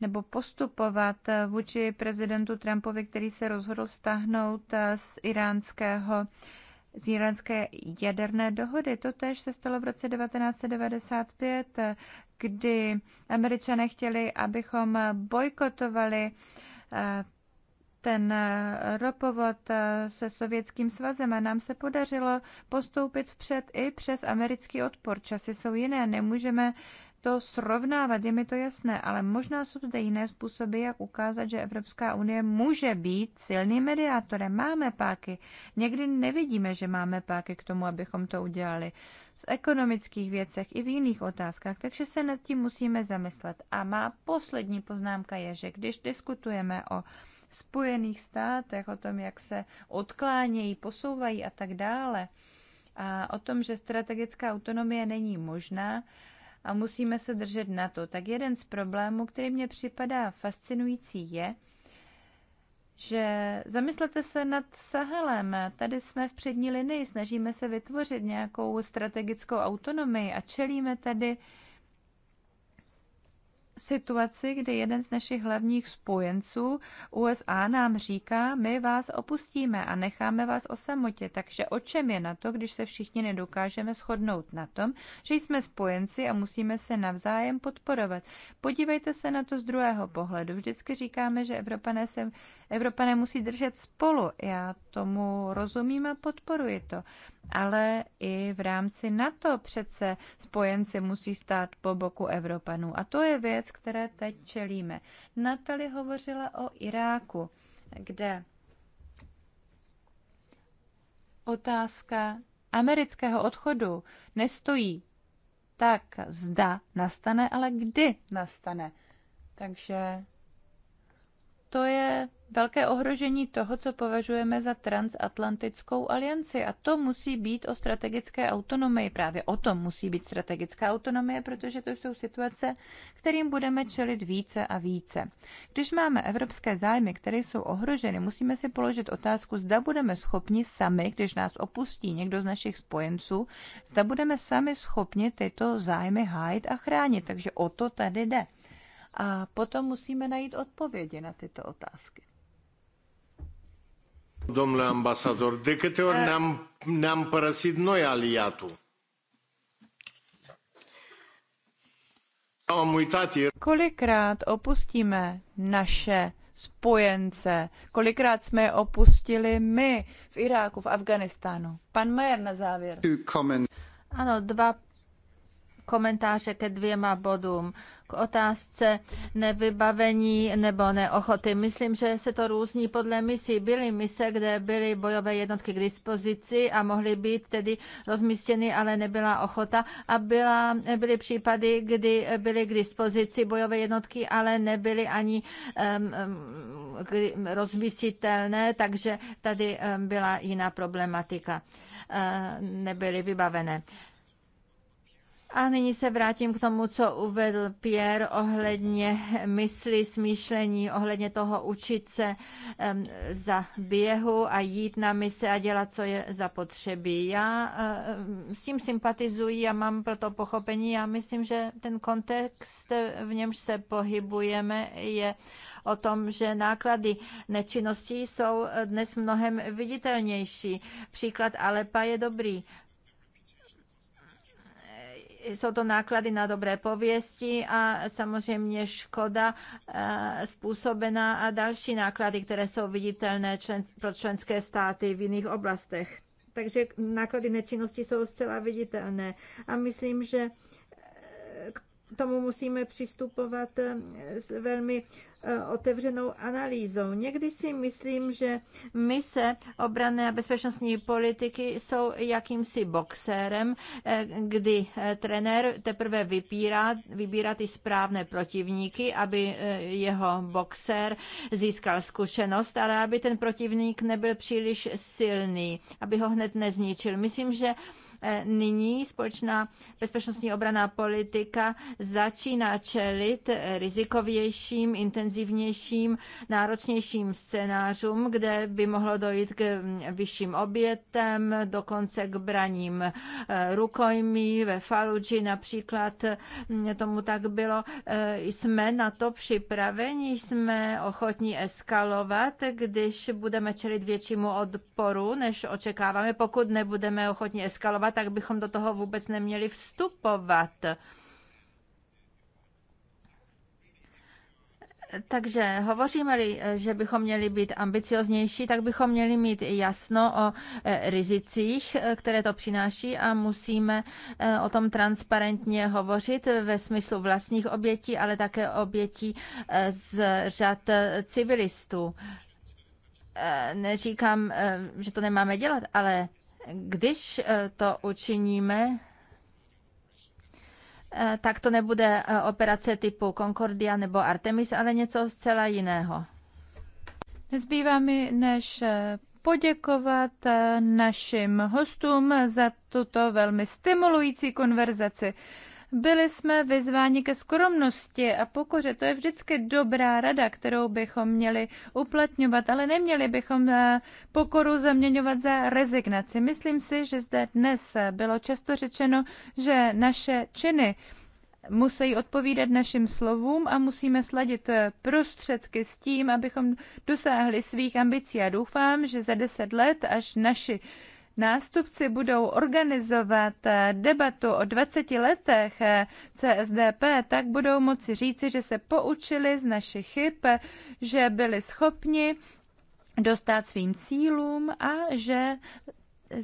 nebo postupovat eh, vůči prezidentu Trumpovi, který se rozhodl stáhnout eh, z iránského z iránské jaderné dohody. To tež se stalo v roce 1995, eh, kdy američané chtěli, abychom bojkotovali ten ropovod se Sovětským svazem a nám se podařilo postoupit vpřed i přes americký odpor. Časy jsou jiné, nemůžeme to srovnávat, je mi to jasné, ale možná jsou zde jiné způsoby, jak ukázat, že Evropská unie může být silným mediátorem. Máme páky. Někdy nevidíme, že máme páky k tomu, abychom to udělali. Z ekonomických věcech i v jiných otázkách, takže se nad tím musíme zamyslet. A má poslední poznámka je, že když diskutujeme o Spojených státech, o tom, jak se odklánějí, posouvají a tak dále, a o tom, že strategická autonomie není možná, a musíme se držet na to. Tak jeden z problémů, který mě připadá fascinující, je, že zamyslete se nad Sahelem. Tady jsme v přední linii, snažíme se vytvořit nějakou strategickou autonomii a čelíme tady uh, situaci, kdy jeden z našich hlavních spojenců USA nám říká, my vás opustíme a necháme vás o samotě. Takže o čem je na to, když se všichni nedokážeme shodnout na tom, že jsme spojenci a musíme se navzájem podporovat. Podívejte se na to z druhého pohledu. Vždycky říkáme, že Evropané, se, Evropané musí držet spolu. Já tomu rozumím a podporuji to ale i v rámci NATO přece spojenci musí stát po boku Evropanů. A to je věc, které teď čelíme. Natali hovořila o Iráku, kde otázka amerického odchodu nestojí tak zda nastane, ale kdy nastane. Takže to je velké ohrožení toho, co považujeme za transatlantickou alianci. A to musí být o strategické autonomii. Právě o tom musí být strategická autonomie, protože to jsou situace, kterým budeme čelit více a více. Když máme evropské zájmy, které jsou ohroženy, musíme si položit otázku, zda budeme schopni sami, když nás opustí někdo z našich spojenců, zda budeme sami schopni tyto zájmy hájit a chránit. Takže o to tady jde. A potom musíme najít odpovědi na tyto otázky. Domnule ambasador, de câte ori ne-am, părăsit noi aliatul? Am uitat. Kolikrát opustíme naše spojence, kolikrát jsme je opustili my v Iráku, v Afganistánu. Pan Majer na závěr. Ano, dva komentáře ke dvěma bodům. K otázce nevybavení nebo neochoty. Myslím, že se to různí podle misí. Byly mise, kde byly bojové jednotky k dispozici a mohly být tedy rozmístěny, ale nebyla ochota. A byla, byly případy, kdy byly k dispozici bojové jednotky, ale nebyly ani um, um, rozmístitelné, takže tady um, byla jiná problematika. Uh, nebyly vybavené. Uh, a nyní se vrátím k tomu, co uvedl Pierre ohledně mysli, smýšlení, ohledně toho učit se um, za běhu a jít na mise a dělat, co je zapotřebí. Já um, s tím sympatizuji a mám pro to pochopení. Já myslím, že ten kontext, v němž se pohybujeme, je o tom, že náklady nečinností jsou dnes mnohem viditelnější. Příklad Alepa je dobrý jsou to náklady na dobré pověsti a samozřejmě škoda eh, způsobená a další náklady, které jsou viditelné pro členské státy v jiných oblastech. Takže náklady nečinnosti jsou zcela viditelné. A myslím, že tomu musíme přistupovat eh, s velmi eh, otevřenou analýzou. Někdy si myslím, že mise obranné a bezpečnostní politiky jsou jakýmsi boxérem, eh, kdy trenér teprve vybírá, vybírá ty správné protivníky, aby jeho boxér získal zkušenost, ale aby ten protivník nebyl příliš silný, aby ho hned nezničil. Myslím, že Eh, nyní společná bezpečnostní obraná politika začíná čelit eh, rizikovějším, intenzivnějším, náročnějším scénářům, kde by mohlo dojít k mm, vyšším obětem, dokonce k braním eh, rukojmí ve Faluji například mm, tomu tak bylo. Jsme na to připraveni, jsme ochotní eskalovat, když budeme čelit většímu odporu, než očekáváme, pokud nebudeme ochotní eskalovat práva, tak bychom do toho vůbec neměli vstupovat. Takže hovoříme-li, že bychom měli být ambicioznější, tak bychom měli mít jasno o e, rizicích, e, které to přináší a musíme e, o tom transparentně hovořit ve smyslu vlastních obětí, ale také obětí z řad civilistů. Neříkám, že to nemáme dělat, ale když eh, to učiníme, eh, tak to nebude eh, operace typu Concordia nebo Artemis, ale něco zcela jiného. Nezbývá mi, než poděkovat našim hostům za tuto velmi stimulující konverzaci. Byli jsme vyzváni ke skromnosti a pokoře. To je vždycky dobrá rada, kterou bychom měli uplatňovat, ale neměli bychom eh, pokoru zaměňovat za rezignaci. Myslím si, že zde dnes eh, bylo často řečeno, že naše činy musí odpovídat našim slovům a musíme sladit eh, prostředky s tím, abychom dosáhli svých ambicí. A doufám, že za deset let, až naši nástupci budou organizovat eh, debatu o 20 letech eh, CSDP, tak budou moci říci, že se poučili z našich chyb, že byli schopni dostat svým cílům a že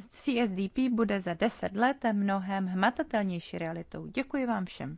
CSDP bude za 10 let mnohem hmatatelnější realitou. Děkuji vám všem.